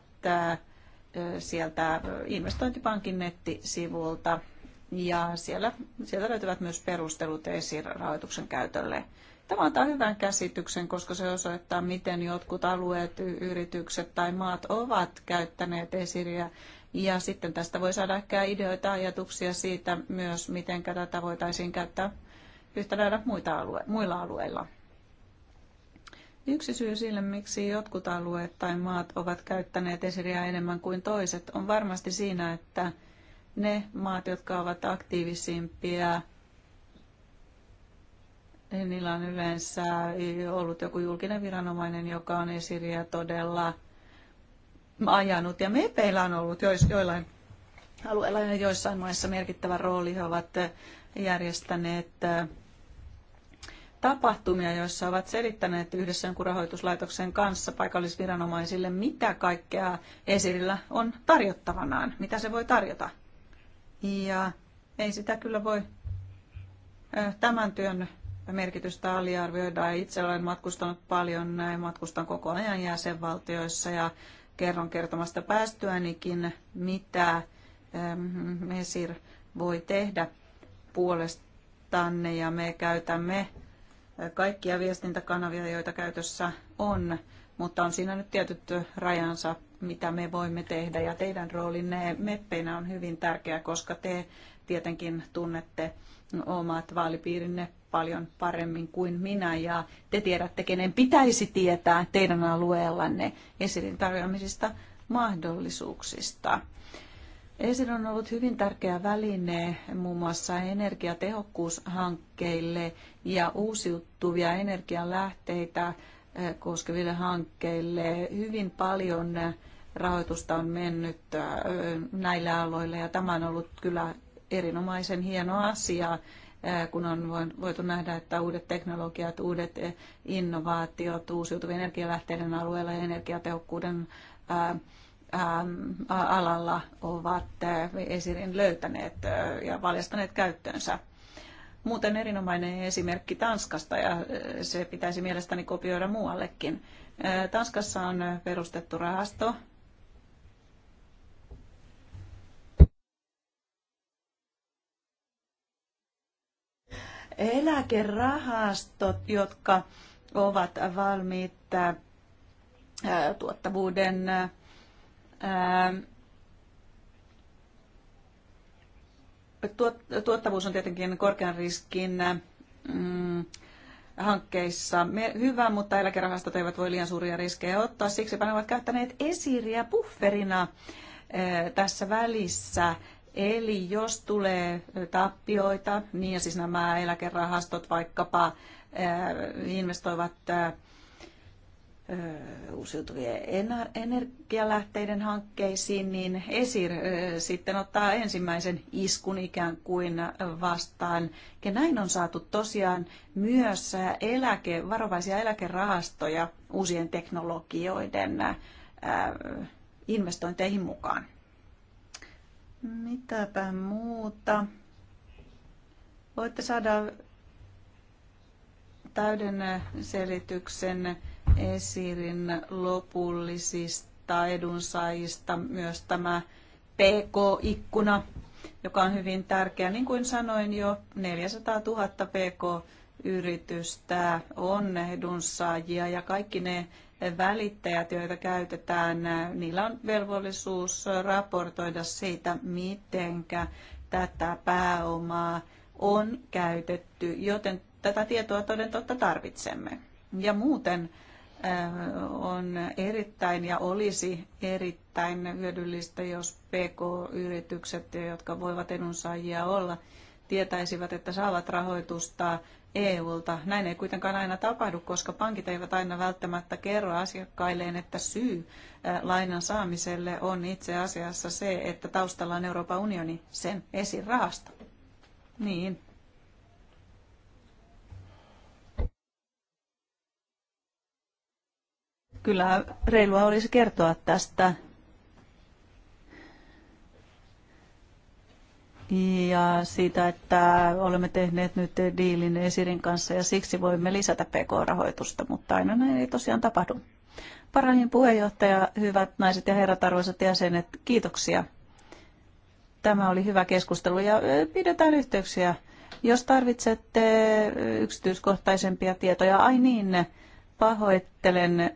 D: sieltä investointipankin nettisivulta. Ja siellä, sieltä löytyvät myös perustelut ESIR-rahoituksen käytölle. Tämä antaa hyvän käsityksen, koska se osoittaa, miten jotkut alueet, yritykset tai maat ovat käyttäneet esiriä. Ja sitten tästä voi saada ehkä ideoita, ajatuksia siitä myös, miten tätä voitaisiin käyttää yhtä lailla muita alue- muilla alueilla. Yksi syy sille, miksi jotkut alueet tai maat ovat käyttäneet esiriä enemmän kuin toiset, on varmasti siinä, että ne maat, jotka ovat aktiivisimpia niillä on yleensä ollut joku julkinen viranomainen, joka on esiriä todella ajanut. Ja mepeillä on ollut joillain alueilla ja joissain maissa merkittävä rooli. He ovat järjestäneet tapahtumia, joissa ovat selittäneet yhdessä jonkun rahoituslaitoksen kanssa paikallisviranomaisille, mitä kaikkea esirillä on tarjottavanaan, mitä se voi tarjota. Ja ei sitä kyllä voi tämän työn merkitystä aliarvioidaan. Itse olen matkustanut paljon, näin matkustan koko ajan jäsenvaltioissa ja kerron kertomasta päästyänikin, mitä ähm, MESIR voi tehdä puolestanne ja me käytämme äh, kaikkia viestintäkanavia, joita käytössä on, mutta on siinä nyt tietyt rajansa, mitä me voimme tehdä ja teidän roolinne meppeinä on hyvin tärkeä, koska te tietenkin tunnette omat vaalipiirinne paljon paremmin kuin minä ja te tiedätte, kenen pitäisi tietää teidän alueellanne esiden tarjoamisista mahdollisuuksista. Esin on ollut hyvin tärkeä väline muun muassa energiatehokkuushankkeille ja uusiutuvia energialähteitä eh, koskeville hankkeille. Hyvin paljon eh, rahoitusta on mennyt eh, näille aloille ja tämä on ollut kyllä erinomaisen hieno asia kun on voitu nähdä, että uudet teknologiat, uudet innovaatiot uusiutuvien energialähteiden alueella ja energiatehokkuuden alalla ovat esirin löytäneet ja valjastaneet käyttöönsä. Muuten erinomainen esimerkki Tanskasta ja se pitäisi mielestäni kopioida muuallekin. Tanskassa on perustettu rahasto, eläkerahastot, jotka ovat valmiit äh, tuottavuuden äh, tuottavuus on tietenkin korkean riskin mm, hankkeissa hyvä, mutta eläkerahastot eivät voi liian suuria riskejä ottaa. Siksi ne ovat käyttäneet esiriä pufferina äh, tässä välissä Eli jos tulee tappioita, niin ja siis nämä eläkerahastot vaikkapa investoivat uusiutuvien energialähteiden hankkeisiin, niin ESIR sitten ottaa ensimmäisen iskun ikään kuin vastaan. Ja näin on saatu tosiaan myös eläke, varovaisia eläkerahastoja uusien teknologioiden investointeihin mukaan. Mitäpä muuta? Voitte saada täyden selityksen esirin lopullisista edunsaajista myös tämä PK-ikkuna, joka on hyvin tärkeä. Niin kuin sanoin jo, 400 000 PK-yritystä on edunsaajia ja kaikki ne välittäjät, joita käytetään, niillä on velvollisuus raportoida siitä, mitenkä tätä pääomaa on käytetty, joten tätä tietoa toden totta tarvitsemme. Ja muuten eh, on erittäin ja olisi erittäin hyödyllistä, jos PK-yritykset, jotka voivat edunsaajia olla, tietäisivät, että saavat rahoitusta EUlta. Näin ei kuitenkaan aina tapahdu, koska pankit eivät aina välttämättä kerro asiakkailleen, että syy lainan saamiselle on itse asiassa se, että taustalla on Euroopan unioni sen esirahasto. Niin. Kyllä reilua olisi kertoa tästä ja siitä, että olemme tehneet nyt diilin Esirin kanssa ja siksi voimme lisätä PK-rahoitusta, mutta aina näin ei tosiaan tapahdu. Parahin puheenjohtaja, hyvät naiset ja herrat, arvoisat jäsenet, kiitoksia. Tämä oli hyvä keskustelu ja e, pidetään yhteyksiä. Jos tarvitsette e, yksityiskohtaisempia tietoja, ai niin, pahoittelen,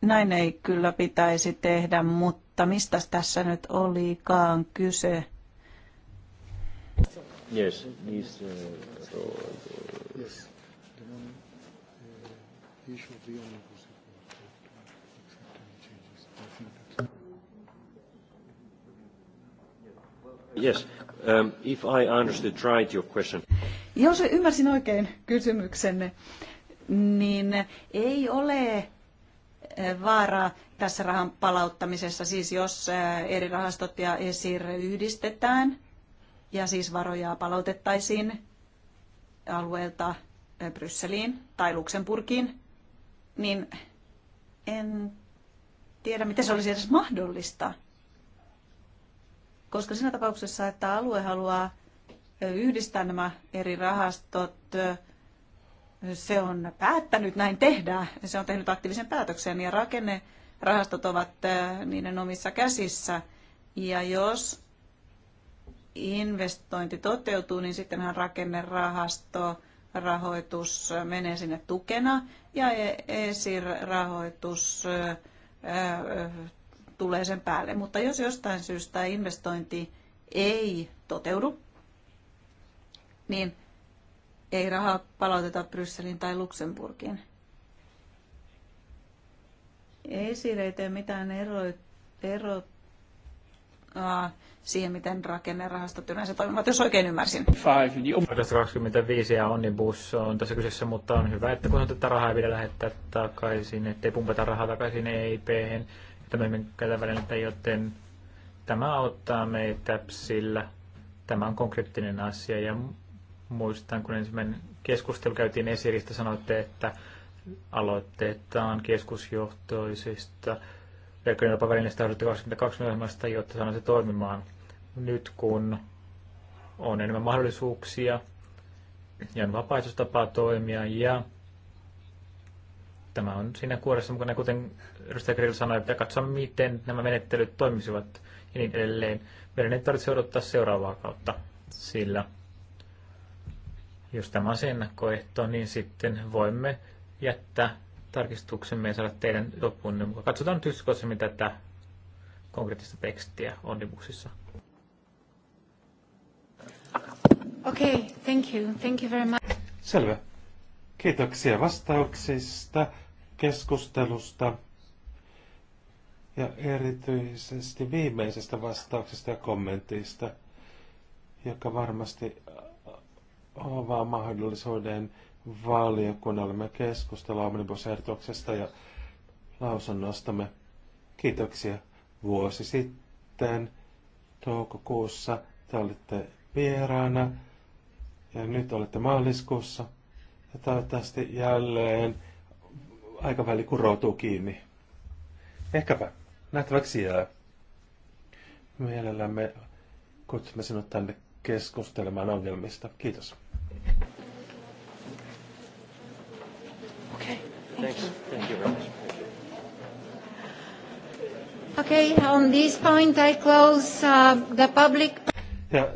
D: näin ei kyllä pitäisi tehdä, mutta mistä tässä nyt olikaan kyse?
C: Yes, needs. yes, the
B: one uh, the the
C: Yes, um, if I understood right your question.
D: Jos ymmärsin oikein kysymyksenne, niin ei ole äh, vaaraa tässä rahan palauttamisessa, siis jos äh, eri rahastot ja ESIR yhdistetään, ja siis varoja palautettaisiin alueelta eh, Brysseliin tai Luxemburgiin, niin en tiedä, miten se olisi edes mahdollista. Koska siinä tapauksessa, että alue haluaa eh, yhdistää nämä eri rahastot, eh, se on päättänyt näin tehdä. Se on tehnyt aktiivisen päätöksen ja rakennerahastot ovat niiden omissa käsissä. Ja jos investointi toteutuu, niin sittenhän rakennerahasto rahoitus menee sinne tukena ja ESIR-rahoitus e tulee sen päälle. Mutta jos jostain syystä investointi ei toteudu, niin ei rahaa palauteta Brysseliin tai Luxemburgiin. Ei siinä ei tee mitään ero, ero, siihen, miten rakennerahastot yleensä toimivat, jos
C: oikein ymmärsin. 25 ja Onnibus on tässä kyseessä, mutta on hyvä, että kun on tätä rahaa ei pidä lähettää takaisin, ettei pumpata rahaa takaisin EIP-hen, tämmöinen välineitä, joten tämä auttaa meitä sillä. Tämä on konkreettinen asia ja muistan, kun ensimmäinen keskustelu käytiin esiristä, sanoitte, että aloitetaan keskusjohtoisista verkkojen tapavälineistä 22 ohjelmasta, jotta saadaan se toimimaan nyt kun on enemmän mahdollisuuksia ja on vapaaehtoistapaa toimia ja tämä on siinä kuoressa mukana, kuten edustaja Grill sanoi, että katsoa, miten nämä menettelyt toimisivat ja niin edelleen. Meidän ei tarvitse odottaa seuraavaa kautta, sillä jos tämä on se ennakkoehto, niin sitten voimme jättää tarkistuksemme ja saada teidän lopunne Katsotaan nyt mitä tätä konkreettista tekstiä on
A: Okay, thank you. Thank you very much.
C: Selvä. Kiitoksia vastauksista,
B: keskustelusta ja erityisesti viimeisestä vastauksesta ja kommentista, joka varmasti avaa mahdollisuuden valiokunnallemme keskustella omnibusertoksesta ja lausunnostamme. Kiitoksia. Vuosi sitten toukokuussa te olitte vieraana ja nyt olette maaliskuussa. Ja toivottavasti jälleen aikaväli kuroutuu kiinni. Ehkäpä. Nähtäväksi jää. Mielellämme kutsumme sinut tänne keskustelemaan ongelmista. Kiitos. Okay. Thanks. Thank you very much.
A: Okay, on this point I close uh, the public...
B: Ja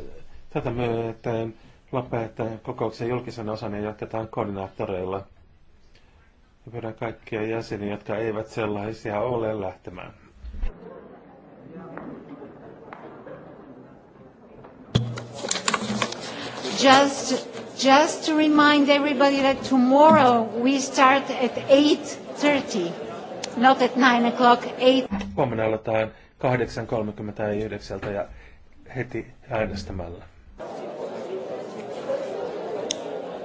B: tätä myöten Lopetetaan kokouksen julkisen osan ja jatketaan koordinaattoreilla. Ja pyydän kaikkia jäseniä, jotka eivät sellaisia ole, lähtemään.
A: Just, just to remind everybody that tomorrow we start at 8.30, not at 9 o'clock, 8.
B: Huomenna aloitetaan 8.39 ja heti äänestämällä.